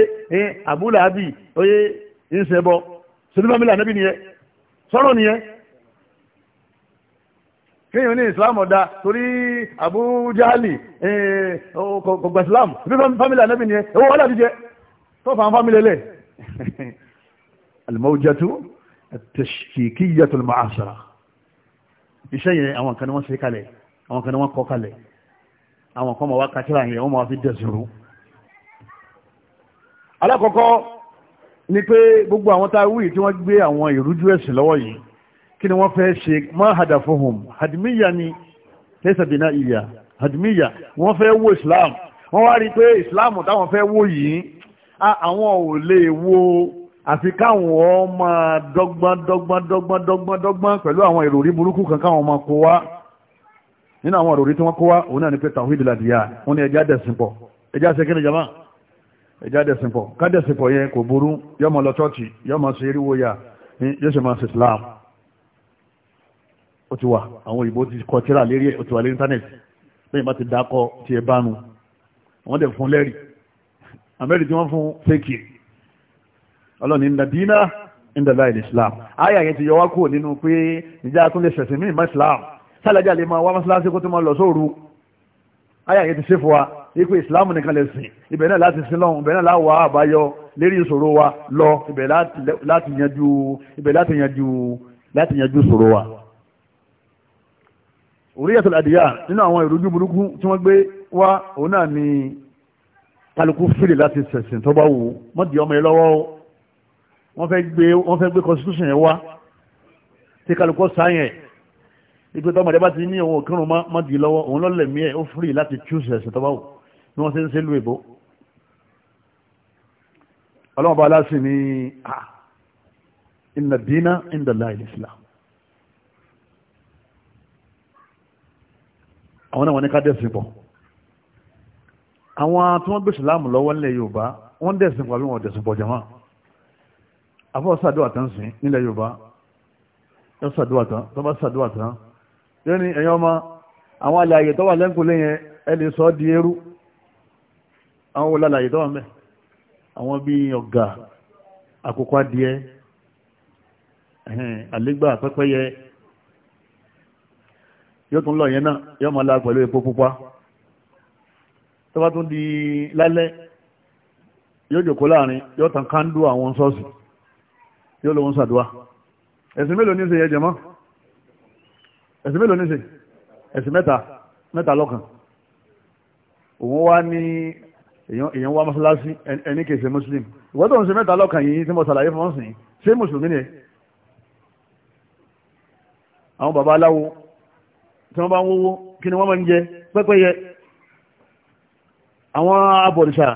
àbúlà ábì oyé ìṣẹ́bọ sinimamila níbi nìyẹn sọ́rọ̀ nìyẹn kíyàn ní ìsìlámù ọ̀dá torí àbújáàlì kọ̀gbà ìsìlámù sinimamila níbi nìyẹn owó wọ́n láti tó fà fámílẹ̀ lẹ̀ *laughs* alimawjatu at-tashkikiyyatu iṣẹ́ yẹn àwọn kan ni wọ́n ṣe kalẹ̀ àwọn kan ni wọ́n kọ́ kalẹ̀ àwọn kan ma wá kàtíra yẹn wọ́n ma fi dẹ̀sùrú alákọ̀ọ́kọ́ ni pé gbogbo àwọn tá a wúyì tí wọ́n gbé àwọn ìrújú ẹ̀sìn lọ́wọ́ yìí kí ni wọ́n fẹ́ ṣe má hadafuhum hadmiya ni lẹ́sàbínà ìyà hadmiya wọ́n fẹ́ wo islam wọ́n wá rí pé islam táwọn fẹ́ wo yìí àwọn ò lè wo àfi káwọn ọmọ dọ́gbọ́n dọ́gbọ́n dọ́gbọ́n dọ́gbọ́n dọ́gbọ́n pẹ̀lú àwọn ìròrí burúkú kan káwọn ọmọ kó wá nínú àwọn ìròrí tí wọ́n kó wá òun náà ni pé tàwídì làdìyà wọ́n ní ẹja dẹ̀sìn pọ̀ ẹja ṣe kíni jama ẹja dẹ̀sìn pọ̀ ká dẹ̀sìn pọ̀ yẹn kò burú yọmọ lọ chọ́ọ̀chì yọmọ ṣe eriwo ya yóò ṣe máa ṣe Islam ó ti wà àwọn òyìnbó ti kọ tíra lérí ẹ̀ ó ti wà lérí íńtánẹ̀tì lẹ́yìn bá ti dákọ̀ tiẹ̀ bánu wọ́n dẹ̀ fún lẹ́rì amẹ́rì tí wọ́n fún fẹ́kì ọlọ́ni ladina indala islam ayà yẹn ti yọ wá kúrò nínú pé ìjà tún lè ṣẹ̀sìn míì mọ́ islam sálàjà lè máa wá mọ́sálásí kó tó máa lọ sóòru ayà yẹn ti ṣe fún wa ipò islam nìkan lè sìn ibẹ̀ náà láti sin lọ́hùn ibẹ̀ náà láwọ̀ àbáyọ lérí ìṣòro wa lọ ibẹ̀ láti yanjú ibẹ̀ láti yanjú láti yanjú ìṣòro wa. oríyàtọ̀ àdìyà nínú àwọn ìrújú burúkú tí wọ́n gbé wá òun náà ni kálukú fìlè láti ṣẹ̀sìn tó bá wù mọ́tì ọmọ yẹn lọ́wọ́ wọ́n fẹ́ gbé wọ́n fẹ́ gbé constitution yẹn wá tí kálukọ́ sáyẹn ìgbé tọ́mọdé bá ti ní òun òkèrún má dì lọ́wọ́ òun lọ́lẹ̀ mí ẹ̀ ó free láti choose ẹ̀sìn tọ́ba wò bí wọ́n ṣe ń ṣe lú ìbò ọlọ́run bá aláṣẹ ní à inna dina inda Allah islam àwọn náà wọn ní ká dẹ̀sìn pọ̀ àwọn tí wọ́n gbé ìsìlámù lọ́wọ́ nílẹ̀ Yorùbá wọ́n dẹ̀sìn pọ̀ àbí wọn dẹ̀sìn pọ̀ jẹ̀mọ́ afọ́ sàdúwà tán sí nílẹ̀ yorùbá yọ sàdúwà tán tó bá sàdúwà tán yóò ní ẹ̀yàn ọmọ àwọn alàyè tó wà lẹ́nkùnlé yẹn ẹ lè sọ di eérú àwọn wọlé alàyè tó wà mẹ́ àwọn bí ọ̀gà àkókò adìẹ àlégbà pẹ́pẹ́yẹ yóò tún lọ yẹn náà yóò máa la pẹ̀lú epo pupa tó bá tún di lálẹ́ yóò jòkó láàrin yóò tàn kándú àwọn ṣọ́ọ̀ṣì yóò lóun ṣàdúrà ẹ̀sìn mélòó ní í ṣe yẹ jẹ̀mọ́ ẹ̀sìn mélòó ní í ṣe ẹ̀sìn mẹ́ta mẹ́ta lọ́kàn òun wá ní èèyàn wá mọ́sálásí ẹni kèsè muslim ìwọ́n tó ń ṣe mẹ́ta lọ́kàn yìí tí mo ṣàlàyé fún ọ̀sìn ṣé mùsùlùmí ni àwọn baba aláwo tí wọ́n bá ń wówó kí ni wọ́n máa ń jẹ pẹ́pẹ́yẹ àwọn abọ̀rìṣà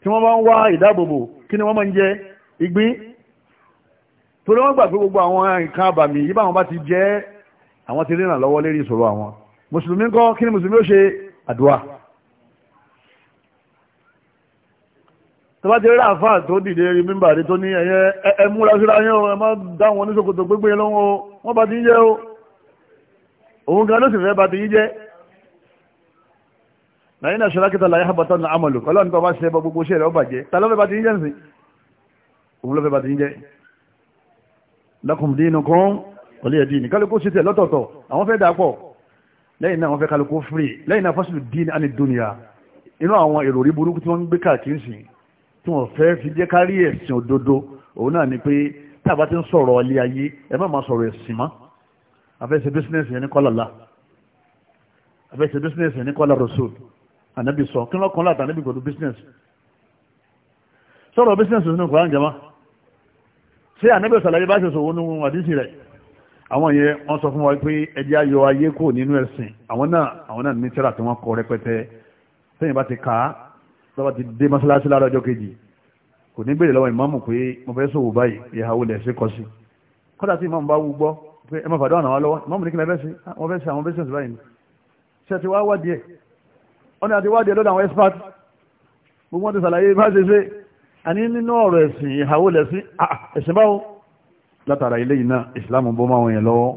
tí wọ́n bá ń wá ìdáàbòbò kí ni wọ́n máa ń jẹ ìgbín torí wọ́n gbà pé gbogbo àwọn nǹkan àbàmì yìí báwọn bá ti jẹ́ àwọn ti rìnà lọ́wọ́ lérí ìṣòro àwọn mùsùlùmí ń kọ́ kí ni mùsùlùmí ó ṣe àdúrà tó bá ti rí àfáà tó dìde rí mímbà rí tó ní ẹ̀yẹ ẹ múra síra yẹn o ẹ má dá wọn ní ṣòkòtò gbégbé lọ́wọ́ o bá ti ń jẹ́ o òun gan ló sì fẹ́ bá ti ń jẹ́ lẹ́yìn náà ṣọlá kíta láyé àbátá ní amọ̀lù ọlọ́run tó bá ṣe gbogbo ṣe rẹ̀ ó bàjẹ́ lakum dinukum waliya din kálukú sí tẹ̀ lọ́tọ̀ọ̀tọ̀ àwọn fẹ́ dàpọ̀ lẹ́yìn náà wọ́n fẹ́ kálukú free lẹ́yìn náà fásitì dín àni dúnìyà inú àwọn èrò orí burúkú tí wọ́n ń gbé káàkiri sí tí wọ́n fẹ́ fi jẹ́ kárí ẹ̀sìn òdodo òun náà ni pé tá a bá ti ń sọ̀rọ̀ ilé ayé ẹ má máa sọ̀rọ̀ ẹ̀sìn mọ́ afẹ́sẹ̀ bísínẹ́sì yẹn ní kọ́lá la afẹ́sẹ̀ bísínẹ́sì yẹn ní kọ́lá rasul ànábì sọ kí wọ́n kọ́ láti ànábì gbọdọ̀ bísínẹ́sì sọ̀rọ̀ bísínẹ́sì sínú kọ́lá ń jẹ́ sí ànábẹ̀ sàlàyé bá ṣe sòwò nínú àdísì rẹ̀ àwọn yẹn wọ́n sọ fún wa pé ẹjẹ́ ayọ̀ ayé kò nínú ẹ̀sìn àwọn náà àwọn náà ní tíra tí wọ́n kọ rẹpẹtẹ sẹ́yìn bá ti kà á lọ́wọ́ ti dé mọ́ṣáláṣí lára ọjọ́ kejì kò ní béèrè lọ́wọ́ ìmáàmù pé mo fẹ́ sòwò báyìí ìhàwó lẹ̀ ṣe kọ sí kọ́dà tí ìmáàmù bá wú gbọ́ ah, gbogbo wọn ti bá ṣe ṣe àní nínú ọ̀rọ̀ ẹ̀sìn ìhàwó lẹ́sìn ẹ̀sìn báwo látara ilé yìí náà ìsìláàmù bó máa wọ̀nyẹn lọ́wọ́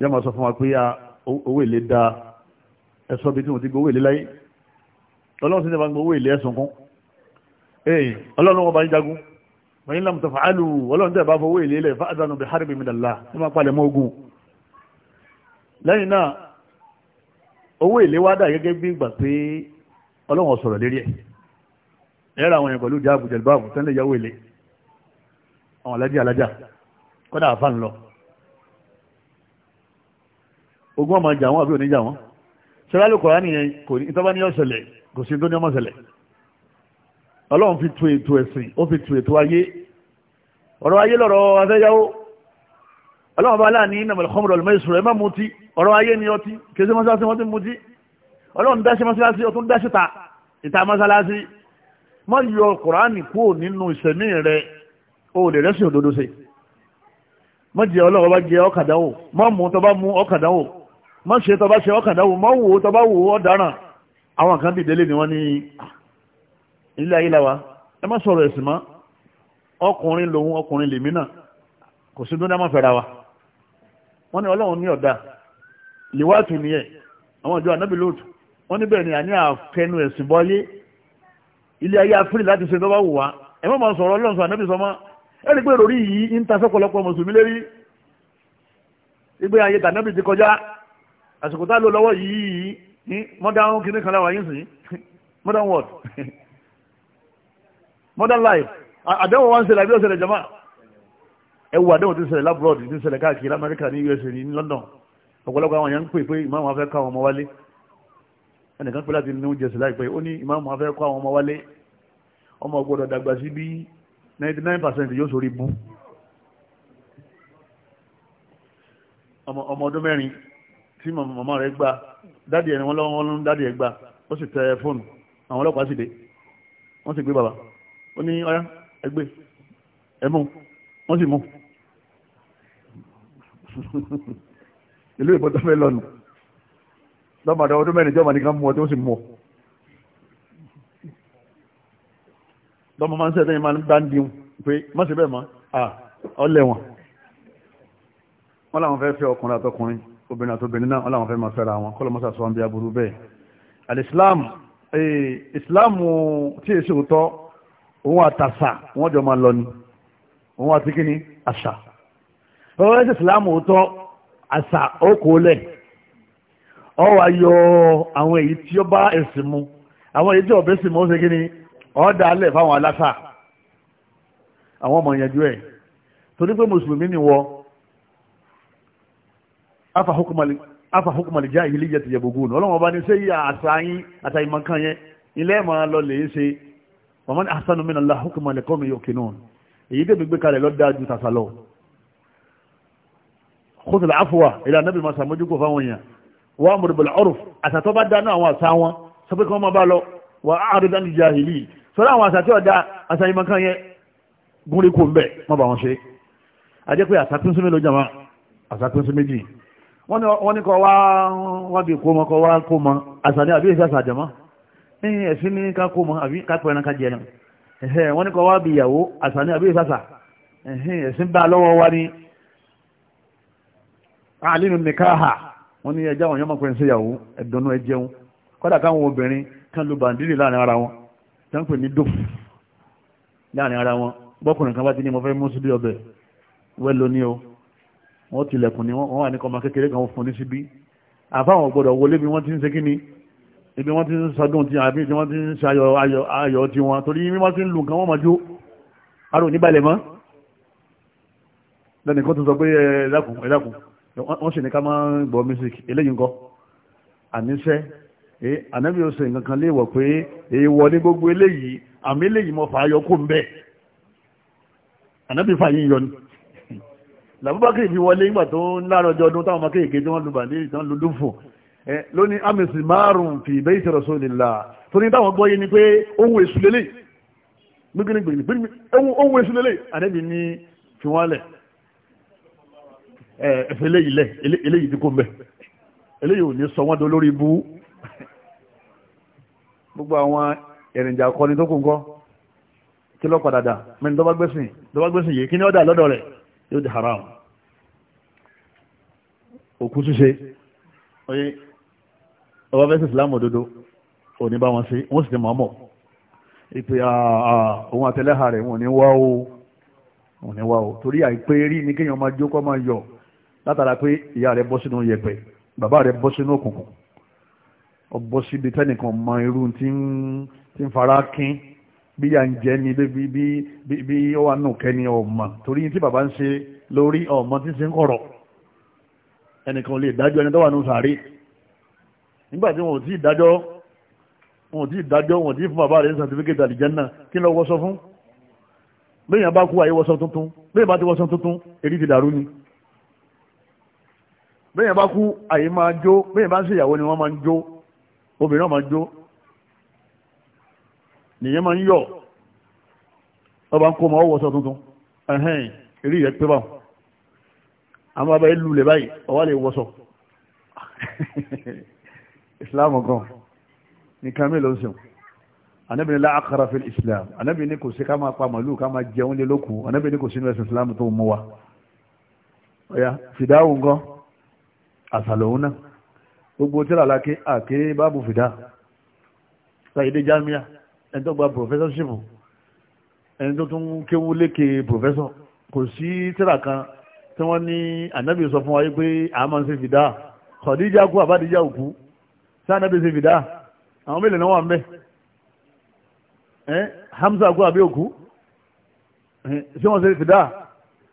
yóò máa sọ fún wa pé owó èlé da ẹ̀sọ́ bíi tí mo ti gbé owó èlé láyé ọlọ́run sì ní bá ń gbé owó èlé ẹ̀sùn kún ee ọlọ́run wọn bá ń jagun wọ́n yín lámùtọ́ fàálù ọlọ́run tẹ̀ bá fowó èlé lẹ̀ fàádánù bí haribi mi dàlá ní máa palẹ̀ mọ́ ogun lẹ́yìn náà owó èlé wá dà gẹ́gẹ́ bí ìgbà pé ọlọ́run ọ̀sọ̀rọ̀ lérí ẹ̀ ẹ̀rọ àwọn ẹ̀bọ̀lú jẹ́ àbùjẹ̀ báàbù tẹ́lẹ̀ yàwó ilé àwọn alájà alájà kọ́dà àfà ń lọ ogun ọmọ ìjà wọn àbí oníjà wọn sẹ́lálù Kùránì yẹn kò ní ìtọ́bá ní ọ̀sẹ̀lẹ̀ kò sí tó ní ọmọ ṣẹlẹ̀ ọlọ́run fi tu ètò ẹ̀sìn ó fi tu ètò ayé ọ̀rọ̀ ayé lọ́rọ̀ afẹ́yàwó ọlọ́run bá láàní nàmọ̀lẹ̀ kọ́mọ̀rọ̀ lọ́mọ ìṣòro ẹ má mutí ọ̀rọ̀ ayé ni ọtí kèsì mọ́sálásí wọ́n ti mutí ọlọ́run dáṣẹ́ mọ́sálásí ọtún dáṣẹ́ ta ìta mọ́sálásí má yọ kùránì kúrò nínú ìsẹ̀mí rẹ o lè rẹ́sìn òdodo ṣe má jẹ ọlọ́wọ́ bá jẹ ọkàdáwò má mú tọ́ bá mú ọkàdáwò má ṣe tọ́ bá ṣe ọkàdáwò má wò tọ́ wò ọ̀daràn àwọn kan dìde lé ni wọ́n ní ah, ilé ayé làwà ẹ má sọ̀rọ̀ ẹ̀sìn mọ́ ọkùnrin lòun ọkùnrin lèmi náà kò sí dúndà má fẹ́ra wa wọ́n ní ọlọ́run ní ọ̀dà lèwàtù nìyẹn àwọn ìjọ anábìlóòtù wọ́n níbẹ̀ ni àní àfẹnu ẹ̀sìn bọ́lé ilé ayé afiri láti ṣe tọ́wọ́ wùwá ẹ má máa sọ̀rọ̀ ọlọ́run sọ ànábì sọmọ́ ẹ rí i pé ròrí yìí ń ta sọ́pọ̀lọpọ̀ mùsùlùmí lérí ìgbé ayé tànábì ti kọjá àsìkò tá a lò lọ́wọ́ yìí ní modern kìnnì kan láwọn ayín sìn *laughs* modern world *laughs* modern life àdéhùn wa ń ṣẹlẹ̀ àbí ó ṣẹlẹ̀ jama ẹ wo àdéhùn ti ń ṣẹlẹ̀ lábúrọ̀dì ti ń ṣẹlẹ̀ káàkiri lamẹ́ríkà ní USA ní London ọ̀pọ̀lọpọ̀ àwọn èèyàn ń pè pé ìmáàmù afẹ́ káwọn ọmọ wálé ẹnìkan pẹ́ láti ní oúnjẹ sí láìpẹ́ ó ní ìmáàmù afẹ́ kọ́ àwọn ọmọ wálé ọmọ gbọ́dọ̀ dàgbà sí bí 99% yóò sórí bú ọmọ ọdún mẹ́rin tí màmá rẹ̀ gba dádì ẹni wọ́n lọ́wọ́ ń dádì ẹ̀ gba ó sì tẹ fóònù àwọn ọlọ́pàá sì dé wọ́n sì gbé bàbá ó ní ọyá ẹgbẹ́ ẹmú wọ́n sì mú *laughs* ìlú ìbọ̀tọ́fẹ́ lọ́nà lọ́mọdé ọdún mẹ́rin jọ́mọ̀ nìkan mú ọ tí ó sì mú ọ lọ́mọ máa ń sẹ́tẹ́ ìmá bá ń dìun pé má sí bẹ́ẹ̀ mọ́ ọlẹ́wọ̀n wọ́n láwọn fẹ́ fẹ́ ọkùnrin àtọkùnrin obìnrin àtobìnrin náà wọ́n láwọn fẹ́ máa fẹ́ra wọn kọ́lọ́ mọ́sà sọ́n bí aburú bẹ́ẹ̀ alìsílám ìsìláàmù eh, tí èsì òótọ́ òun àtàṣà wọ́n jọ máa lọ ni òun àti kíni àṣà ọ̀rọ̀ ẹ̀sìn ìsìláàmù òótọ́ àṣà ó kò lẹ̀ ọ wá yọ àwọn èyí tí ó bá ẹ̀sìn mu àwọn èyí tí ọ̀bẹ sì mú ó ṣe kí ni ọ̀ dálẹ̀ fáwọn aláṣà àwọn ọmọ ìyànjú ẹ̀ torí pé mùsùlùmí ni wọ́n afa hukumali jẹ́ ìhìlì jẹ́ tìjẹ̀ gbogbo ọ̀nà ọlọ́wọ́n bá ní sẹ́yí àtàyín àtàyìmọ̀ kan yẹn ilé ẹ̀mọ̀ lọ lè ṣe wọ́n mọ́ni asanu mi nàlá hukumali kọ́mi yóò kìnnà èyí tẹ̀mí gbé kalẹ̀ lọ́dá ju tàṣà lọ. kóso la afuwa ilé anábì máa sàmójúkò fáwọn èèyàn wà mùrùbùlà ọ̀rùf àṣà tó bá dáná àwọn àṣà wọn sọ pé kí wọ́n máa bá lọ wà áàrùdá ní jahili sọ́rọ̀ àwọn àṣà tí ọ̀dá àṣà yìí mọ́kàn yẹn gúnrí kò ń bẹ̀ má bá wọn ṣe ajẹ́ pé àṣà pínsí mélòó jàmá àṣà pínsí méjì wọ́n ní kọ́ wá wábi kó mọ́ kọ́ wá kó mọ́ àṣà ní àbí ìṣàṣà jàmá ẹ̀sìn ní ká kó mọ́ àbí ká pẹ̀rẹ̀ ká jẹun wọ́n ní kọ́ wá bí wọ́n ní ẹjá wọn yọ́ mọ̀ pé ń ṣèyàwó ẹ̀dọ́nú ẹ jẹun kọ́dà káwọn obìnrin kan lu bàǹdírì láàrin ara wọn tó ń pè ní dòfù láàrin ara wọn bọ́kùnrin kan bá ti ní mo fẹ́ mú síbí ọbẹ̀ wẹ́ lóní o wọ́n tilẹ̀kùn ni wọ́n wà ní kọ́mọ kékeré kan fún ní síbí àfáwọn gbọ́dọ̀ wọlé bí wọ́n ti ń ṣe kíni ibi wọ́n ti ń sọdún ti àbí ibi wọ́n ti ń ṣayọ ayọ̀ ti wọn torí bí wọ́n ti ń lu nǹkan wọ́n mọ̀ jó arò níbalẹ̀ mọ́ lẹ́nìkan tó sọ pé ẹ dákun ẹ dákun wọ́n sì ní ká máa ń gbọ́ music eléyìí ńkọ́ àníṣẹ́ ànábì ó ṣe nǹkan kan léèwọ̀ pé èèwọ̀ ní gbogbo eléyìí àmì eléyìí mo fà á yọ kó ń bẹ́ẹ̀ ànábì fà yín yọ ni làbúbákẹ́ ìfi wọlé nígbà tó ń láàárọ̀ ọjọ́ ọdún táwọn ọmọ kéèké tí wọ́n lu bàndé tí wọ́n lu dúfò lóní amèsì márùn fi ìbẹ́ ìṣẹ̀rọ̀ sóni la táwọn gbọ́ yé ni pé ohun èṣù lélẹ̀ gbígbínigbìnrin ohun èṣù lélẹ̀ ànábì ní fi wọ́n lẹ̀ ẹ̀fẹ́ eléyìí lẹ̀ eléyìí ti kó mbẹ́ eléyìí ò ní sọ wọ́n dolórí bú gbogbo àwọn èrìnjà akọni tó kù ńkọ́ kí ló padà dà mẹ́ni tó bá gbẹ́sìn tó bá gbẹ́sìn yìí kí ni ó lọ́dọ̀ rẹ̀ yóò di haram òkú ṣíṣe oye ọba fẹ́sì islam òdodo ò ní bá wọn sí wọ́n sì ti mọ̀ọ́mọ̀ ìpè ohun àtẹlẹ́hà rẹ̀ wọn ò ní wá o wọn ò ní wá o torí àìpé rí ni kéèyàn máa jókòó máa yọ̀ látara pé ìyá rẹ̀ bọ́ sínú yẹ̀pẹ̀ bàbá rẹ̀ bọ́ sínú òkùnkùn ọbọ̀ síbi tẹ́nìkan mọ irú tí ń fara kín bí yà ń jẹ́ ni bí ó wà nù kẹ́ni ọmọ torí tí bàbá ń ṣe lórí ọmọ tí ń ṣe ń kọ̀rọ̀ ẹnìkan lè dájọ́ ẹni tó wà nù sàárè nígbà tí wọn ò tí ì dájọ́ wọn ò tí ì dájọ́ wọn ò fún bàbá rẹ̀ ní certificate àlìjẹ́nà kí ló wọ́sọ fún bẹ́ẹ̀ yẹn bá kú àyè wọ́sọ tuntun bẹ́ẹ̀ bá ti wọ́sọ tuntun èrí ti dàrú ni bẹ́yẹn bá kú àyè máa jó bẹ́yẹn bá ń ṣèyàwó ni wọ́n máa ń jó obìnrin máa ń jó nìyẹn máa ń yọ̀ ọba ń kó ọmọ ọwọ́ sọ tuntun ẹ̀hẹ́n eré rẹ̀ pé báwọn àwọn bàbá yìí lulẹ̀ báyìí ọwọ́ lè wọ́sọ *laughs* islam gan ni mi ló ń sìn anabi ni láàkàrà fi islam anabi ni kò sí ká máa pa màlúù ká máa jẹun lé lókun anabi ni kò sínú ẹ̀sìn islam tó mú wa ọ̀ya fìdáhùn gan àsàlòun náà gbogbo tíra aláké àkéré báàbù fìdá láìdé jámíà ẹni tó gba professorship ẹni tó tún kéwú lékè professor kò sí tíra kan tí wọ́n ní ànábì sọ fún wa pé a máa ń ṣe fìdá kọ̀díjà kú àbádíjà òkú sí ànábì ṣe fìdá àwọn mélòó náà wà ń bẹ̀ Hamza kú àbí òkú sí wọ́n ṣe fìdá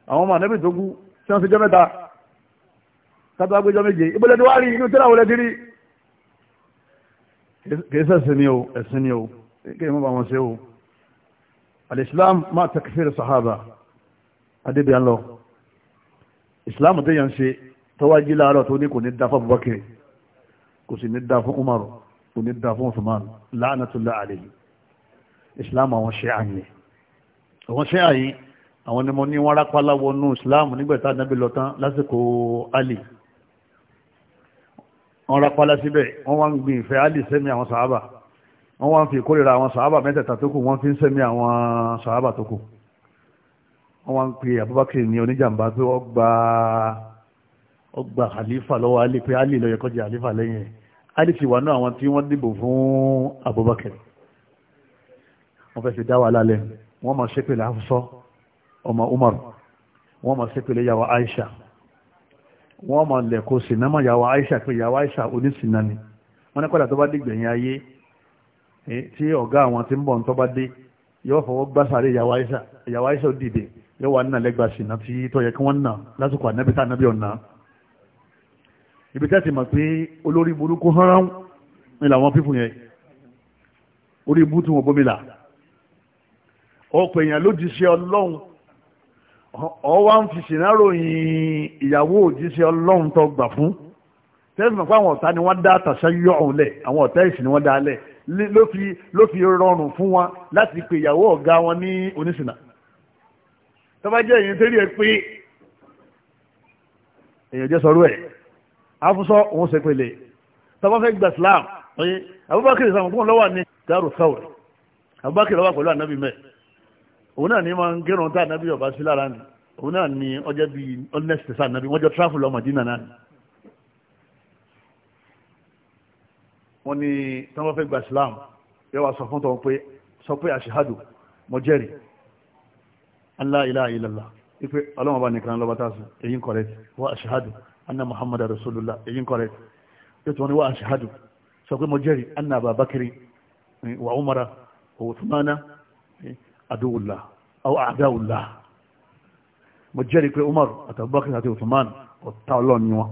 àwọn ọmọ ànábì tó kú sí wọ́n ṣe jẹ́ mẹ́ta kátó agbẹjọ́ méje ìbọ̀lẹ̀ tó wá rí inú tẹ́lá wọlé ti rí kìí sẹ́sìn ni o ẹ̀sìn ni o kí ni mo bá wọn ṣe o alìsílám máa tẹkifíri sàhábà adébíyà ń lọ ìsìláàmù tó yàn ṣe tọ́wájí láàárọ̀ tó ní kò ní da fún Abubakar kò sì ní da fún Umar kò ní da fún Usman la'natullah alayhi ìsìláàmù àwọn ṣe àyè àwọn ṣe àyè àwọn ni mo ní wọn rápálá wọnú ìsìláàmù nígbà tá a nábì lọ tán lásìkò Ali wọ́n rapálá síbẹ̀ wọ́n wá ń gbin ìfẹ́ alì sẹ́mi àwọn sàábà wọ́n wá ń fi ìkórìíra àwọn sàábà mẹ́tẹ̀ẹ̀ta tó kù wọ́n fi ń sẹ́mi àwọn sàábà tó kù wọ́n wá ń pe Abubakar ní oníjàmbá pé ó gba ó khalifa lọ́wọ́ alì pé alì ló yẹ kó jẹ́ khalifa lẹ́yìn alì ti wà náà àwọn tí wọ́n dìbò fún Abubakar wọ́n fẹ́ fi dá wà lálẹ́ wọ́n máa ṣépele Hafsa ọmọ Umar wọ́n máa ṣépele yàwó Aisha wọ́n máa lẹ̀ kó sì náà yàwó Aisha pé yàwó Aisha oníṣìnà ni wọ́n ní kọ́dà tó bá dé gbẹ̀yìn ayé tí ọ̀gá àwọn tí ń bọ̀ tó bá dé yóò fọwọ́ gbá sáré yàwó Aisha yàwó Aisha dìde yóò wà nínà lẹ́gbàá sínà tí tó yẹ kí wọ́n nà lásìkò ànábì tá ànábì ọ̀nà ibi tẹ́ ti mọ̀ pé olórí burúkú hánrán ni làwọn pípù yẹn orí ibú tí bómi là ọ̀pọ̀ èèyàn ọlọ́run ọwá ń fi ṣìnáró yin ìyàwó òjíṣẹ́ ọlọ́run tó gbà fún tẹ́sí mọ̀ pé àwọn ọ̀tá ni wọ́n dá tàṣà yọ ọ̀hún lẹ̀ àwọn ọ̀tá ìsìn ni wọ́n dá lẹ̀ ló fi ló fi rọrùn fún wọn láti pe ìyàwó ọ̀gá wọn ní oníṣìnà tó bá jẹ́ èyí torí ẹ pé èyàn jẹ́ sọ̀rọ̀ ẹ̀ afúnṣọ́ òun ṣe pèlè tó bá fẹ́ gbà Islam Abubakar ìsàmùkún lọ́wọ́ ní dárò sáwọ̀ Abubakar lọ́wọ́ pẹ̀lú ànábì mẹ́ẹ̀ òun náà ní máa ń gẹ́rùn tá ànábì ọba sí lára ni òun náà ní ọjọ́ bí honest sa ànábì wọ́n jọ travel ọmọ dínà náà wọ́n ní tí wọ́n fẹ́ gba Islam yóò wá sọ fún tọ́wọ́n pé sọ pé àṣehádù mo jẹ́rìí Allah ilaha illallah ipe ọlọ́mọba nìkan lọ́ba tá a sùn èyí ń kọ̀rẹ́tì wọ́n àṣehádù anna Muhammadu Rasulullah èyí ń kọ̀rẹ́tì yóò tí wọ́n ní wọ́n àṣehádù sọ pé mo jẹ́rìí anna Abubakar wa Umara àdúwòlá àwọn àdáwòlá mo jẹ́rìí pé Umar àtàbákìrì àti Uthman ọ̀tá ọlọ́run ni wọn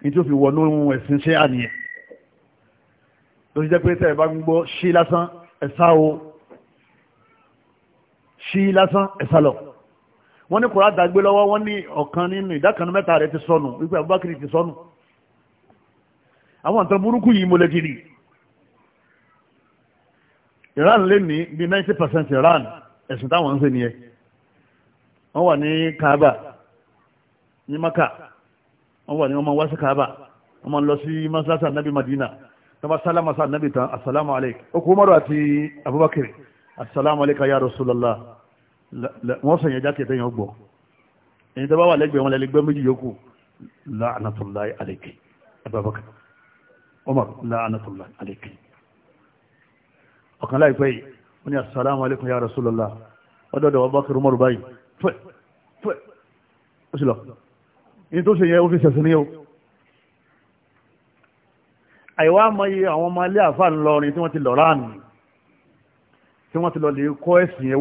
ní tí ó fi wọnú ẹ̀sìn ṣé àníyàn ló ti jẹ́ pé tẹ́ẹ̀ bá ń gbọ́ ṣí lásán ẹ̀sá o ṣí lásán ẹ̀sá lọ wọ́n ní kòrá dàgbé lọ́wọ́ wọ́n ní ọ̀kan nínú ìdákanu mẹ́ta rẹ̀ ti sọnù wípé Abubakar ti sọnù àwọn nǹkan burúkú yìí mo lè jìnnì Iran lè ní bí 90% Iran ẹ̀sìn táwọn ń ṣe nìyẹn wọ́n wà ní Kaaba ní Maka wọ́n wà ní wọ́n máa wá sí Kaaba wọ́n máa lọ sí masalasa anabi Madina wọ́n máa sálámà sí anabi tán asalaamu aleykum okùn Umaru àti Abubakar asalaamu aleykum ya Rasulallah wọ́n sọ yẹn jákè tẹ́yìn ọgbọ̀ ẹni tó wà lẹ́gbẹ̀ẹ́ wọn lẹ́lẹ́gbẹ́ méjì yòókù la'anatullahi aleykum Abubakar Umar la'anatullahi aleykum ọ̀kan láìpẹ́ yìí wọ́n ní assalamu alaikum ya rasulallah ọdọ́dọ̀ wọ́n bá kiri mọ́rù báyìí fẹ́ fẹ́ ó sì lọ ní tó ṣe yẹ ó fi ṣẹ̀sìn ní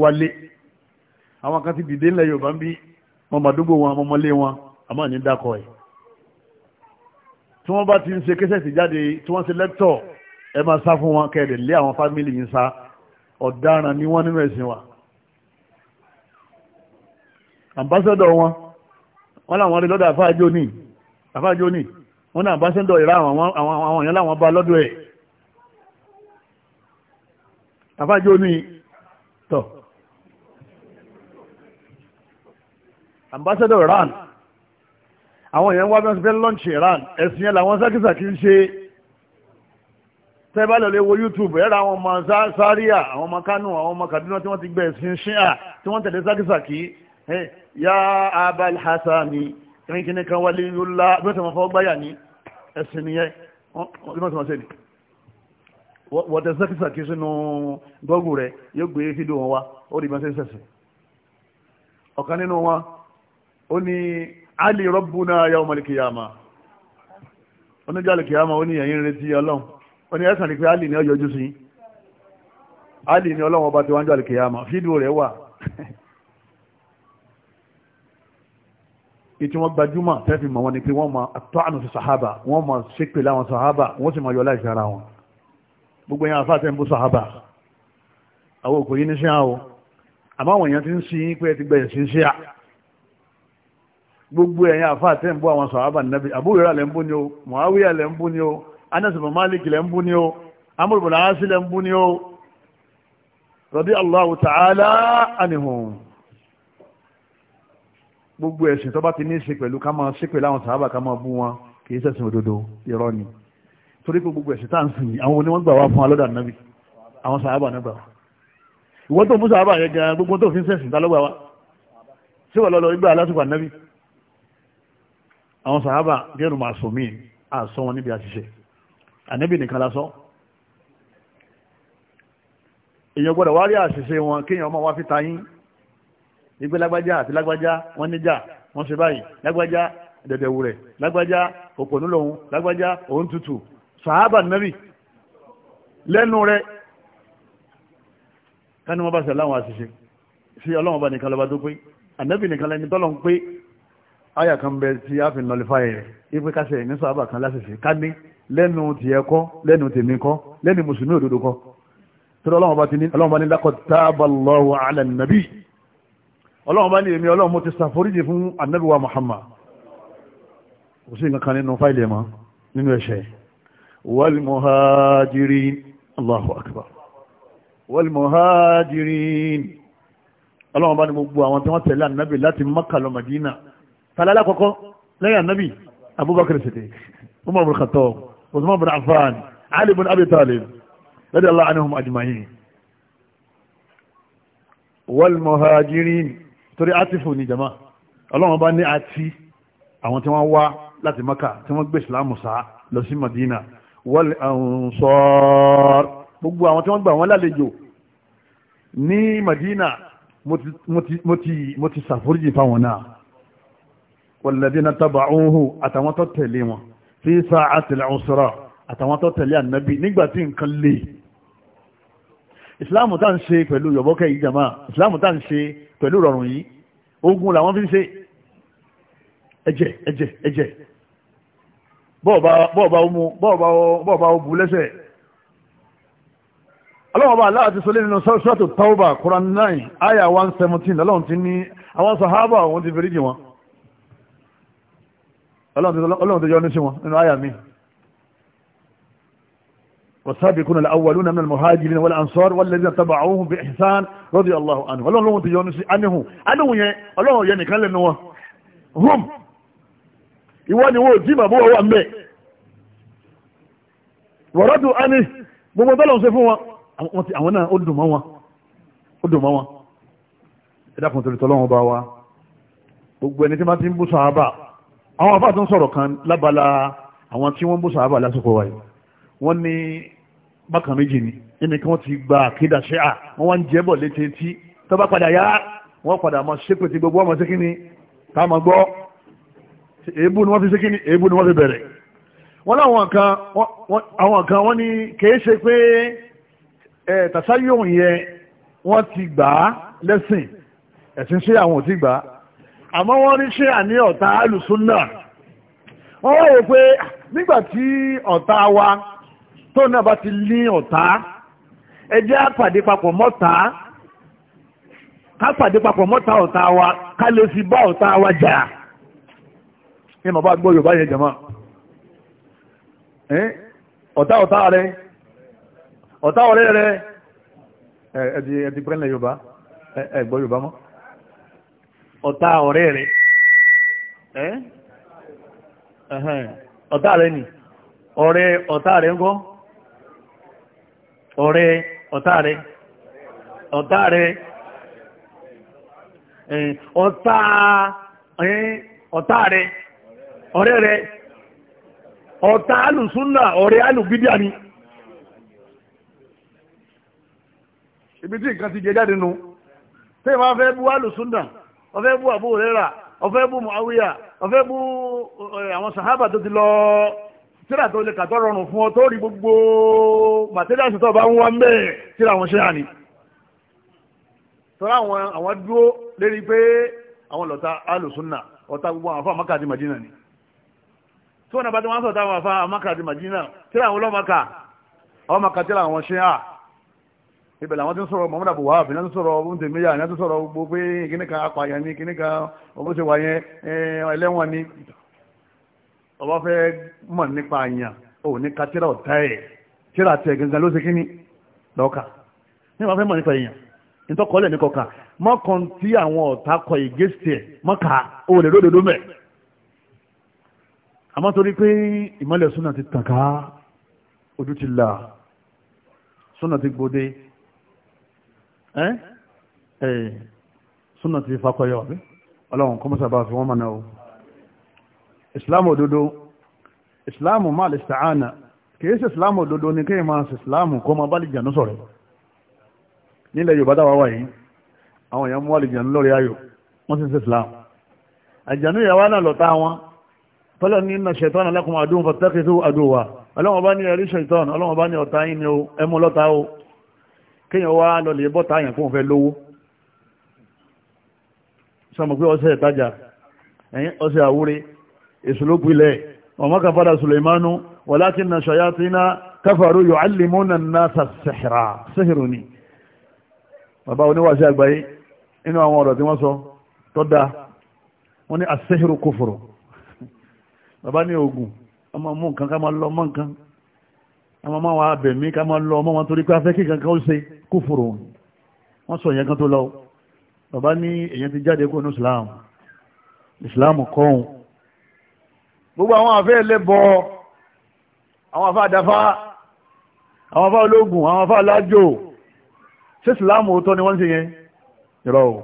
o àwọn kan ti dìde ńlẹ̀ Yorùbá ń bí mọ̀mọ́dúgbò wọn mọ́mọ́lé wọn àmọ́ ní dákọ̀ ẹ̀ tí wọ́n bá ti ń ṣe kéṣẹ̀sì jáde tí wọ́n ṣe lẹ́tọ̀ọ́ ẹ máa sá fún wọn kẹ́ẹ̀dẹ̀ lé àwọn fámìlì yìí sá ọ̀daràn ni wọ́n nínú ẹ̀sìn wa àmbásẹ́dọ̀ wọn wọ́n làwọn rí lọ́dọ̀ àfáàjò wọ́n ní àmbásẹ́dọ̀ ìrá àwọn èèyàn láwọn bá lọ́dọ̀ ẹ̀ àfáàjò tọ̀ àmbásẹ́dọ̀ Iran àwọn èèyàn wá bí wọ́n ti fẹ́ lọ́ǹṣì Iran ẹ̀sìn yẹn làwọn sákìsàkì ń ṣe tẹ́bá lọ́lẹ̀ wo youtube ẹ̀rọ àwọn ọmọ sáríà àwọn ọmọ kánò àwọn ọmọ kaduna tí wọ́n ti gbẹ̀ ẹ̀sìn ṣíà tí wọ́n tẹ̀lé sákìsàkì ya abal hasani kíni kan wálé yúlá bí wọ́n ti fọ́ gbáyà ní ẹ̀sìn nìyẹn wọ́n ti mọ̀ sínú gọ́gù ó ní e ẹ̀sàn ní pé alì ní ọjọ́ ojú sí alì ní ọlọ́wọ́ ọba tí wọ́n ń jọ fídíò rẹ̀ wà ìtí wọ́n gbajúmọ̀ tẹ́fì mọ̀ wọn ni pé wọ́n ma àtọ́ànù sí sàhábà wọ́n ma ṣépè láwọn sàhábà wọ́n sì ma yọ láìsí ara wọn gbogbo yẹn àfáà tẹ́ ń bú sàhábà àwọn òkú yìí ní sí àwọn àmọ́ àwọn èèyàn ti ń sí pé ti gbẹ̀yẹ̀ sí sí à gbogbo ẹ̀yìn àfáà tẹ́ ń bú àwọn sàhábà nàbí àbúrò rẹ̀ lẹ́ ń bú ni o Muawiya anásìmọ̀ máàlìkì lẹ́ ń bú ní o amúrùbùnà ásí lẹ́ ń bú ní o rọ̀dí Allahu ta'ala anihun gbogbo ẹ̀sìn tó bá ti ní í ṣe pẹ̀lú ká máa ṣépè láwọn sàábà ká máa bú wọn kì í ṣẹ̀sìn òdodo irọ́ ni torí pé gbogbo ẹ̀sìn táǹsì yìí àwọn oníwọ́n gbà wá fún alọ́dà nábì àwọn sàábà náà gbà wá ìwọ́n tó mú sàábà yẹn gan gbogbo tó fi ń ṣẹ̀sìn tá lọ́gbà wá sí wà lọ́lọ́ igbá alásùpà nábì àwọn sàábà gẹ́rù màsùmí àsọ wọn níbi àṣìṣe ànábì nìkan lásán èyàn gbọ́dọ̀ wá rí àṣìṣe wọn kéèyàn ọmọ wá fi tayín ìgbé lágbájá àti lágbájá wọ́n níjà wọ́n ṣe báyìí lágbájá dẹ̀dẹ̀wù rẹ̀ lágbájá òpònú lòun lágbájá òun tutù sàábà nàbì lẹ́nu rẹ̀ ká ní wọ́n bá ṣe láwọn àṣìṣe sí ọlọ́wọ́n bá nìkan lọ́ba tó pé ànábì nìkan lẹ́ni tọ́lọ́ ń pé áyà kan bẹ tí a fi nọlifáyẹ̀ ipe kásẹ̀ ní sàábà kan láṣìṣe ká ní lẹ́nu tiẹ̀ kọ́ lẹ́nu tèmi kọ́ lẹ́nu mùsùlùmí òdodo kọ́ tọ́lá ọlọ́run bá ti ní ọlọ́run bá ní lákọ̀ tábàlọ́wọ́ alẹ́ nàbí ọlọ́run bá ní èmi ọlọ́run mo ti ṣàforíjì fún anábíwá Muhammad kò nǹkan nínú fáìlì ẹ̀mọ́ nínú ẹ̀ṣẹ̀ wal Allahu akbar wal-muhajirin ní gbogbo àwọn tí wọ́n tẹ̀lé anábì láti Usman bin Affan Ali bin Abi Talib radiyallahu anhum ajma'in wal muhajirin torí atifu ni jama ọlọ́run bá ní àti àwọn tí wọ́n wá láti maka tí wọ́n gbé ìsìlámù sá lọ sí madina wal ansar gbogbo àwọn tí wọ́n gbà wọ́n lálejò ní madina mo ti ṣàforíjì fáwọn náà wal ladina taba'uhu àtàwọn tó tẹ̀lé wọn fi sa'atil usra àtàwọn tó tẹ̀lé ànábì nígbà tí nǹkan le ìsìláàmù tá ń ṣe pẹ̀lú yọ̀bọ́kẹ́ yìí jàmá ìsìláàmù tá ń ṣe pẹ̀lú rọrùn yìí ogun làwọn fi ń ṣe ẹ̀jẹ̀ ẹ̀jẹ̀ ẹ̀jẹ̀ bọ́ọ̀bá omu bọ́ọ̀bá obu lẹ́sẹ̀ ọlọ́wọ́ba aláà ti sọlé nínú sọ́ọ̀tù Tawba Quran 9 aya 117 lọ́lọ́run ti ní àwọn sàhábà wọn ti fèrè jì wọn ọlọ́run tó yọ́nú sí wọn nínú àyà mi والسابقون الأولون من المهاجرين والأنصار والذين تبعوهم بإحسان رضي الله عنهم ọlọ́run lóhun ti yọ́nú sí ánihun ánihun yẹn ọlọ́run yẹn nìkan lẹ́nu wọn hum ìwọ ni wo jí bàbá wà ń bẹ̀ wọ̀rọ̀dù ánì gbogbo tọ́lọ̀ ń ṣe fún wọn àwọn náà ó dùn wọn ó dùn wọn ẹ̀dá kan torí tọ́lọ́run bá wa gbogbo ẹni tí wọ́n ti ń bú sàábà àwọn afá tó ń sọ̀rọ̀ kan lábala àwọn tí wọ́n bó sàábà lásìkò wáyé wọ́n ní bákan méjì ni ẹni kan ti gba àkídà ṣe à wọ́n wá ń jẹ́bọ̀ létí tí tó bá padà yá wọ́n padà máa ṣépè tí gbogbo ọmọ sí kíni tá a máa gbọ́ èébú ni wọ́n fi sí kíni ti gbà lẹ́sìn ẹ̀sìn ṣé àwọn ò ti gbà á àmọ́ wọ́n rí ṣe àní ọ̀tá alùsúnnà wọ́n wọ́n wò pé nígbàtí ọ̀tá wa tó náà bá ti ní ọ̀tá ẹjẹ́ àpàdé papọ̀ mọ́ta ká pàdé papọ̀ mọ́ta ọ̀tá wa ká lè fi bá ọ̀tá wa jà ní màbá gbọ́ Yorùbá yẹn jẹ̀mọ́ ọ̀tá ọ̀tá rẹ ọ̀tá ọ̀rẹ́ rẹ ẹ̀ẹ́dì pẹ́lẹ̀ Yorùbá ẹ̀ẹ́gbọ́ Yorùbá mọ́ ọ̀tá ọ̀rẹ́ rẹ̀ ọ̀tá rẹ̀ ni ọ̀rẹ́ ọ̀tá rẹ̀ ń gọ́ ọ̀rẹ́ ọ̀tá rẹ̀ ọ̀tá rẹ̀ ọ̀tá rẹ̀ ọ̀rẹ́ rẹ̀ ọ̀tá alùsúnnà ọ̀rẹ́ ni ibi tí nǹkan ti jẹ tí fẹ́ bú alùsúnnà ọfẹ́ bú Abu Huraira ọfẹ́ bú Muawiya ọfẹ́ bú àwọn sahaba tó ti lọ tíra tó lè kàtọ́ rọrùn fún ọ tó rí gbogbo materials tó bá ń wá ń bẹ́ẹ̀ tíra wọn ṣe àní tọ́lá àwọn àwọn lérí pé àwọn lọ́ta alùsùnà ọ̀tá gbogbo àwọn afọ́ àmọ́kà àti ni tí wọ́n náà bá ti wọ́n sọ̀tá àwọn afọ́ àmọ́kà àti Madina tíra àwọn ọlọ́mọkà ọmọkà tíra àwọn ṣe à ibẹ̀ làwọn tí ń sọ̀rọ̀ Muhammad Abu Wahab náà ń sọ̀rọ̀ ọdún tèmíyà náà ń sọ̀rọ̀ gbogbo pé kíní kan apààyàn ni kíní kan ọmọ ṣe wà yẹn eh, ẹlẹ́wọ̀n ni ọba fẹ́ mọ̀ nípa àyàn ò ní ka tíra ọ̀tá ẹ̀ tíra tẹ̀ gangan ló ṣe kíní lọ́ọ̀kà ní ìwà fẹ́ mọ̀ nípa èèyàn ìtọ́kọ̀ọ́lẹ̀ ní kọ̀ọ̀kan mọ́kàn tí àwọn ọ̀tá kọ ìgésì ẹ̀ mọ́kà ó lè lódodo mẹ́ àmọ́ ẹ́ ẹ̀ súnà ti fakọyọ àbí ọlọ́run kọ́mọ́ sábà fi wọ́n mọ̀ náà o ìsìláàmù òdodo ìsìláàmù máa lè sàánà kìí ṣe ìsìláàmù òdodo ni kéèyàn máa ṣe ìsìláàmù kó máa bá lè jànú sọ̀rọ̀ nílẹ̀ yorùbá dáwà wà yìí àwọn èèyàn mú wà lè jànú lórí ayò wọ́n sì ń ṣe ìsìláàmù àjànú ìyàwó náà lọ́ta wọn tọ́lọ̀ ní iná ṣẹ̀tọ́nà lakum àdúhùn fọ́tẹ́kẹ́tù àdúhùn wa ọlọ́wọ́n bá ní ẹ̀rí ṣẹ̀tọ́nà ọlọ́wọ́n bá ní ọ̀tá yín ni ó ẹmú lọ́ta ó kíyàn wá lọ lè bọ́ta àyàn fún ọ̀fẹ́ lówó sọmọ pé ọṣẹ ìtajà ẹ̀yìn ọṣẹ àwúrẹ́ èsùlókù ilẹ̀ ọmọkà fada Sulaimanu walakinna shayatina kafaru yu'allimuna an-nasa as-sihra sẹ́hìrù ni bàbá oníwàṣẹ àgbáyé tí wọ́n sọ tó dá wọ́n ní as àwọn ọmọ wa bẹ̀mí ká máa lọ ọmọ wọn torí pé afẹ́ kí kankan ó ṣe kó fòrò wọ́n sọ ìyẹn kan tó lọ bàbá ní èyàn ti jáde kó ní islam islam kọ́hún gbogbo àwọn afẹ́ ẹlẹ́bọ àwọn afẹ́ àdáfá àwọn afẹ́ ológun àwọn afẹ́ alájò ṣé islam òótọ́ ni wọ́n ń ṣe yẹn ìrọ̀ o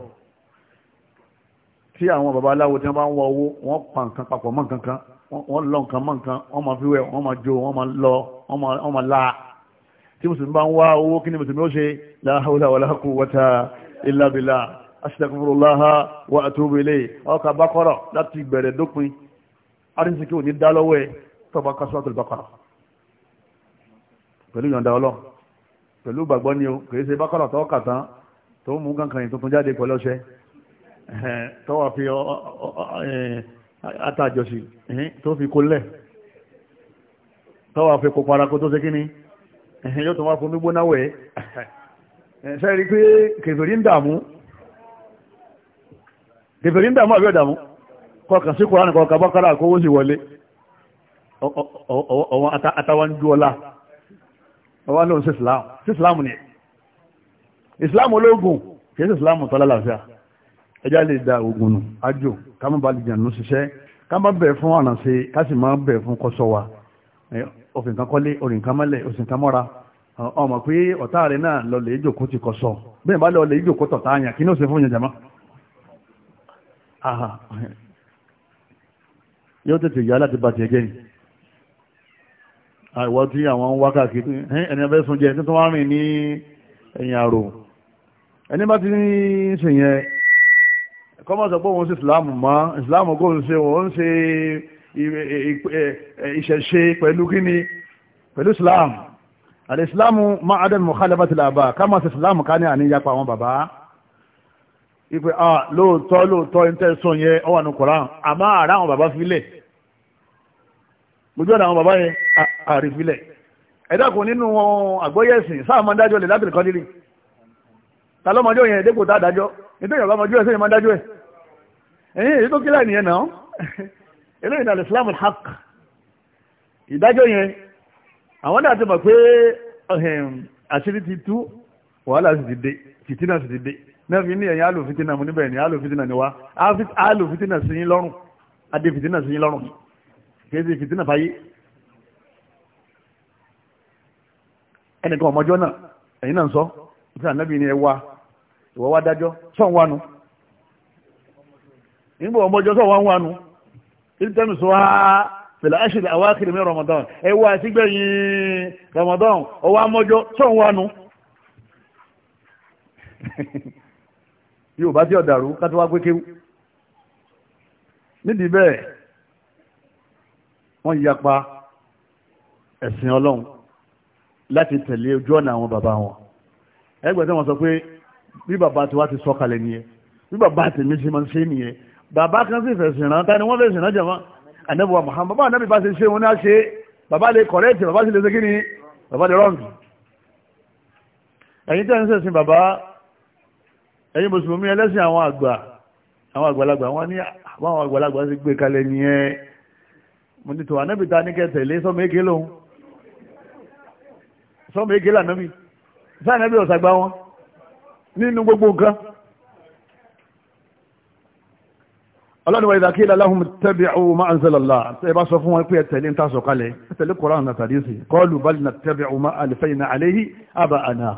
tí àwọn bàbá aláwo tí wọ́n bá ń wọ owó wọ́n pa nǹkan papọ̀ mọ́ nǹkan kan wọ́n lọ nǹkan mọ́ nǹkan wọ́n máa fi wẹ̀ wọ́n máa jó wọ́n máa lọ ọmọ láà tí mùsùlùmí bá ń wá owó kí ni mùsùlùmí ó ṣe la hawla wala quwwata illa billah astaghfirullah wa atubu ilayh ọkà bákọ́rọ̀ láti bẹ̀rẹ̀ dópin arísìkí ò ní dá lọ́wọ́ ẹ̀ tọba tó fi kó lẹ̀ tọ́wà fi kópa ara kó tó ṣe kí ni yóò tó wá fún gbígbóná wẹ̀ sẹ́rí *laughs* pé kèfèrí ń dààmú kèfèrí ń dààmú àbí ọ̀dàmú kọkàn sí kòránì kọkàn bọ́kàrà kówó sì wọlé ọwọ́n atawanjú ọlá ọwọ́n lóun sí islam sí islam ni islam ológun kìí islam tọ́lá làáfíà ẹjá da ogun nù ájò ká má ba lè jànú ṣiṣẹ́ ká má bẹ̀ fún sì má bẹ̀ fún kọ́sọ́ wa òfin kan kọ́lé orin kan mọ́lẹ̀ òsìn mọ́ra ọmọ pé ọ̀tá rẹ̀ náà lọ lè ti kọ sọ bẹ́ẹ̀ bá lọ lè jòkó àyàn kí ní ó fún yóò tètè yá láti ẹgẹ́ ni àìwọ́ tí àwọn ń ẹni abẹ́ jẹ tuntun wá rìn ní ẹ̀yìn àrò ìṣẹ̀ṣe pẹ̀lú kíni pẹ̀lú islam alìsílámù ma adam mukhalafatil aba ká máa ṣe islam ká ní àníyàpá àwọn bàbá ipe a lóòótọ́ lóòótọ́ intẹ́sùn yẹ ọwà ní koran a máa rá àwọn bàbá filẹ̀ gbogbo àwọn bàbá yẹn àrí filẹ̀ ẹ̀dàkùn nínú àgbóyẹ̀sìn sáà máa dájọ́ lè láti nìkan nílì ta lọ́mọjọ́ yẹn dépò tá dájọ́ nítorí ọ̀gá ọmọjọ́ ẹ̀sìn yẹn máa dájọ́ ẹ̀ ẹ̀yìn èyí tó kílẹ̀ nìyẹn náà eléyìí náà islam haq ìdájọ́ yẹn àwọn náà ti mọ̀ pé ehm, àṣírí ti tú wàhálà sì ti dé fìtínà sì ti dé náà fi ní ẹ̀yìn alòfitina mo níbẹ̀ ní alòfitina ni wá alòfitina sí yín lọ́rùn adé fìtínà sí yín lọ́rùn kì í ṣe fìtínà fáyé ẹnìkan ọmọjọ́ náà ẹ̀yin náà sọ ìfẹ́ ànábì ni ẹ wá ìwọ wá dájọ́ sọ̀ wánu nígbà ọmọjọ́ sọ̀ wánu ìtẹ́nu sọ wá fìlà áṣìlẹ̀ àwákìlì mi Ramadan ẹ wá àti gbẹ̀yìn Ramadan ọwọ́ amọ́jọ́ tó ń wánu *laughs* yóò bá tí ọ̀dàrú kátó wá pékéwú nídìí bẹ́ẹ̀ wọ́n yapa ẹ̀sìn ọlọ́run láti tẹ̀lé ojú ọ̀nà àwọn bàbá wọn ẹgbẹ̀tẹ́ wọn sọ pé bí bàbá tiwa ti sọ nìyẹn bí bàbá tèmi ṣe máa ń ṣe nìyẹn bàbá kan sì fẹ̀sìn rán tani wọ́n fẹ̀sìn rán jẹ̀mọ́ ànábì wa Muhammad bàbá ànábì bá ṣe ṣe wọn ní àṣe bàbá lè kọ̀rẹ́ẹ̀tì bàbá sì lè ṣe kí ni bàbá lè rọ́ǹgì ẹ̀yin tẹ́ ń ṣẹ̀sìn bàbá ẹ̀yin mùsùlùmí ẹlẹ́sìn àwọn àgbà àwọn àgbàlagbà wọ́n ní àwọn àgbàlagbà sì gbé kalẹ̀ nìyẹn mo ní tó ànábì ta ní kẹ tẹ̀lé sọ́mọ èké lòun sọ́mọ èké lànábì sáà ànábì ọ̀sàgbà wọn nínú gbogbo nǹkan ọlọ́niwà ìdákílẹ̀ aláhùn tẹ́bí ọ̀hún máa ń zẹ́lẹ̀ láà tẹ́ bá sọ fún wọn pé ẹ̀tẹ̀lé ń tàṣọ kalẹ̀ ẹ̀tẹ̀lé kọ́rán náà tàbí sí kọlù bá lè tẹ́bí ọ̀hún máa alifẹ́yìnà àléhì àbà àná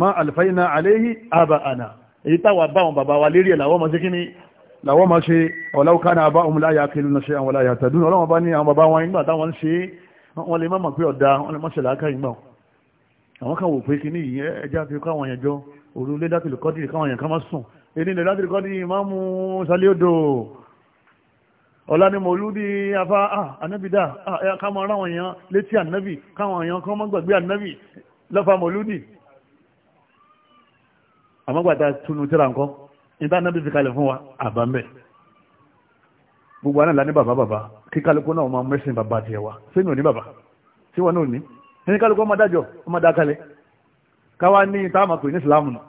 máa alifẹ́yìnà àléhì àbà àná èyí táwà bá wọn bàbá wa lérí ẹ̀ làwọn máa ṣe kíní làwọn máa ṣe ọ̀làwùká náà bá òun láyà kiri náà ṣe àwọn láyà tẹ̀dún ọlọ́wọ́n bá ní àwọn bàbá wọn nígbà táwọn èdè ilẹ̀ láti kọ́ ní ìmáàmù sálíọ́dọ̀ ọ̀la ni mọ̀lúdí afá ah, ànábìdá ah, káwọn aráwọn èèyàn létí ànábì káwọn èèyàn kọ́ mọ́ gbàgbé ànábì lọ́fà mọ̀lúdí àmọ́gbàtà túnú tíra nǹkan níta ànábì fi kalẹ̀ fún wa àbámbẹ̀ gbogbo anáàlá ní bàbá bàbá kí kálukú náà máa mẹ́sìn bàbá tiẹ̀ wa sẹ́yìn òní bàbá tí wọn náà ní ní kálukú ọmọ dájọ́ káwa ní ìta àmàkùn ní ìsìlámù náà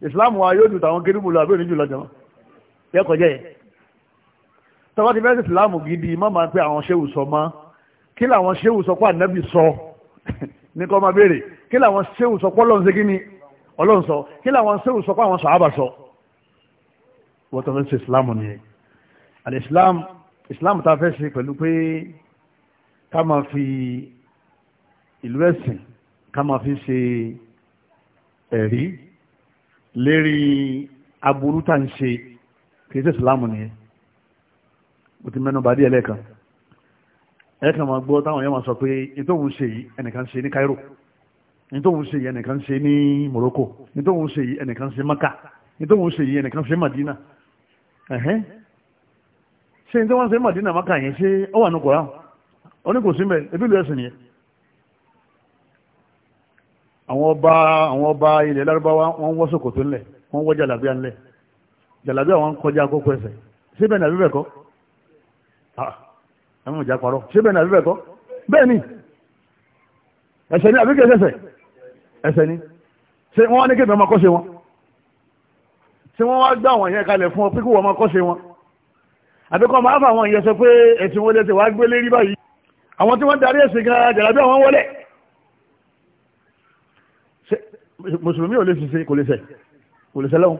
ìsìláàmù wa yóò jù tàwọn kérúbù lọ àbí òní jù lọ tọ́wọ́ ti fẹ́ẹ́ ìsìláàmù gidi má máa pé àwọn ṣéwù sọ mọ́ kí làwọn ṣéwù sọ pé ànábì sọ *laughs* ní kọ́ máa béèrè kí làwọn ṣéwù sọ pé ọlọ́run ṣe kí ni ọlọ́run sọ kí làwọn ṣéwù sọ pé àwọn sàábà sọ wọ́n tọ́ fẹ́ ṣe ìsìláàmù lérí aburú tá ń ṣe kìí ìsìlámù nìyẹn mo ti mẹ́nu bàdí ẹlẹ́ẹ̀kan ẹ̀ẹ́kan máa gbọ́ táwọn yẹn máa sọ pé ìtòhun ṣe yìí ẹnìkan ṣe ní Cairo ìtòhun ṣe yìí ẹnìkan ṣe ní Morocco ìtòhun ṣe yìí ẹnìkan ṣe Maka ìtòhun ṣe yìí ẹnìkan ṣe Madina ẹ̀hẹ́n ṣé ṣe Madina Maka yẹn ṣé ó wà ní Koran oníkòsí ẹ̀sìn yẹn àwọn ọba àwọn ọba ilẹ̀ lárúbáwá wọ́n wọ́ ṣòkòtò ńlẹ̀ wọ́n wọ́ jàlàbíà ńlẹ̀ jàlàbíà wọn kọjá kókó ẹsẹ̀ síbẹ̀ ní àbíbẹ̀ kọ́ àwọn ìjà parọ́ síbẹ̀ ní àbíbẹ̀ kọ́ bẹ́ẹ̀ ni ẹsẹ̀ ni àbíkẹ́ ẹsẹ̀ ẹsẹ̀ ni ṣé wọ́n ní kébẹ̀ ọmọ kọ́ṣe wọn tí wọ́n wá gbá àwọn ìyẹn kalẹ̀ fún ọ pé kí wọ́n ọmọ kọ́ṣe wọn àbíkọ́ máa fà àwọn ìyẹn sọ pé ẹ̀sìn wọlé ti wá gbé lérí báyìí àwọn tí wọ́n darí ẹ̀sìn gan jàlàbíà wọn wọlé mùsùlùmí ò lè ṣiṣẹ́ kò lè ṣe kò lè ṣe lọ́hùn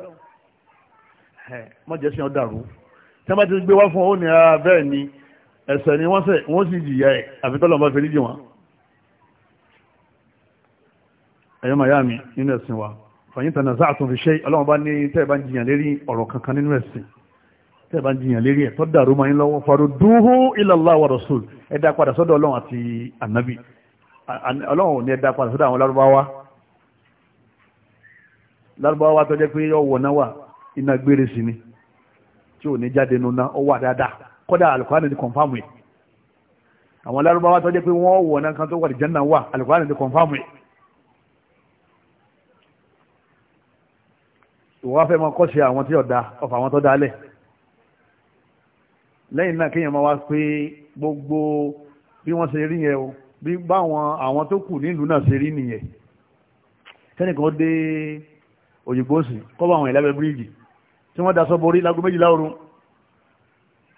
mọ̀jẹ̀sìn ọ̀dàrú tí a bá ti gbé wá fún ọ ní ara ah, bẹ́ẹ̀ ni ẹ̀ṣẹ̀ ni wọ́n ṣẹ̀ wọ́n sì jìyà ẹ̀ àfi tọ́lọ̀ bá fẹ́rí jì wọ́n. ẹ̀yọ́ màyá mi nínú ẹ̀sìn wa fàyín tànà sáà tún fi ṣe ọlọ́run bá ní tẹ́ ẹ̀ bá ń jiyàn lérí ọ̀rọ̀ kankan nínú ẹ̀sìn tẹ́ ẹ̀ bá ń jiyàn lérí ẹ̀ tó dàrú máa ń lọ́wọ́ farudduhu ila Allah wa rasul ẹ̀ dá padà sọ́dọ̀ ọlọ́run àti ànábì ọlọ́run ò ní ẹ̀ dá padà sọ́dọ̀ àwọn lárúbáwá lárúbáwá wa tọ́jẹ́ pé ọwọ́ náà wà iná gbére sí ni tí ò ní jáde nù náà ọwọ́ àdáadáa kọ́dà alukóhánì ti kọ̀nfàmù ẹ̀ àwọn lárúbáwá tọ́jẹ́ pé wọ́n wọ̀ náà kan tó wà lìjánná wà alukóhánì ti kọ̀nfàmù ẹ̀ ìwọ́n fẹ́ mọ kọ́ṣe àwọn tí ọ̀dà ọ̀fà àwọn tó dálẹ̀ lẹ́yìn náà kéèyàn máa wá pé gbogbo bí wọ́n ṣe rí yẹn o bí báwọn àwọn tó kù nílùú náà ṣe rí nìyẹn sẹ́nìkan dé òyìnbó sì kọ́bọ̀ àwọn ìlàbẹ̀ bíríìjì tí wọ́n daṣọ borí lágún méjìlá òru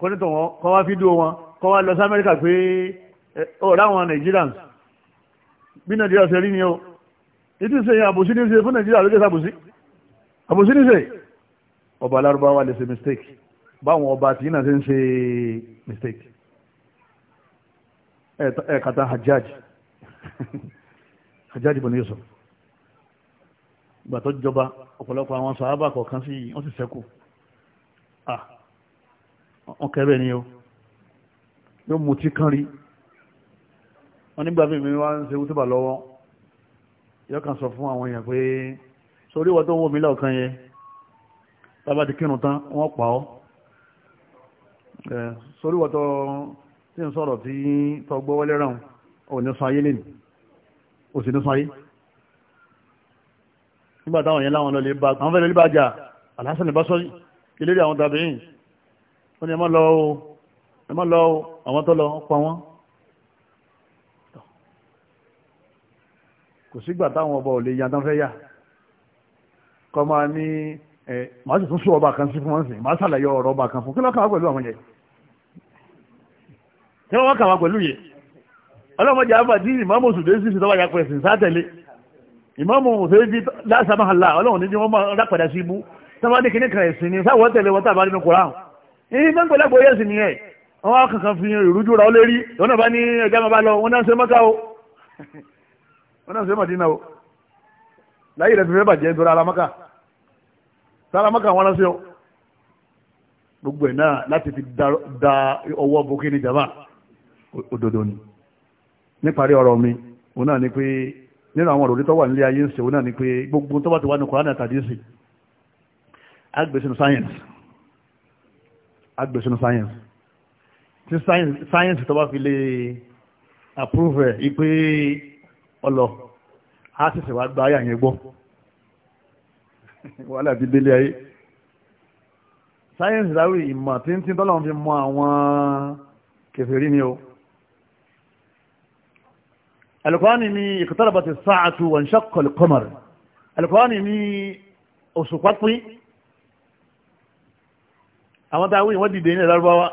kọ́nítọ̀ wọn kọ́ wá fídíò wọn kọ́ wá lọ sí amẹ́ríkà pé ọ̀rọ̀ àwọn nigerians bí nàìjíríà ṣe rí ni o ìtì ṣe yẹn àbòsí ní ṣe fún nàìjíríà lókè sàbòsí àbòsí ní ṣe ọba alárúbáwá lè ṣe mistake báwọn ọba tí náà ṣe ń ṣe mistake ẹ̀ẹ̀kata hajjaj *laughs* hajjaj bọ̀ ní yóò sọ̀rọ̀ ìgbà tó jọba ọ̀pọ̀lọpọ̀ àwọn sàhábà kọ̀ọ̀kan sí wọ́n sì sẹ́kù ah wọ́n kẹ́rẹ́ ni o yóò mú tí kán rí wọ́n nígbà bí mi wá ń ṣe wútúbà lọ́wọ́ yóò kàn sọ fún àwọn èèyàn pé sórí wọ́n tó wó mi lọ́ọ̀kan yẹ tábà ti kírun tán wọ́n pa ọ́ sórí wọ́n tó tí ń sọ̀rọ̀ tí tọgbọ́wọ́lẹ́ràn ò ní sọ ayé lè ní ò sì ní sọ ayé nígbà táwọn yẹn láwọn lọlé bá àwọn fẹ́lẹ̀ bá jà Al-Hasan al-Basri ìlérí àwọn tàbí yìí ó ní ẹ má lọ o ẹ má lọ o àwọn tó lọ pa wọ́n kò sígbà táwọn ọba ò lè yan tán fẹ́ yà kọ́ máa ní ẹ màá sì tún sún ọba kan sí fún wọn sí màá sàlàyé ọ̀rọ̀ ọba kan fún kí lọ́kàn wá pẹ̀lú àwọn yẹn kí wọ́n wá kà wá pẹ̀lú yẹn ọlọ́mọdé àbàdí ìmáàmù sùdẹ́sì sí tọ́wọ́ yà pẹ̀sìn sátẹ̀lé ìmáàmù òṣèlú lásàmáhàlá ọlọ́run ní bí wọ́n máa rápàdà sí ibú sábà ní kíní kan ẹ̀sìn ni sáwọ́ tẹ̀lé wọn tàbá nínú koran ní gbẹ́ngbẹ́ lágbóyè ẹ̀sìn ni ẹ̀ wọ́n wá kankan fi ìrújú ra ó lérí lọ́nà bá ní ẹja máa bá lọ wọ́n náà ṣe mọ́ká o wọ́n náà ṣe mọ̀dínà o láyé rẹ̀ fi fẹ́ bàjẹ́ nítorí aramaka sáramaka wọn náà láti ni níparí ọ̀rọ̀ mi òun náà ni nínú àwọn òròrí tó wà nílé ayé ń ṣe òun náà ni pé gbogbo tó bá ti wá ní Kùránì àtàdísì agbèsínú science agbèsínú science tí science tó bá fi lè approve ẹ̀ ipé ọlọ a sì ṣẹ̀wá gba ayé àyẹ̀ gbọ́ *laughs* wàhálà ti délé ayé science dáwì ìmọ̀ tí ń tí tọ́lọ́run fi mọ àwọn kèfèrí ni o alùkọ́ni mi ìkùtọ́lọ̀bọ̀ ti sáàtù wọn ṣọ́kọ̀lù kọmọ̀rù alùkọ́ni mi òṣùpá pín àwọn táwọn ìwọ́n dìde ní ẹ̀lárúbáwá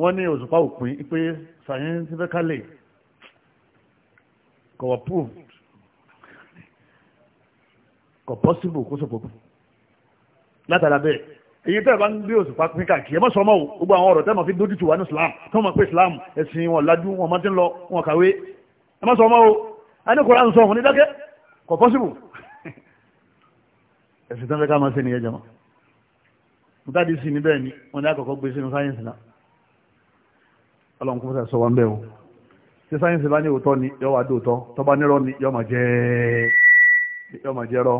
wọ́n ní òṣùpá òpin pé scientifically kò wà proved kò possible kó sọ̀pọ̀ látara bẹ́ẹ̀ èyí tẹ́ ẹ̀ bá ń gbé òṣùpá pín káàkiri ẹ̀ mọ́ sọmọ́ o gbogbo àwọn ọ̀rọ̀ tẹ́ ma fi dójú tì wá ní Islam tó mọ̀ pé Islam ẹ̀sìn wọn lajú wọn máa ti ń lọ wọn kàwé ẹ̀ mọ́ sọmọ́ o a ní Kùránì sọ òun ní dákẹ́ kò pọ́sibù *laughs* ẹ̀sìn tán fẹ́ ká máa ṣe nìyẹn jẹmọ́ mo tá dìísì ní bẹ́ẹ̀ ni wọn ní àkọ́kọ́ gbé sínú sáyẹ́nsì náà Ọlọ́run kó fẹ́ sọ wá ń bẹ́ẹ̀ o tí sáyẹ́nsì bá ní òótọ́ ni yọ wá dóòótọ́ tó bá nírọ́ ni yọ máa jẹ́ yọ máa jẹ́ rọ́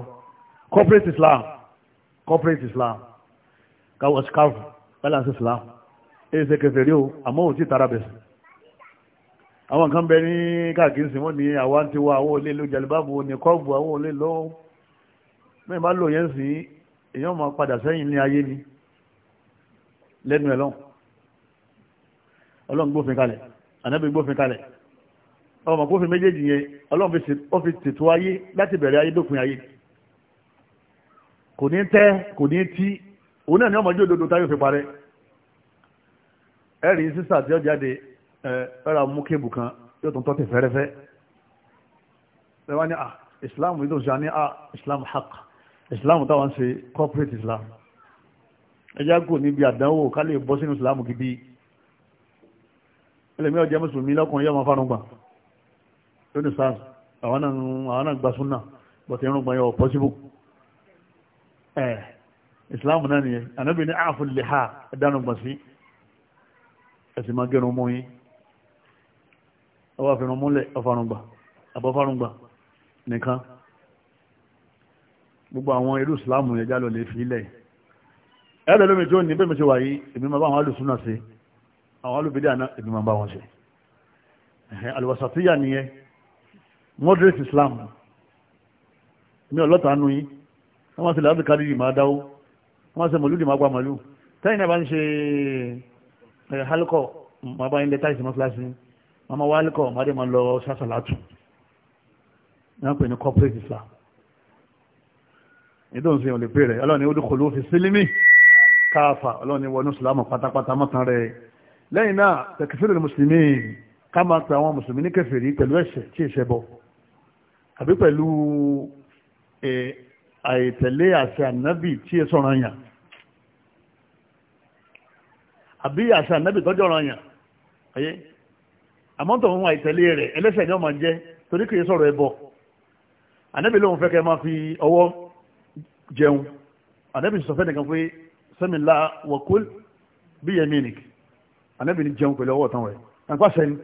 corporate Islam corporate Islam káwọ́ skáfù balance islam èyí ṣe kẹfẹ́ rí o àmọ́ òun ti tara bẹ̀sẹ̀ àwọn kan bẹ ní káàkiri sí wọ́n ní àwa ti wá àwọn olè ló jàlúbáàbù ní kọ́ọ̀bù àwọn olè lọ mẹ́rin bá lò yẹn sí èèyàn máa padà sẹ́yìn ní ayé ni lẹ́nu ẹ̀ lọ́n ọlọ́run gbófin kalẹ̀ ànábì gbófin kalẹ̀ ọmọ gbófin méjèèjì yẹn ọlọ́run fi tètò ayé láti bẹ̀rẹ̀ ayé dópin ayé kò ní tẹ́ kò ní tí òun náà ni ọmọ jódodo táyọ̀ fi parẹ́ ẹ̀rí sísà tí ó jáde ẹ̀rọ mú kébù kan yóò tún tọ́tẹ̀ fẹ́rẹ́fẹ́ lẹ́wọ́n ni ah islam yìí tó ń ṣe ní ah islam haq islam táwọn ṣe corporate islam ẹjá kò níbi àdánwò ká lè bọ́ sínú islam gidi ẹlẹ́mí ọjọ́ mùsùlùmí lọ́kùnrin yóò máa fárún gbà tó ní sars àwọn náà gba súnà bọ̀tẹ̀ irun yóò possible islam náà nìyẹn ànábì ní ààfin lè ha ẹ̀dánù gbọ̀n sí ẹ̀sìn máa gẹ̀rùn mú yín ọwọ́ àfihàn múlẹ̀ ọ̀farùngbà àbọ̀farùngbà nìkan gbogbo àwọn irú islam yẹn jálọ lè fi ilẹ̀ ẹ̀rọ lómi tí ó ní bẹ́ẹ̀ mi ṣe wà yìí èmi máa bá àwọn alùsùn náà ṣe àwọn alùbídé àná èmi máa bá wọn ṣe alùwàsàtíyà nìyẹn moderate islam mi ọlọ́tàánú yìí wọ́n máa ti lè áfíríkà rí ìmáadáwó wọ́n ṣe mọ̀lúdì máa gba mọ̀lú tẹ́yìn náà bá ń ṣe halkọ̀ máa bá ń lẹ́tà ìsinmi kíláàsì máa máa wá halkọ̀ máa dé máa lọ ṣàṣàlátù náà pè ní corporate islam ìdóhùn sí olè pé rẹ̀ ọlọ́ni ó dúkọ̀ ló fi sílímì káàfà ọlọ́ni wọnú sùlámù pátápátá mọ́tàn rẹ̀ lẹ́yìn náà tẹ̀kẹ̀fẹ́rẹ̀ mùsùlùmí ká máa pe àwọn mùsùlùmí ní kèfèrí pẹ̀lú ẹ̀ṣẹ̀ tí ìṣẹ́ bọ̀ àbí pẹ̀lú àìtẹ̀lé àṣẹ ànábì tí è sọ̀rọ̀ yàn àbí àṣà ànábì tọ́jú ọ̀ràn yàn ayé àmọ́ tó ń wá ìtẹ̀lé rẹ̀ ẹlẹ́sẹ̀ ni ó máa jẹ́ torí kìí sọ̀rọ̀ ẹbọ ànábì lóun fẹ́ kẹ́ máa fi ọwọ́ jẹun ànábì sọ fẹ́nìkan pé sẹ́mìlá wọ̀kúl bí yẹmínìk ànábì ni jẹun pẹ̀lú ọwọ́ ọ̀tàn rẹ̀ nípa sẹ́ni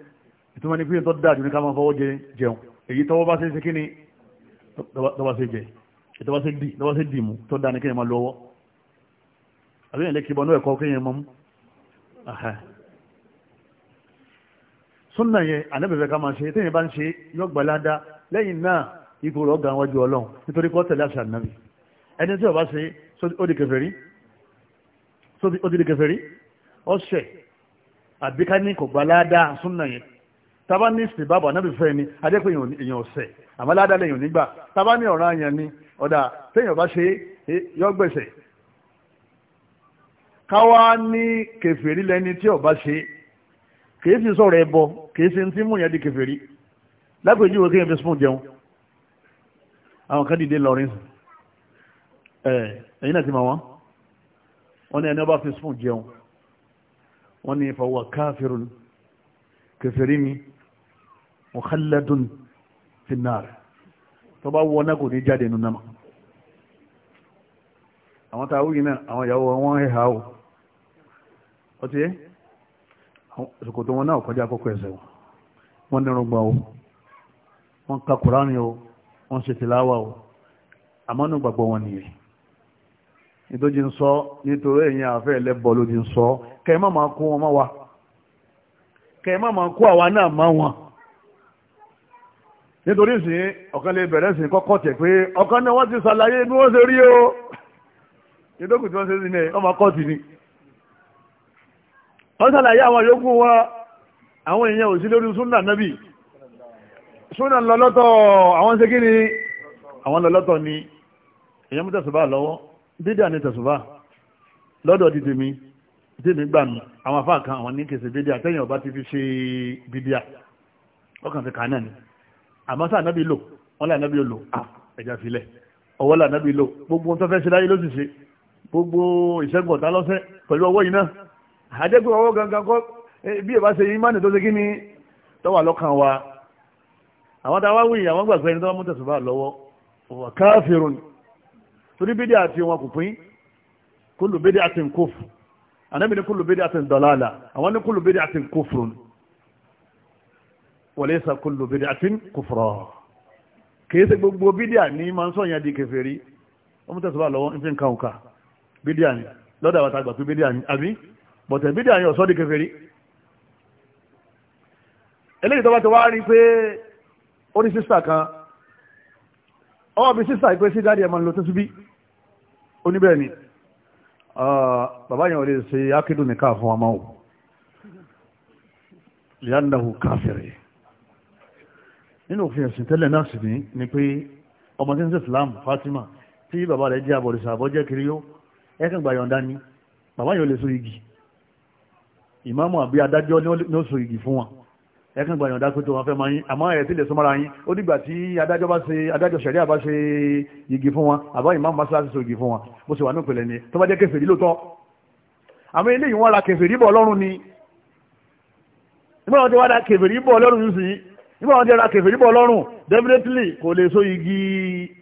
ìtumọ̀ ni pé tó dáa jù ní ká máa fọwọ́ jẹ jẹun èyí tọwọ́ bá ṣe ṣe kíni tọwọ́ ṣe jẹ tọwọ́ súnà yẹn ànábẹ̀fẹ̀ ká máa ṣe téèyàn bá ń ṣe yọgbàládá lẹ́yìn náà ipò rọ̀ ga wájú ọlọ́run nítorí kọ́ tẹ̀lé àṣà nàbì ẹni tí ó bá ṣe ó di kèfèrí ó di kèfèrí ọ̀ṣẹ̀ àbíká ní kò gbaládá súnà yẹn tàbá ní ìsìnbábọ̀ ànábìfẹ́ ni adẹ́pẹ́ èèyàn ọ̀sẹ̀ àmọ́ ládá lẹ́yìn onígbà tàbá ní ọ̀ràn àyàn ni ọ̀dà téèyàn bá ṣe yọgbẹ̀sẹ̀ káwá ní kèfèrí lẹni tí ọba ṣe kìí sì sọ̀rọ̀ ẹbọ kìí sì ń tí mú yẹn di kèfèrí lápèjúwe kéèyàn fi spoon jẹun àwọn kan dìde lọrin ẹ̀yìn náà ti mọ̀ wọ́n wọ́n ní ẹni ọba fi spoon jẹun wọ́n ní ìfọwọ́ káfírun kèfèrí ni mukhalladun finnar tó bá wọ náà kò ní jáde nínú náà àwọn tàwí náà àwọn ìyàwó wọn ẹ̀hà o ọtí yẹ ṣòkòtò wọn náà kọjá wọn wọn gbà wọn ka kuraani wọn wọn nìyẹn nítorí ń sọ nítorí àfẹ́ wọn má kẹ́ ẹ má máa kó àwa náà má wọn nítorí ọ̀kan lè bẹ̀rẹ̀ kọ́kọ́ tẹ̀ pé ọ̀kan wọ́n sàlàyé àwọn yòókù wọn àwọn èèyàn ò sí lórí súnà nábì súnà lọ́lọ́tọ̀ àwọn ṣe kí ni àwọn lọ́lọ́tọ̀ ni èèyàn mú tẹ̀sùbá lọ́wọ́ bídà ni tẹ̀sùbá lọ́dọ̀ ti tèmi tèmi gbà nù àwọn afá kan àwọn ní kèsè bídà tẹ́yìn ọba ti fi ṣe bídà ọkàn fi kà náà ni àmọ́ sáà nábì lò wọ́n láà nábì lò ẹ̀já sílẹ̀ ọwọ́ láà nábì lò gbogbo tó fẹ́ ṣe láyé ló sì ṣe gbogbo ìṣẹ́gun ọ̀tá lọ́sẹ̀ pẹ̀lú ọwọ́ yìí náà àdẹ́gbẹ́ ọwọ́ gangan kọ́ bí ìbá ṣe ìmánì tó ṣe kí ni tọ́wà lọ́kàn wa àwọn tá a wá wíyìn àwọn gbàgbé ẹni tó wá mú tẹ̀sùbá lọ́wọ́ wà káfírun torí bídí àti wọn kò pín kúlù bídí àti kófù ànábì ní kúlù bídí àti dọ̀làlà àwọn ní kúlù bídí àti kófùrùn wọlé sa kúlù àti kófùrọ̀ kìí ṣe gbogbo bídí àní máa ń sọ yẹn di kèfèrí wọ́n mú lọ́wọ́ ń fi ń kàwùkà bídí àní lọ́dà wàtà àgbà bọ̀tẹ̀ bídíà yẹn ọ̀sọ́ di kèfèrí eléyìí tó bá ti wá rí pé ó ní sísà kan ọwọ́ bí sísà pé sí dáadé ẹ̀mọ́ lọ tó síbí ó ní bẹ́ẹ̀ ni bàbá yẹn ò lè ṣe ákédùn nìkan fún ọmọ òun lẹ́yìnàwó káfẹ̀rẹ̀ nínú òfin ẹ̀sìn tẹ́lẹ̀ náà sì ní ni pé ọmọ tí ń ṣe Islam Fatima tí bàbá rẹ̀ jẹ́ abọ̀rìṣà àbọ́jẹ́ kiri yó ẹ̀kẹ́gbà yọ̀ǹda ni bàbá yẹn ò lè so igi ìmáàmù àbí adájọ́ ní ó so igi fún wọn ẹ̀kan gbàyàn dá pé tó wọn fẹ́ máa yín àmọ́ ẹ̀ tí lè súnmọ́ra yín ó dìgbà tí adájọ́ bá ṣe adájọ́ ṣẹ̀ríà bá ṣe igi fún wọn àbá ìmáàmù bá ṣe so igi fún wọn bó ṣe wà ní ìpìlẹ̀ ni tó bá jẹ́ kèfèrí lóòótọ́ àmọ́ eléyìí wọn ra kèfèrí bọ̀ lọ́rùn ni nígbà wọn ti wá ra kèfèrí bọ̀ lọ́rùn yìí sí nígbà wọn ti ra kèfèrí bọ̀ lọ́rùn definitely kò lè so igi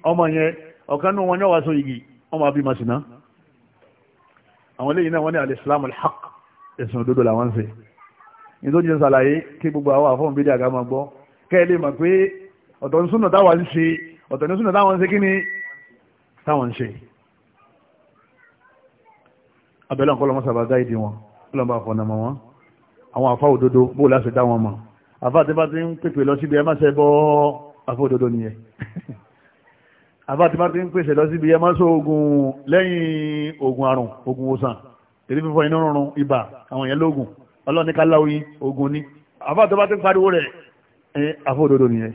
ọmọ yẹn ọ̀kan nù wọn yóò wá so igi ọmọ abimọ̀ àwọn eléyìí náà wọ́n ní al-Islam al ẹ̀sùn òdodo làwọn ń ṣe nítorí jẹ́ sàlàyé kí gbogbo àwọn àfọ́n bídí àga máa gbọ́ kẹ́ ẹ lè mọ̀ pé ọ̀tọ̀ ní súnà táwọn ń ṣe ọ̀tọ̀ ní súnà táwọn ń ṣe kí ni táwọn ń ṣe abẹ́lẹ́ ọ̀kọ́ lọ́mọ sábà gáìdì wọn lọ́mọ àfọ̀nà mọ̀ wọn àwọn àfá òdodo bó láti dá wọn mọ̀ àfá tí bá ti ń pèpè lọ síbi ẹ má ṣe bọ́ àfá òdodo nìyẹn *laughs* àfá tí bá ti ń pèsè lọ síbi ẹ má ṣe oògùn lẹ́yìn oògùn àrùn oògùn òsàn èdè fífọ iná rọrùn ibà àwọn èèyàn lóògùn ọlọ́ni ká láwí ogun ní àbá tó bá ti pariwo rẹ̀ ẹ afọ́dodo nìyẹn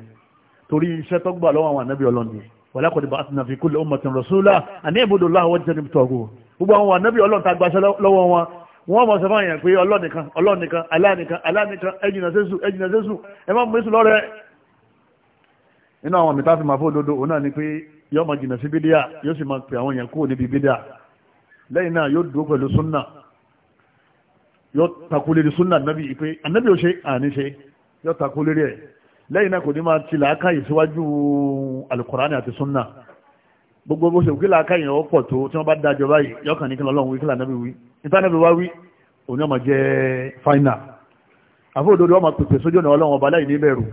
torí iṣẹ́ tó gbà lọ́wọ́ àwọn ànábì ọlọ́ni walaqad ba'athna fi kulli ummatin rasula an i'budu Allaha wajtanibut taghut gbogbo àwọn ànábì ọlọ́ni tá gbaṣẹ́ lọ́wọ́ wọn wọ́n mọ̀ sọ fún àyàn pé ọlọ́nìkan ọlọ́nìkan alánìkan alánìkan ẹjìnà sẹ́sù ẹjìnà sẹ́sù ẹ má mú èsù lọ́rẹ́ nínú àwọn àmì tá a fi máa fọ́ òdodo òun náà ni pé yọ́ọ́ máa jìnà sí lẹ́yìn náà yóò dúró pẹ̀lú súnà yóò takú lérí súnà nábì ìpé ànábì ò ṣe àní ṣe yóò takú lérí ẹ̀ lẹ́yìn náà kò ní máa ti làákàyè síwájú alukurani àti súnà gbogbo bó ṣe kí làákàyè ọ̀ pọ̀ tó tí wọ́n bá dájọ báyìí yóò kàn ní kí lọ́lọ́run wí kí làánábì wí ìtànábì wá wí òun yóò máa jẹ́ fáínà àfọ òdodo wọn máa pèpè sójú ọ̀nà ọlọ́run ọba láì ní bẹ̀rù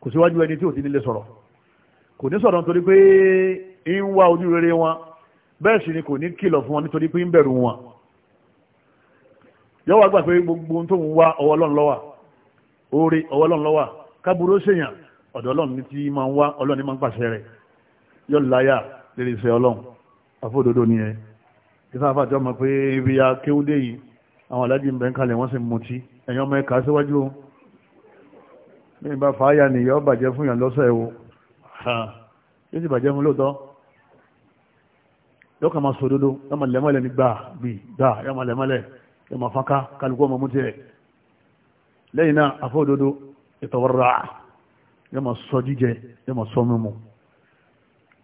kò síwájú ẹni tí ò ti nílé sọ̀rọ̀ kò ní sọ̀rọ̀ nítorí pé ń wá ojú rere wọn bẹ́ẹ̀ sì ni kò ní kìlọ̀ fún wọn nítorí pé ń bẹ̀rù wọn yọ́ wá gbà pé gbogbo tó ń wá ọwọ́ Ọlọ́run ló wà oore ọwọ́ Ọlọ́run ló wà kábúrò ṣèyàn ọ̀dọ̀ Ọlọ́run ní ti máa ń wá Ọlọ́run ní máa ń pàṣẹ rẹ̀ yọ́ láyà lérí iṣẹ́ Ọlọ́run afọ́dodo ni ẹ ìfẹ́ àfàjọ́ mọ̀ pé ibi ya kéwúdé yìí àwọn aláàjì ń bẹ ń kalẹ̀ wọ́n sì mutí ẹ̀yàn ọmọ ẹ̀ka síwájú ní ìbá fàáyà nìyọ́ bàjẹ́ fún yàn lọ́sẹ̀ wo yóò sì bàjẹ́ fún lóòótọ́ yóò kàn máa sọ òdodo yóò máa lẹ́mọ́lẹ̀ ní gbà bí gbà yóò máa lẹ́mọ́lẹ̀ yóò máa fọ́nká kálukú ọmọ mú tiẹ̀ lẹ́yìn náà afọ́ òdodo ìtọ̀wọ́rọ̀ yóò máa sọ jíjẹ yóò máa sọ mímu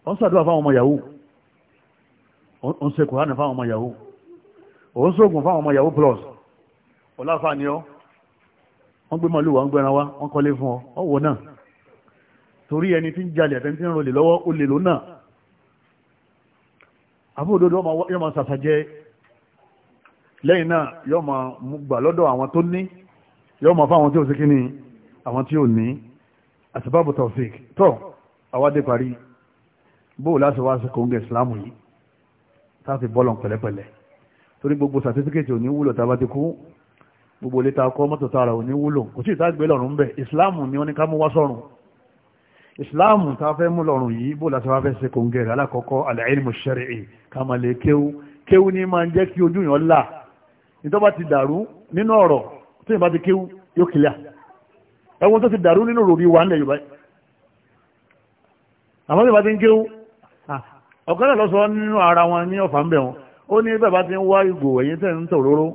wọ́n sàdúrà fáwọn ọmọ yahoo ó ń ṣe kùránì fáwọn ọmọ yahoo ó ń sóògùn fáwọn ọmọ yahoo plus ọláfà ni ọ wọ́n gbé màlúù wọ́n gbẹ́ran wá wọ́n kọ́lé fún ọ ọ̀wọ̀ náà torí ẹni tí ń jalè àtẹ́ntí ń rọlẹ̀ lọ́wọ́ ó lè lò náà àbúròdó yóò máa sàfàjẹ́ lẹ́yìn náà yóò máa gbà lọ́dọ̀ àwọn tó ní yóò máa fáwọn tí ó sí kí ni àwọn tí ó ní àtibábù tawfik tó àwádé parí bóò láti wá sí kóńgẹ̀ ìsìláàmù yìí táàfi bọ́lọ̀ pẹ̀lẹ́pẹ̀lẹ́ torí gbogbo sàtífíkẹ̀tì òní wúlò tàbá ti kú gbogbo ilé ta kọ́ mọ́tò tààrà òní wúlò kò sí ìtagbélọ̀rùn ń bẹ̀ ìsìláàmù ni wọ́n ní ká mú wá sọ́run islam ta fẹ́ mú lọ́rùn yìí bó láti wá fẹ́ ṣe kòǹgẹ̀rẹ̀ alákọ̀ọ́kọ́ al-ilmu ash-shar'i kàmà lè kéwú kéwú ní máa ń jẹ́ kí ojú yàn là ìtọ́ba ti dàrú nínú ọ̀rọ̀ tó yìnbá ti kéwú yóò kílẹ̀ ẹwọ́n tó ti dàrú nínú ròrí wa nílẹ̀ yorùbá àmọ́ ìbá ti ń kéwú ọ̀kan náà lọ́sọ nínú ara wọn ní ọ̀fà ń bẹ̀ wọn ó ní bẹ́ẹ̀ bá ti ń wá ìgò ẹ̀yìn tẹ̀ ń tòróró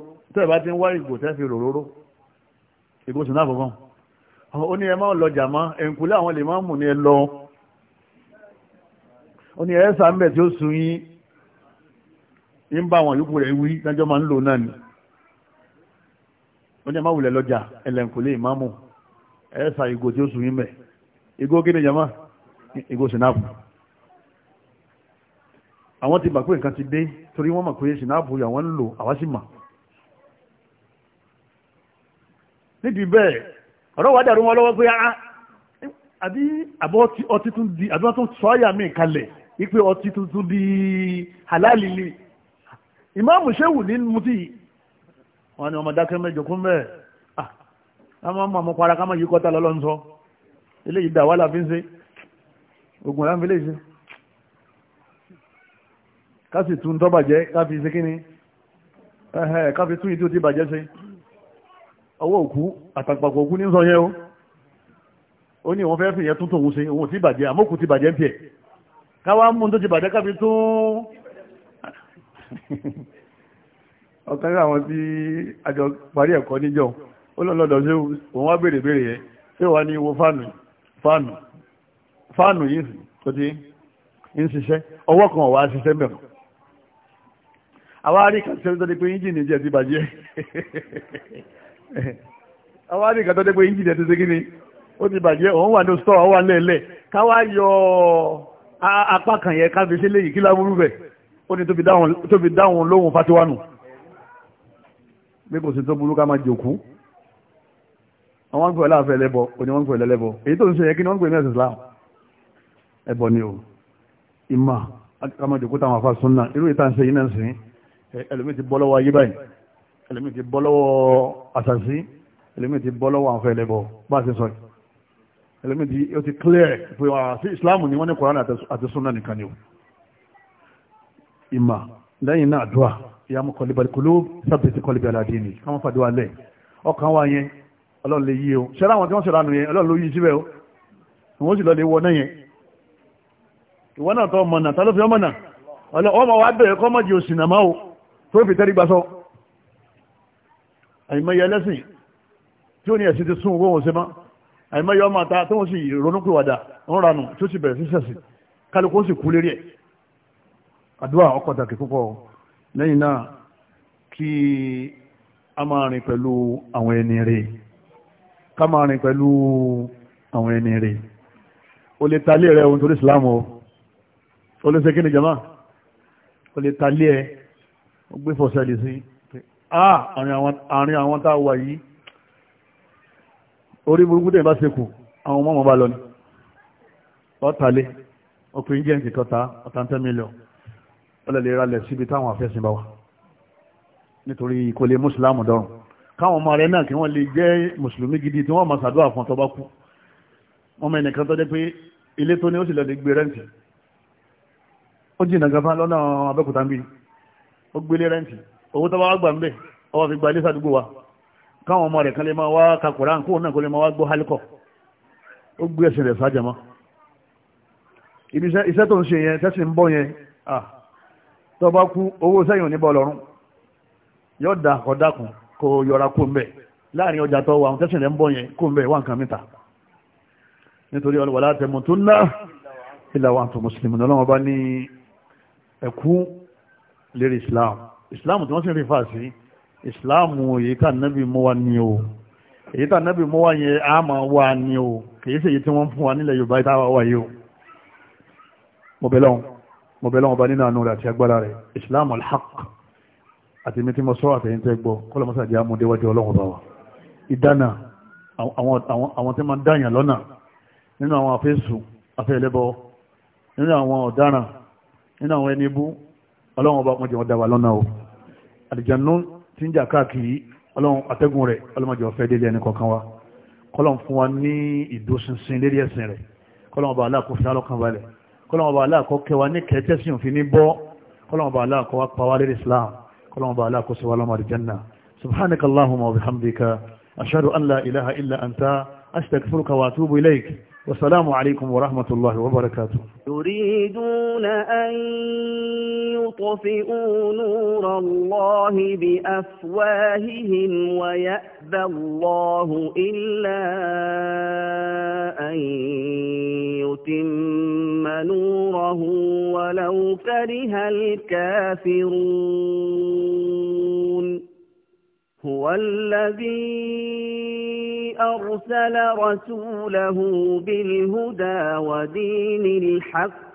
ó ní ẹ máa lọjà mọ́ ẹ̀ǹkúlé àwọn lè máa mú ní ẹ lọ ó ní ẹ sàmbẹ̀ tí ó sun yín ń bá àwọn yòókù rẹ̀ wí dájọ́ máa ń lò náà ni ó ní ẹ máa wulẹ̀ lọjà ẹlẹ́ǹkúlé ìmáàmù ẹ sà ìgò tí ó sun yín bẹ̀ ìgò kí ni jama ìgò sinapu àwọn ti bà pé nǹkan ti dé torí wọ́n mọ̀ pé sinapu àwọn ń lò àwa sì mà nídìí bẹ́ẹ̀ ọ̀rọ̀ wà dàrú wọn lọ́wọ́ pé á ah, àbí àbọ̀ ọtí tún di àbí wọ́n tún sọ àyà mi kalẹ̀ wípé ọtí tuntun di halali ni ìmáàmù ṣéwù ní mutí wọn ni ọmọ dákẹ́ mẹ́jọ kún bẹ́ẹ̀ àmọ́ ah, ọmọ ọmọ para kámọ́ yìí kọ́ta lọ́lọ́ ń sọ eléyìí dà wàhálà fi ń ṣe ogun ọ̀la lè ṣe ká sì tún tọ́ bàjẹ́ ká fi ṣe kíni ká fi tún ìdí ó bàjẹ́ ṣe ọwọ́ òkú àtàgbàgbà òkú ní sọ yẹn o ó ní wọ́n fẹ́ fìyẹn tún tòun ṣe òun ti bàjẹ́ àmọ́ òkú ti bàjẹ́ ń tiẹ̀ káwá mú tó ti bàjẹ́ kábi tún *laughs* ọ̀kan rí àwọn tí àjọ parí ẹ̀kọ́ níjọ ó lọ́lọ́dọ̀ ṣé òun wá béèrè béèrè yẹn ṣé wàá ní wo fáànù fáànù fáànù yìí sì tó ti ń ṣiṣẹ́ ọwọ́ kan wàá ṣiṣẹ́ mẹ́rin àwa rí kàṣẹ́ tó ti pé yíjì nìjẹ́ ti bàjẹ́ *laughs* àwọn àdìgà tó dé pé engine ẹ̀ tó ṣe kí ni ó ti bàjẹ́ òun wà ní store ó wà lẹ́ẹ̀lẹ́ káwá yọ apá kan yẹn ká fi ṣe léyìí kí láburú bẹ̀ ó ní tó fi dáhùn lóhùn fatiwanu bí kò sí tó burú ká máa jòkú àwọn gbọ́ láàfẹ́ ẹlẹ́bọ òní wọ́n gbọ́ ẹlẹ́bọ èyí tó ń ṣe yẹ kí ni wọ́n gbọ́ ẹ̀mẹ́sì Islam ẹbọ ni o ìmà ká máa jòkú táwọn afá sunna irú ìta ń ṣe yìí náà sìn ẹlòmíì ti bọ́ lọ́wọ́ ayé báyìí ẹlòmíì ti bọ́ lọ́wọ́ àṣàṣì ẹlòmíì ti bọ́ lọ́wọ́ àwọn fẹ́lẹ́bọ̀ bá a ṣe sọ yìí ẹlòmíì ti ó ti clear pé wà ah, sí Islam ni wọ́n ní Kùránì àti Sunnah nìkan ni o ìmà lẹ́yìn náà dùà ìyá mu kọlíbalì kúló sábẹ́ ti kọlíbalì àdínì káwọn fàdé wa lẹ̀ ọkàn wa yẹn Ọlọ́run lè yí o ṣẹlẹ̀ àwọn tí wọ́n ṣẹlẹ̀ àná yẹn Ọlọ́run ló yí síbẹ̀ o wọ́n sì lọ lè wọ náà yẹn ìwọ náà tọ́ ọmọ náà tá ló fi ọmọ náà ọmọ wa bẹ̀rẹ̀ kọ́mọ́jì òsì nàmá o tó fi tẹ́rí gbasọ́ àìmọye ẹlẹ́sìn tí ó ní ẹ̀sìn ti sún owó wọn ṣe mọ́ àìmọye ọmọ àta tó wọ́n sì ronúpìwàdà ranù tó sì bẹ̀rẹ̀ sí sẹ̀sìn kálukú sì kú lérí ẹ̀ àdúrà púpọ̀ lẹ́yìn náà kí a máa rìn pẹ̀lú àwọn ẹni ká máa rìn pẹ̀lú àwọn ẹni o lè ohun torí Islam o o lè ṣe kí ni jama o o gbé Ah, àárín àwọn tá wà yìí orí burúkú tẹ̀ bá sekù àwọn ọmọ ọmọba lọ ni ọ̀tàlẹ̀ ọkùnrin jẹ́ nǹkan tọ́ta ọ̀tàntẹ́ mílíọ̀n ọlọ́lẹ̀ ralẹ̀ síbi táwọn afẹ́sìn bá wà nítorí kò lè mùsùlámù dọ̀rùn káwọn ọmọ rẹ̀ náà kí wọ́n lè jẹ́ mùsùlùmí gidi tí wọ́n máa ṣàdúrà fún tó bá kú wọ́n mẹ́rin kan tó jẹ́ pé ilé tó ní ó sì lọ lè gbé rẹ́ǹtì ó jìnnà gafa lọ́nà Abẹ́òkúta ń ó gbélé rẹ́ǹtì owó tọ́wọ́ gbà ń bẹ̀ ọwọ́ fi gba ilé sàdúgbò wa káwọn ọmọ rẹ̀ kan lè máa wá ka Kùránì kóun náà kó lè máa wá gbọ́ hálíkọ̀ ó gbé ẹsẹ̀ rẹ̀ sájà ibi iṣẹ́ tó ń ṣe yẹn tẹ́sí ń bọ̀ yẹn tó bá kú owó sẹ́yìn ò ní bọ́ lọ́rùn yóò da ọ̀dàkùn kò yọra kó ń bẹ̀ láàrin ọjà tó wà tẹ́sí rẹ̀ ń bọ̀ yẹn kó ń bẹ̀ wà nǹkan mìta nítorí wala tamutunna illa wa antum muslimun ọlọ́wọ́n bá ní ẹ̀kú lérí Islam ìsìláàmù tí wọ́n sì rí fà sí ìsìláàmù èyí tá nẹ́bì mú wa ní o èyí tá nẹ́bì mú wa yẹn a máa wà ní o kìí ṣèyí tí wọ́n fún wa nílẹ̀ Yorùbá ìta wà yìí o mọ̀bẹ̀lọ́n mọ̀bẹ̀lọ́n ọba nínú àánú rẹ̀ àti agbára rẹ̀ ìsìláàmù alhaq àti mi tí mo sọ àtẹ̀yìntẹ́ gbọ́ kọ́lọ́mọ́sàdì amúdéwájú ọlọ́run ọba wa ìdáná àwọn tí ma ń dáyàn lọ́nà nínú àwọn àfẹ́sù afẹ́ ẹlẹ́bọ nínú àwọn ọ̀daràn nínú àwọn ẹni bú ọlọ́run ọba ọmọdé wọn dá wa lọ́nà o àlìjánu tí ń jà káàkiri ọlọ́run atẹ́gùn rẹ̀ ọlọ́mọdé ọ̀fẹ́ délé ẹni kọ̀ọ̀kan wa kọ́lọ́n fún wa ní ìdóṣinṣin lérí ẹ̀sìn rẹ̀ kọ́lọ́n ọba aláàkó fi alọ́kan balẹ̀ kọ́lọ́n ọba aláàkó kẹwa ní kẹtẹ́sìn òfin ní bọ́ kọ́lọ́n ọba aláàkó wa pa wá lérí Islam kọ́lọ́n ọba aláàkó sí wa lọ́mọ àlìjánnà subhanaka allahumma wa bihamdika ashhadu an la ilaha illa anta astaghfiruka wa atubu ilayk والسلام عليكم ورحمة الله وبركاته يريدون أن يطفئوا نور الله بأفواههم ويأبى الله إلا أن يتم نوره ولو كره الكافرون هو الذي أرسل رسوله بالهدى ودين الحق